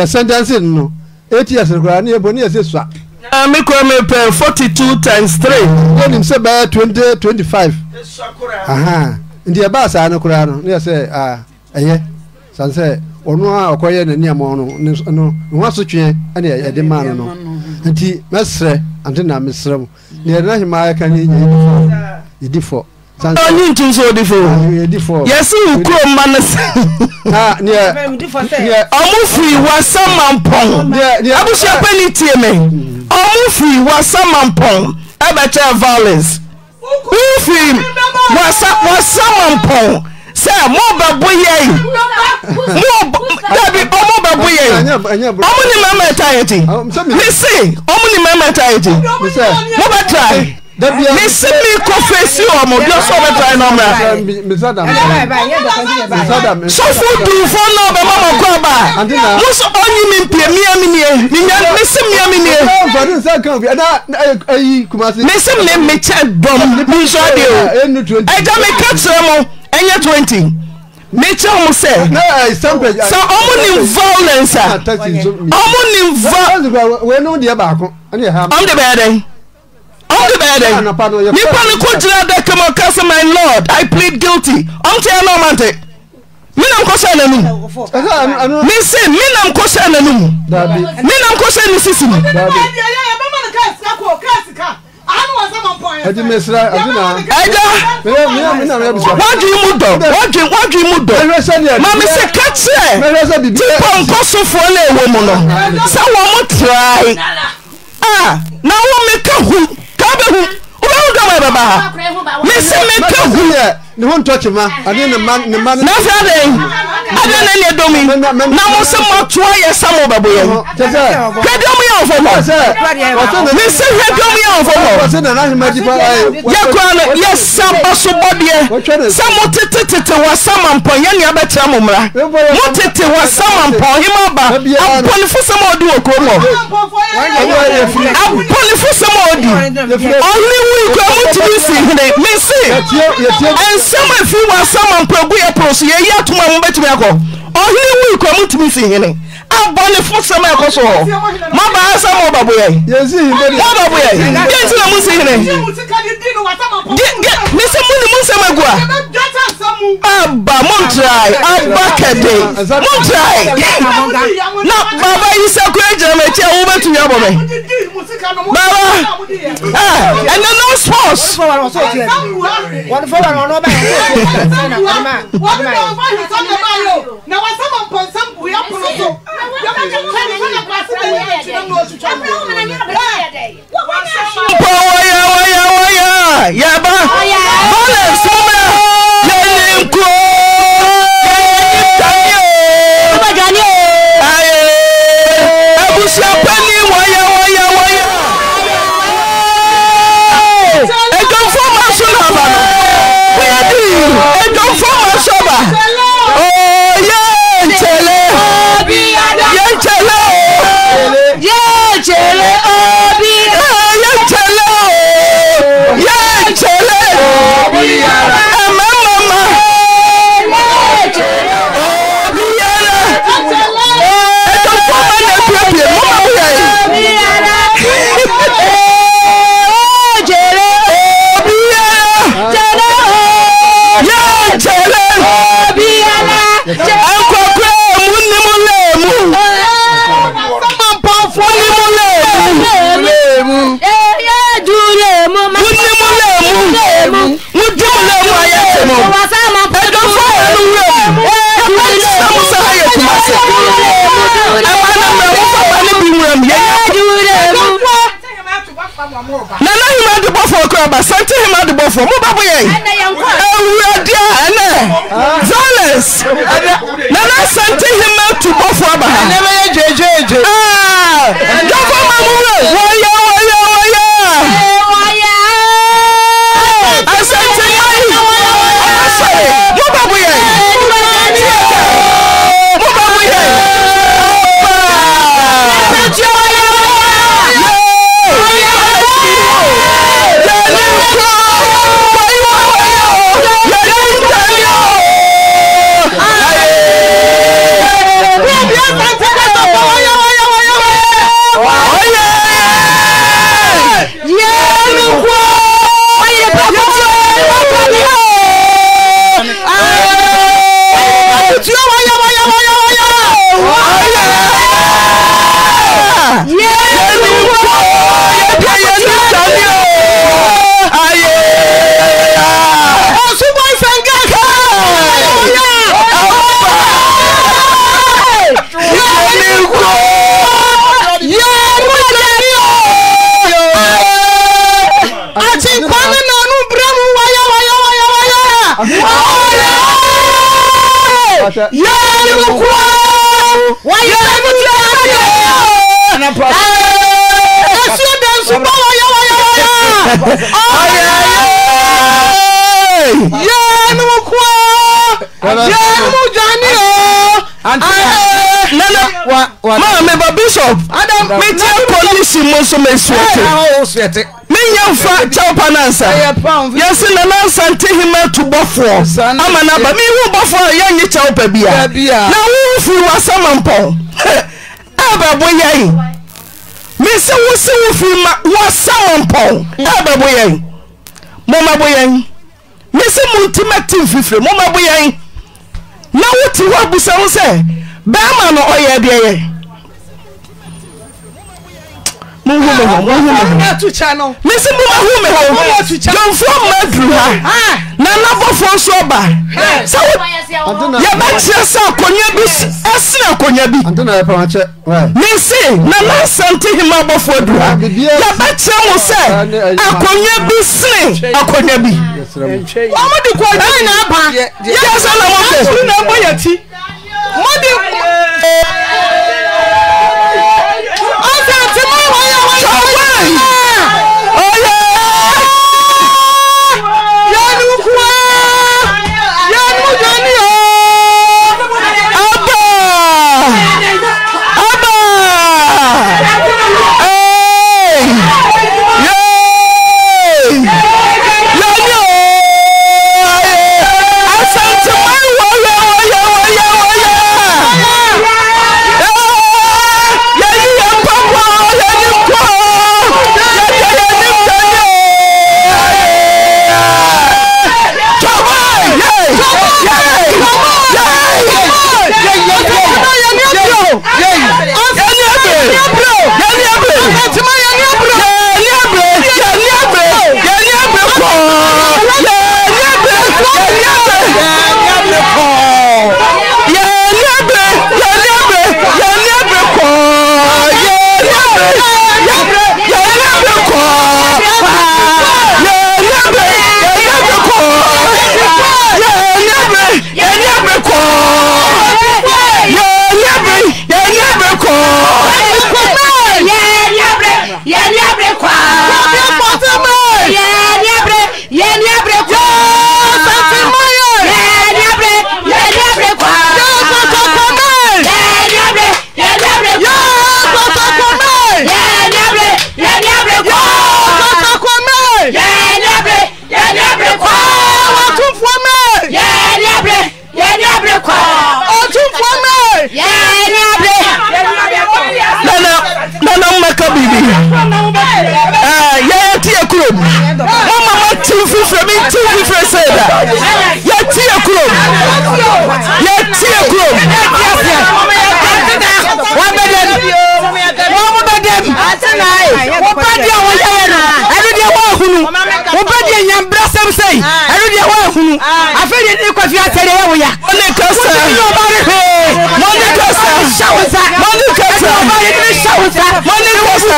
yɛsentense no no eight years koraa ne yɛbɔ ne yɛsɛ sua me kɔ me pɛ forty two times three wɔnim sɛ bɛyɛ twenty twenty five nti ɛbaa saa no koraa no ne yɛ sɛ ah, ɛyɛ san sɛ ɔno a ɔkɔyɛ ne no no ne ho asotweɛ ɛne yɛde maa no no nti mɛsrɛ ante na mesrɛ mu na yɛde no ahema ɛka ne yɛdifɔ yɛdifɔ ɔne ntum sɛ odifo yɛse wo kuro ma no sɛ ɔmo firi wasa mampɔn abusua pani tie me ɔmo mm. firi
wasa mampɔn ɛbɛkyɛ violence wofiri wasa mampɔn sɛ mobɛbo yɛi dabi ɔmo bɛbo yɛi
ɔmo ne mama ɛtaeɛ ti me se ɔmo ne mama ɛtaeɛ ti mobɛtrae me se me kɔfe si wɔ mo deɛ sɛ ɔbɛtrae na ɔmmra sɔfo duufo na ɔbɛma ma kɔ
aba mo so ɔnyi
me mpie mia me nie menya me se mia me nie me se me mekyɛ dɔm bi nsɔ adeɛ o agya meka kyerɛ mo ɛnyɛ twenty mekyɛ ɔmo sɛ sɛ ɔmo nim violence a ɔmo nim va ɔmo de bɛyɛ dɛn ɔmo de bɛyɛ dɛn nipa ne ko gyina adaka
mu ɔka sɛ my lord i plead guilty ɔmo te ɛna ɔmo ante menam kɔhyɛ
n'anum me se menam kɔhyɛ
n'anum menam kɔhyɛ ne sisi mu
ẹjì mẹsìlá ẹjì náà. ẹjọ
wájú imú dọ wájú wájú imú dọ mami sẹ kẹtìẹ tí
pọnkọ sọfọ lè wọ mu nọ sẹ mu tìraayi a na
wọn mi ka hu ká bẹ hu wọn bẹ hu dọwọ ẹ
bẹ
mi sẹ mi ka hu
ne ho ntɔ kyema ane ne ma ne ma ne. n'afɛ de adi ne ne domi na mo se
mo to ayɛ samu bɛbo yɛ hwɛdi ɔmu yɛ ɔfɔ bɔ ne se hwɛdi ɔmu yɛ ɔfɔ bɔ yɛ kura no yɛ saba so
bɔdeɛ
sɛ mo tete tete wa sama mpɔn yɛ nea bɛkyerɛ mo mra mo tete wa sama mpɔn hima ba abɔnifo sɛm a ɔdi wɔ kurom
hɔ
abɔnifo sɛm a ɔdi ɔne wi kura mo tibi si hene me asɛm afi wɔ asɛm a mpagu yɛ poro so yɛyi atoma a mobɛtumi akɔ ɔhene wui kora motumi si hene abɔne fo sɛm a ɛkɔ so hɔ mabaa sɛ mo babo yɛ mo babo yɛ deɛ nti na mo si hene me sɛ mo
ne mo nsɛm agu a
aba montrae aba kɛde montrae na baba yi sɛ kora gyina m'akyi a wobɛtumi abɔ me
baba
ɛnɛ no sports na wasɛma mpɔnsɛm buya pono so
People, oh, yeah, oh, yeah, yeah, oh, yeah. Yeah, but. Oh, yeah. dule mu ma wudi mu le mu wudi mu le mu ayé ti mu ẹjọ fún ẹnu wúlò mu ẹgbẹ tí sọmú
sọmọ yẹ kùmà sí ẹwà nàmà wọn fọwọ́ níbi wúlò mu yẹ
yẹ kù.
nana yi ma dubɔ fɔ kura ba santi yi ma dubɔ fɔ mu ba bɔ yɛ ewuradiya ɛnɛ zɔlɛs nana santi yi ma tubɔ fɔ ba. ɛnɛ bɛ yɛ jejeje. ɛɛ dɔbɔ.
pata. yẹ́n mú kú wọ́n yẹ ẹni tí a yẹ ẹsùn ọdẹ nsú bá wọ́n yẹ wọ́n yẹ wọ́n yẹ ọ̀yẹ yẹ yẹ́n mú kú yẹ́n mú jani o nana
wa wa maa mi ba bishop adam mi tiẹ polisi mu nso mi suwete yɛmfa kyɛw pa no ansa yɛse nanansa nte hema tu bɔfoɔ ama no aba mehu bɔfoɔ a yɛnye kyɛw pa bia na wowo firi w'asama mpɔn ɛbɛbo yɛn mese wo se wo firi ma w'asama mpɔn ɛbɛbo yɛn mommabo yɛn mese mo ntimate mfifiri mommabo yɛn na wote hɔ abusa ho sɛ bɛrima no ɔyɛ deɛ yɛ mensibomaho
mehɔjomfoɔ ma aduru a nanabɔfoɔ
nso
bayɛbɛ kyerɛ
sɛ akoa bi
asene akonya bi ne nse na n'sante hima abɔfoɔ adu ayɛbɛ kyerɛ mo sɛ akonya bi sene akonya bi
fi atẹ̀lé yẹ wò ya. mọ́ni kẹsẹ̀ mọ́ni kẹsẹ̀ mọ́ni kẹsẹ̀ mọ́ni kẹsẹ̀ mọ́ni kẹsẹ̀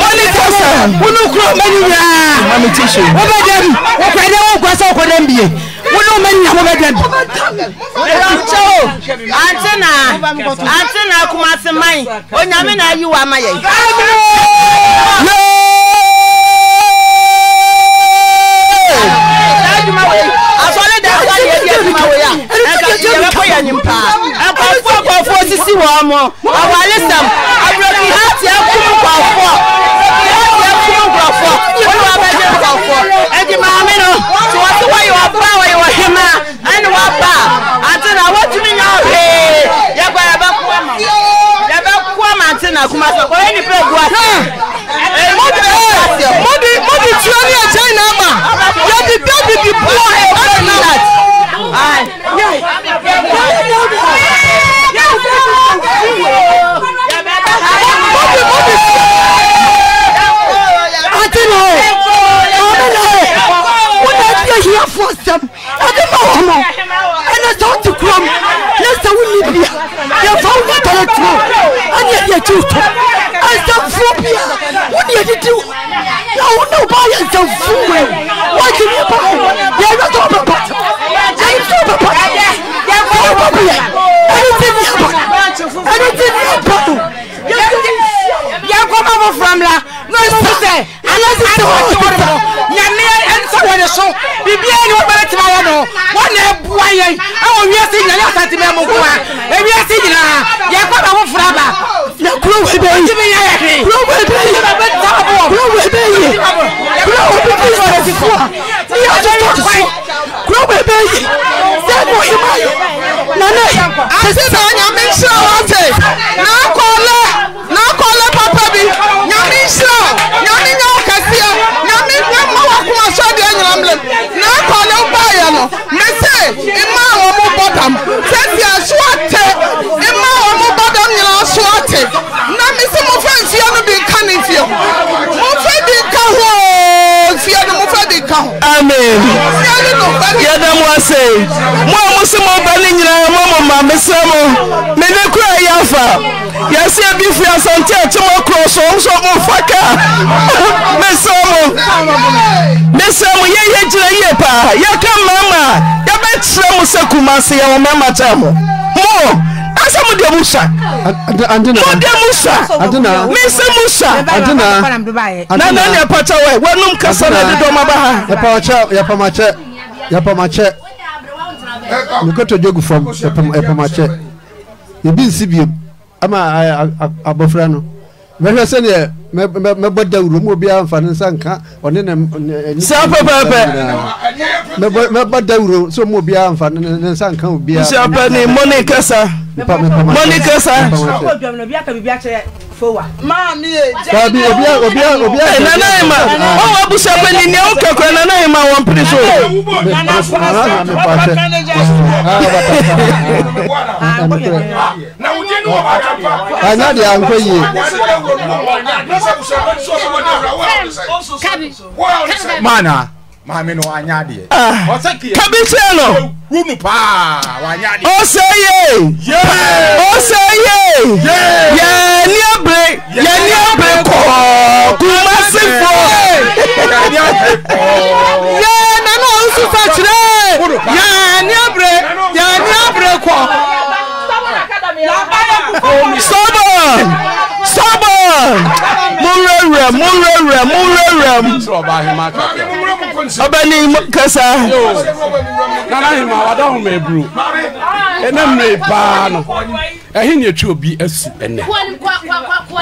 mọ́ni kẹsẹ̀ wúlú kúrò mẹ́ni yá. mami ti ṣe. wọ́n bẹ dẹ́mu wọ́n kọ́ ẹ̀dẹ́ wọ́n kọ́ ẹ̀sẹ̀ wọ́n kọ́ dẹ́mu bìyẹn wọ́n ló mẹ́ni yàwó bẹ dẹ́mu. ìrọ̀jọ́ àǹtí nà àǹtí
nà kùmàsí mayin ònyàmínà yìí wà má yẹ. yɛbɛkɔ yɛ nyimpa akɔfo akɔfo sisi wɔ
mo awale sam aburoni ha te akum nkɔfo ha te akum
nkɔfo wɔne wabɛgye nkɔfo ɛdi maame no te wɔte wɔyɛ wɔba wɔyɛ wɔhema ɛne wɔba ante na wɔtumi nya ɔhwee yɛkɔ yɛbɛko
ama yɛbɛko ama ante na kuma sɛ kɔyɛ nipa egu ase.
nsɛm ɛde ma wɔ mo ɛnɛ sɛ wote kura mu ne sɛ wonni bia yɛmfa wo matare turo ɛne ɛde akyi wo tɔ ɛnsɛmfoɔ bia wone adidi wo na wo ne wobaa yɛ nsɛmfo wɛ woagye ne ba yɛhwɛ sɛ wobɛpa ɛyɛ sɛ wobɛpa wobɛbɛyɛ ɛne ti miaba
ɛne
ti miaba no yɛnkɔma foforam la na ɛsu sɛ anasisɛ wɔ nyame ɛnsa wɔ ne so biribiaa ne wɔb
boa yɛn ɛwɔ wiase nyinaa yɛ asante bɛɛ mo ko a ewiase nyinaa yɛ kɔ na ho fura ba. na kuro wo bɛ yi kuro wo bɛ yi kuro wo bɛ yi kuro wo bɛ yi kuro wo bɛ yi sɛ ti fo ni yɛ to tɔ ti so kuro wo bɛ
yi sɛ mo yi ma yi nana yi sɛ sɛ ɔnyamɛ. asɛm yɛda mo asɛm mo a mo se mo ba ne nyinaa mo mo ma mesɛ mo mene kura yɛ afa yɛsɛ bi fi asante akyi mo korɔ so nso mo fa ka mesɛ mo mesɛ mo yɛyɛ gyina yie paa yɛka mmarima yɛbɛkyerɛ mo sɛ kumase yɛwɔ mmarima kyɛ mo mo mode mu sa
mode mu sa mese mu sa na wɛ wanom kasa na de dɔma ba ha yɛpamakyɛ yɛpamakyɛ fam yɛpamakyɛ yɛbi nsi biom ama abɔfra no mɛhwɛ sɛneɛ mɛbɔ dawuro mu obiara mfa ne nsa nka ɔne ne saa pɛpɛɛpɛ so mu obiara mfa ne nsa nka obiara ne mmɔ ne monica sa.
dabi obi a obi a obi a. ẹ
nana
yi ma ọ wọ abusua pẹ ni ni ẹ kẹkọrọ nana yi ma wọn piri so. nana fọ nana
mi
pa
sẹ
anya de ankɔ
yie
mana
maame no wanya adeɛ. kabi tiɛlɔ. wunu paa wanya adeɛ. ɔsɛ ye. ɔsɛ ye.
yɛni abere yɛni abere kɔɔ kumasi fɔ. yɛni abere kɔɔ. yɛ nana o nsufa kyerɛ. yɛni abere yɛni abere kɔ. sɔbɔ sɔbɔ mu rɛwrɛ mu rɛwrɛ mu
rɛwrɛ mu.
ọbẹni kẹsà. nana ahima paa no
ẹhin ni obi ẹnẹ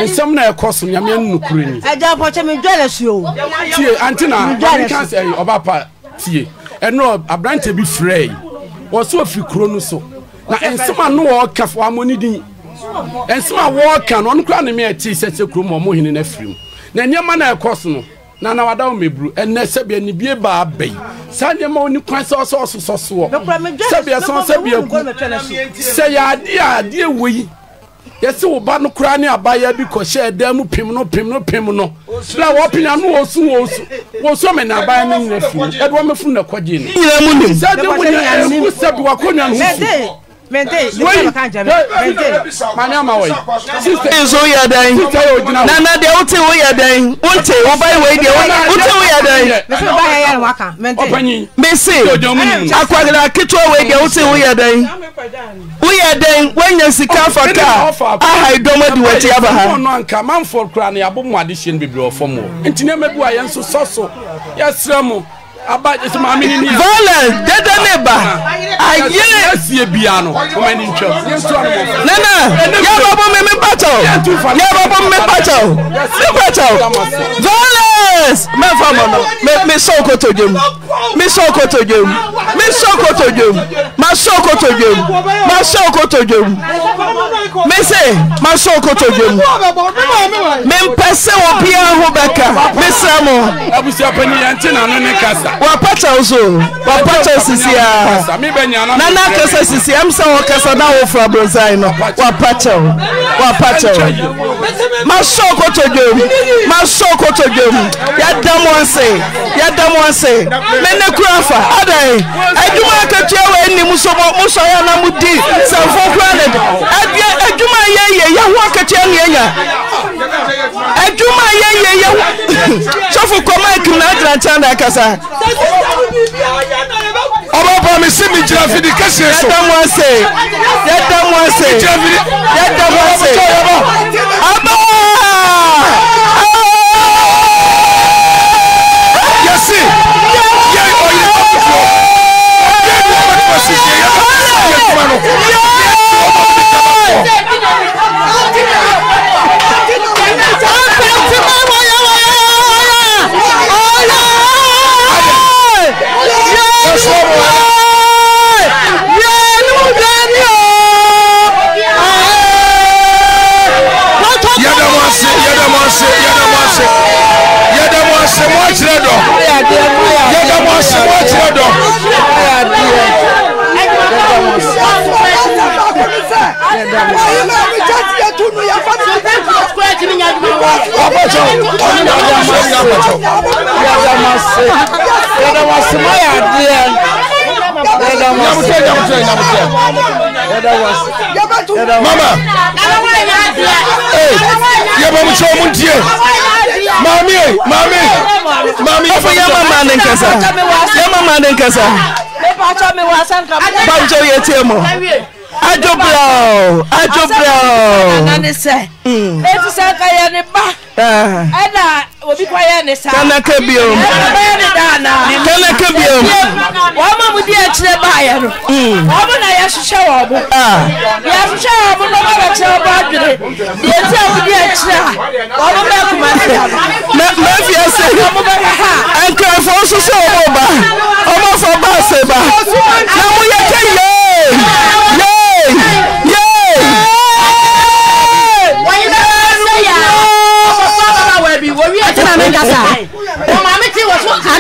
nsẹm na ẹkọ
so nyame nnukuru ni. ẹja pọtẹ mi dwẹlẹ si o.
tie anti na ọbẹni kansa
ẹyin ọba pa tie ẹnu aberante bi fira yi kuro no na a no kuro na mu na na so na na wadaw mebru ɛnɛ sɛbi ɛni bie baa bɛyi saa nneɛma oni kwan sɛ ɔsɛ ɔsosɔ soɔ sɛbi ɛsɔn sɛbi ɛku sɛ yaade adeɛ wɔ yi yɛsi wo ba no koraa ne abaayewa bi kɔhyɛ ɛdan mu pim no pim no pim no bila wɔpinya no wɔsu wɔsu wɔsu ɔmɛ na abaya no nyina fi mu ɛdi wɔn mɛ funu na kɔgye no sɛbi wɔn nyɛ ɛku sɛbi wɔakɔnya no ho fi
nso yɛ dɛn nana
deɛ wote wo yɛ dɛn wonte wobae wei deɛ wote wo yɛ dɛn mese akwagra
ketewa wei deɛ wote wo yɛ dɛn woyɛ dɛn woanya sika fa kaa aha dɔm adi wɔakyi aba ha nka manfoɔ kora ne yɛabɔ mu adehyɛ no bebree ɔfam wɔ nti nneɛma bi a yɛn nso sɔ so yɛserɛ mo violence dede ne ba aye nana yaba bɔ mi mi ba tɔ yaba bɔ mi mi ba tɔ mi ba tɔ violence.
mepeseoiho eka smsns s mas yɛda mo ase yɛda mo ase me ne kura fa adɛn adwuma akatua wɔ anim so mosɔre ana modi sɛmfo kora ne adwuma yɛyɛ yɛho akatua ne yɛnya
adwuma yɛyɛ yɛho
sɔfo kɔma akim na agyina nkyɛn na akasa ọbaba mi si mi fidi kese so. yẹ dẹ́mu ase yẹ dẹ́mu ase
yẹ wàyílẹ̀ mi jẹ́ tiẹ̀ tunu yẹ fọ́ mi. ọbọ̀jọ ọ̀nàdà máa ṣe ọ̀nàdà máa ṣe ọ̀nàdà máa ṣe máa yà díẹ̀ ọ̀nàdà
máa ṣe ọ̀nàdà máa ṣe.
mama ee yẹ bọ mu tí o mu tiẹ maami
maami
maami. ọfọ yẹ mama ni nkasa yẹ mama ni nkasa. bàjọ́ yẹ tiẹ̀ mọ́
adwobrɛw adwobrɛw nane
sɛ ɛtu sɛ nkayɛ ne ba ɛna obi kɔyɛ ne saa kanaka biom
ɛbɛyɛ ne daana kanaka biom wɔma mu
di akyirɛ baayɛ no hmm. ah. ɔmo na yɛhyehyɛ wɔ mo yɛhyehyɛ wɔ mo na ɔmabɛkyerɛ ɔmo adwene deɛ ti a modi akyirɛ a ɔmo bɛ kuma se mafia sɛ
nkurɔfoɔ nso sɛ ɔmo ba ɔmo afɔ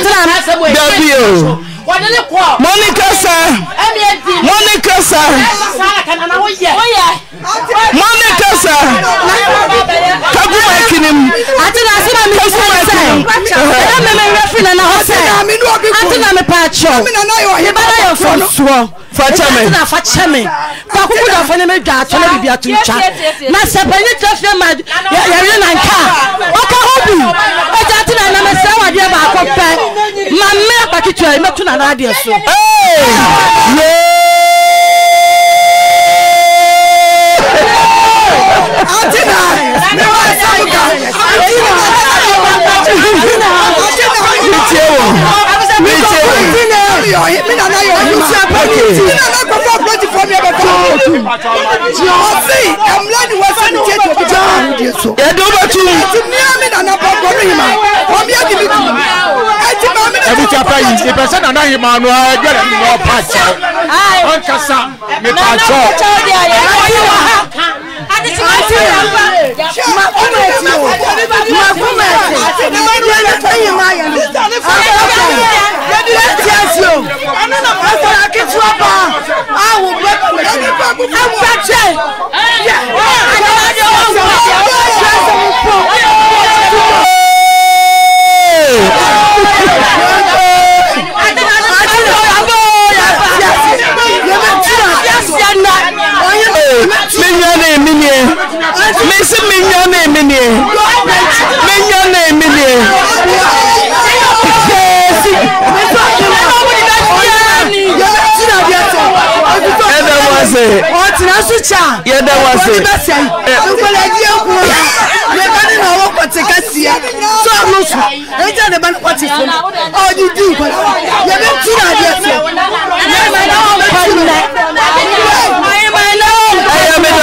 dabi o monica sir monica sir monica
sir kagu maiki ni mu ati na ase na mi kagu maiki ni mu
ɛna mɛmɛ refi na na hɔ sɛ ati na mi paakyɛw ibada yɛ fɔm soɔ fakyɛmɛ ati na fakyɛmɛ kakuku da fɔ ne mi dwa atɔ ne bibi ato ntwa na sɛ panyin tɛ fie ma yɛre na nka ɔka hɔ bi ɛdi ati na na me sɛ wadeɛ baako pɛ ma me apaketua yi e, mɛto nana adeɛ so
Me too marry your him na na your you say pay me ti na na papa approach for me be for o
si am lady we say ni cheto bi ta so e do ba tu ti ni am na na papa no him o yi e
na
na him anu e gere ni no pa cha on
kasa ti ti máa ti rà
bá ma fún ẹ ti o ma fún ẹ ti ìdí ẹni tẹ́yìn máa yẹn àkọ́kọ́ lẹ́tí ẹ̀sì o ẹ̀sọ̀ akitú mi nya na emi nie mi si mi nya na emi nie mi nya na emi nie yeesi. yɛda mu ase. ɔtena so kya. yɛda mu ase. ɔtena so kya. nkɔlɛji ekuro la yɛba ni na ɔwɔ kɔte kasia tó a lóso ɛnjɛ ne ba ni kɔte fo mi ɔdi di nkɔlɛ yɛbɛ tu na adiɛ fɛ yɛbɛ na ɔbɛ tu na.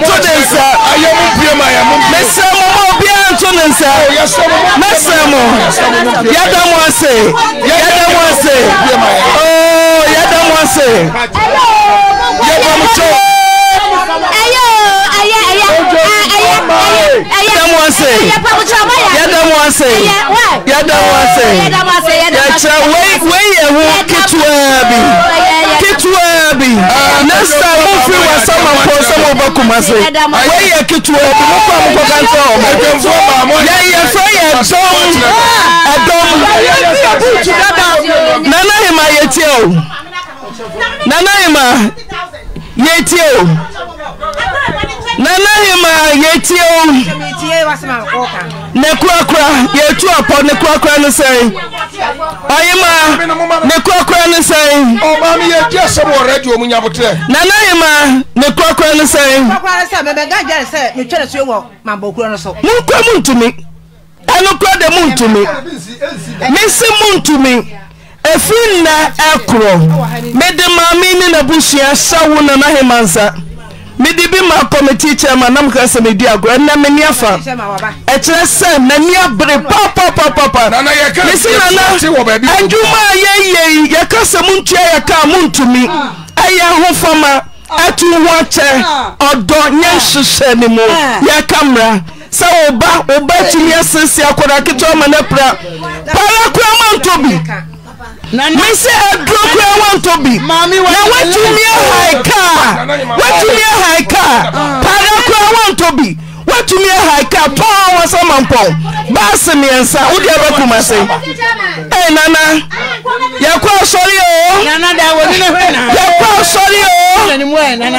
nto ne nsa ayɛ mu pie ma ayɛ mu pie mesrɛ mo ma obiara nto ne nsa mesrɛ mo yɛda mo ase yɛda mo ase oo oh, yɛda mo ase
yɛda mo kyɛw
ɛyɛ
ɛyɛ ɛyɛ ɛyɛ ɛyɛ ɛyɛ wọn se yẹ dẹ wọn
se yẹ dẹ wọn se yẹ kyerɛ wei yɛ wo ketewa bi ketewa bi next time mo firi wa sama mpɔ sɛ mo bɛ kuma se wei yɛ ketewa bi mo kɔ mo kɔ ka n sɛ ɔmo yɛ yɛ fɛ yɛ dɔm ɛdɔm nana yɛ ma yɛ tie o nana yɛ ma yɛ tie o. nanaghị ma ya etie owu nekuakura ya etu ọpọ nekuakura no sẹyìn
ọyẹ ma nekuakura
no sẹyìn. ọba mu nyabotire. nanaghị ma nekuakura no sẹyìn.
mu
nkwa mu ntumi
ẹnu kura de mu
ntumi mesi mu ntumi efi nna ẹkọrọ mede maame ne n'abusua ma nsa. medi bi ma commitee khɛma na mka sɛ medi agorɔ ɛnɛ me nmiɛ fa ɛkyerɛ sɛ na mia bere papapapapa mesinanaadwuma a yɛyei yɛka sɛ muntua yɛkaa montumi ah. ɛyɛ hofama atum ah. ho akyɛ ah. ɔdɔ nyɛ hyehyɛ ne mu yɛrka mmara sɛ wo ba wo ba tumi asesie koroaketɛw ma na pra paala koamantɔ bi me sɛ aduro kura wɔntɔ bi na watumi ahae kaa watumi ahae kaa para kura wɔntɔ bi watumi ahae kaa tɔn wɔ sɛ mampɔn baase mmiɛnsa wode abɛkuma se
ɛi
nana yɛkɔ asɔre o yɛkɔ asɔre o nana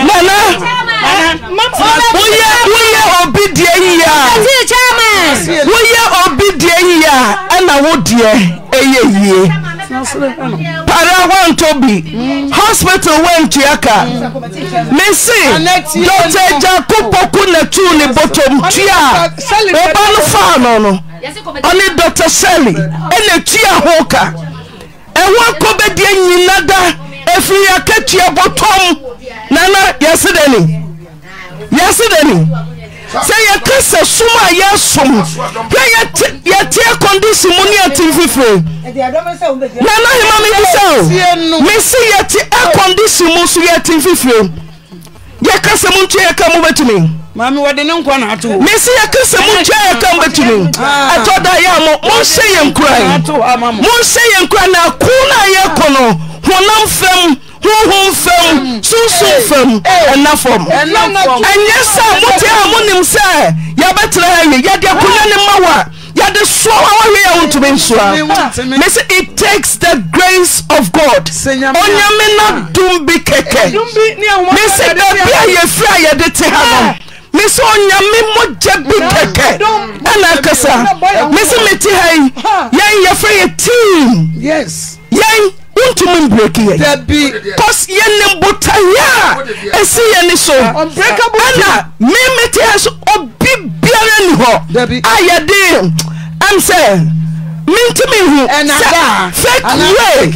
woyɛ woyɛ obi deɛ yiyɛ a woyɛ obi deɛ yiyɛ a ɛna wo deɛ ɛyɛ yie
para
wantɔ bi
hospital
wantua ka
mese dɔta agyako
pɔko na tuu ne bɔtɔm e tua a ɔba e no faa no no ɔne dɔta sɛle ɛna tua ho ka ɛho akɔ bɛdeɛ nyina da ɛfiri e akatua bɔtɔm nana yɛse dɛ sɛ yɛka sɛ som a yɛ asom hwɛ yɛte akonditin mu ni atim fifirɛ
nana hema me isɛo mensi yɛte akonditom
mu so yɛatem fifirɛ yɛka sɛ montu yɛka mo bɛtumi
es yɛka sɛmoayɛka
m bɛti ah. atɔdaɛm monɛ yɛ nkra
monhyɛ yɛn nkura ne ako no ayɛ kɔ nɔ honam
fam huhun fam sunsun fam ɛna fam ɛnyɛ sɛ mote a monim sɛ yɛbɛtena ha wie yɛde akonya ne ma wa. Yadi yɛde soa wa wawe yɛ wo ntumi nsoa me sɛ it takes the grace of god ɔnyame oh, na dom oh, bi kɛkɛ me sɛ baabi a yɛfiri a yɛde te ha no mesɛ onyame mogya bi kɛkɛ ɛna akasa mesɛ mete ha yi yɛn yɛfrɛ yɛ team yɛn ntumi mbreki yɛ cause yɛne botaeɛ a ɛsi yɛne so ɛna memete ɛ so obi biara ni hɔ a yɛde ɛm sɛ mintimi hu eh, sɛ fake way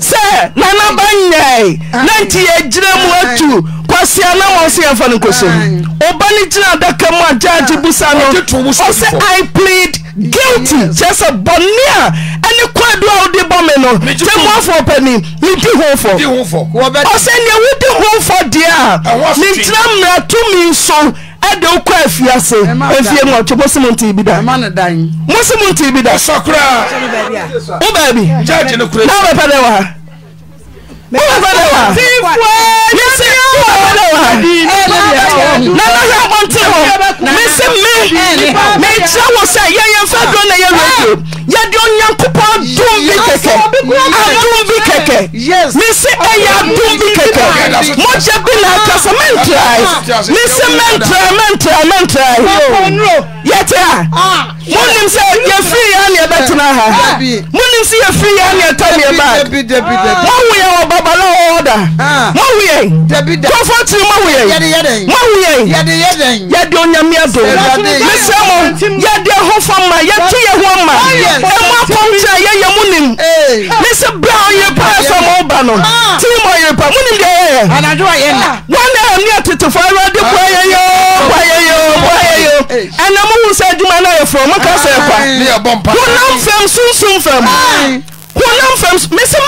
sɛ nanaba nyɛe na nti yɛgyina mu atu kwasea na wɔn se yɛmfa no nkɔsɛ mu ɔba no gyina adaka mu a gyaagye busa no ɔsɛ i plead guilty kyerɛ sɛ bɔne a ɛne kwaadu a wode bɔ me no tɛmuafoɔ pani medi homfɔ ɔsɛ neɛ wode homfɔ deɛ a mengyina mmara tumi ɛde wokɔ afiase afie mu ɔtwe mo se mo ntii bi da mo se mo ntii bi da
wo baabi
na wobɛpɛ dɛ wɔ ha wobɛpɛ dɛ wɔ ha yɛse wobɛpɛ dɛ wɔ ha na na hwɛ ɔnte hɔ mese me mekyerɛ wo sɛ yɛyɛmfa duro na yɛ radio yɛde onyankopɔn adom bi kɛkɛ adom bi kɛkɛ mese ɛyɛ adom bi kɛkɛ mogya bi na aka sɛ mentrae ah. mese mentrae mentrae
mentrae yɛte a ah. monim sɛ yɛfiri yɛ ne yɛbɛtena ha ah. monim sɛ yɛfiri yɛ ne yɛta neɛ baa mowoyɛ wɔ babala
ɔɔda mowoyɛ kɔfɔtiri mowoyɛ mowoyɛ yɛde onyame adom mesɛ mo yɛde ɛho fa ma yɛto yɛ ho ama ɛma pɔnkye a yɛyɛ mu nim ne sɛ berɛ a ɔyɛ pa ɛsɛ ma woba no tim ɔyɛ pa mu nim deɛ yɛyɛ wɔne ɛne atetefo awurade bɔ yɛyɛ bɔ yɛyɛ bɔ yɛyɛ ɛnɛ mohu sɛ adwuma no ayɛ frɔ moka sɛ ɛkwa honam fam sunsum fam
honam fam mesɛ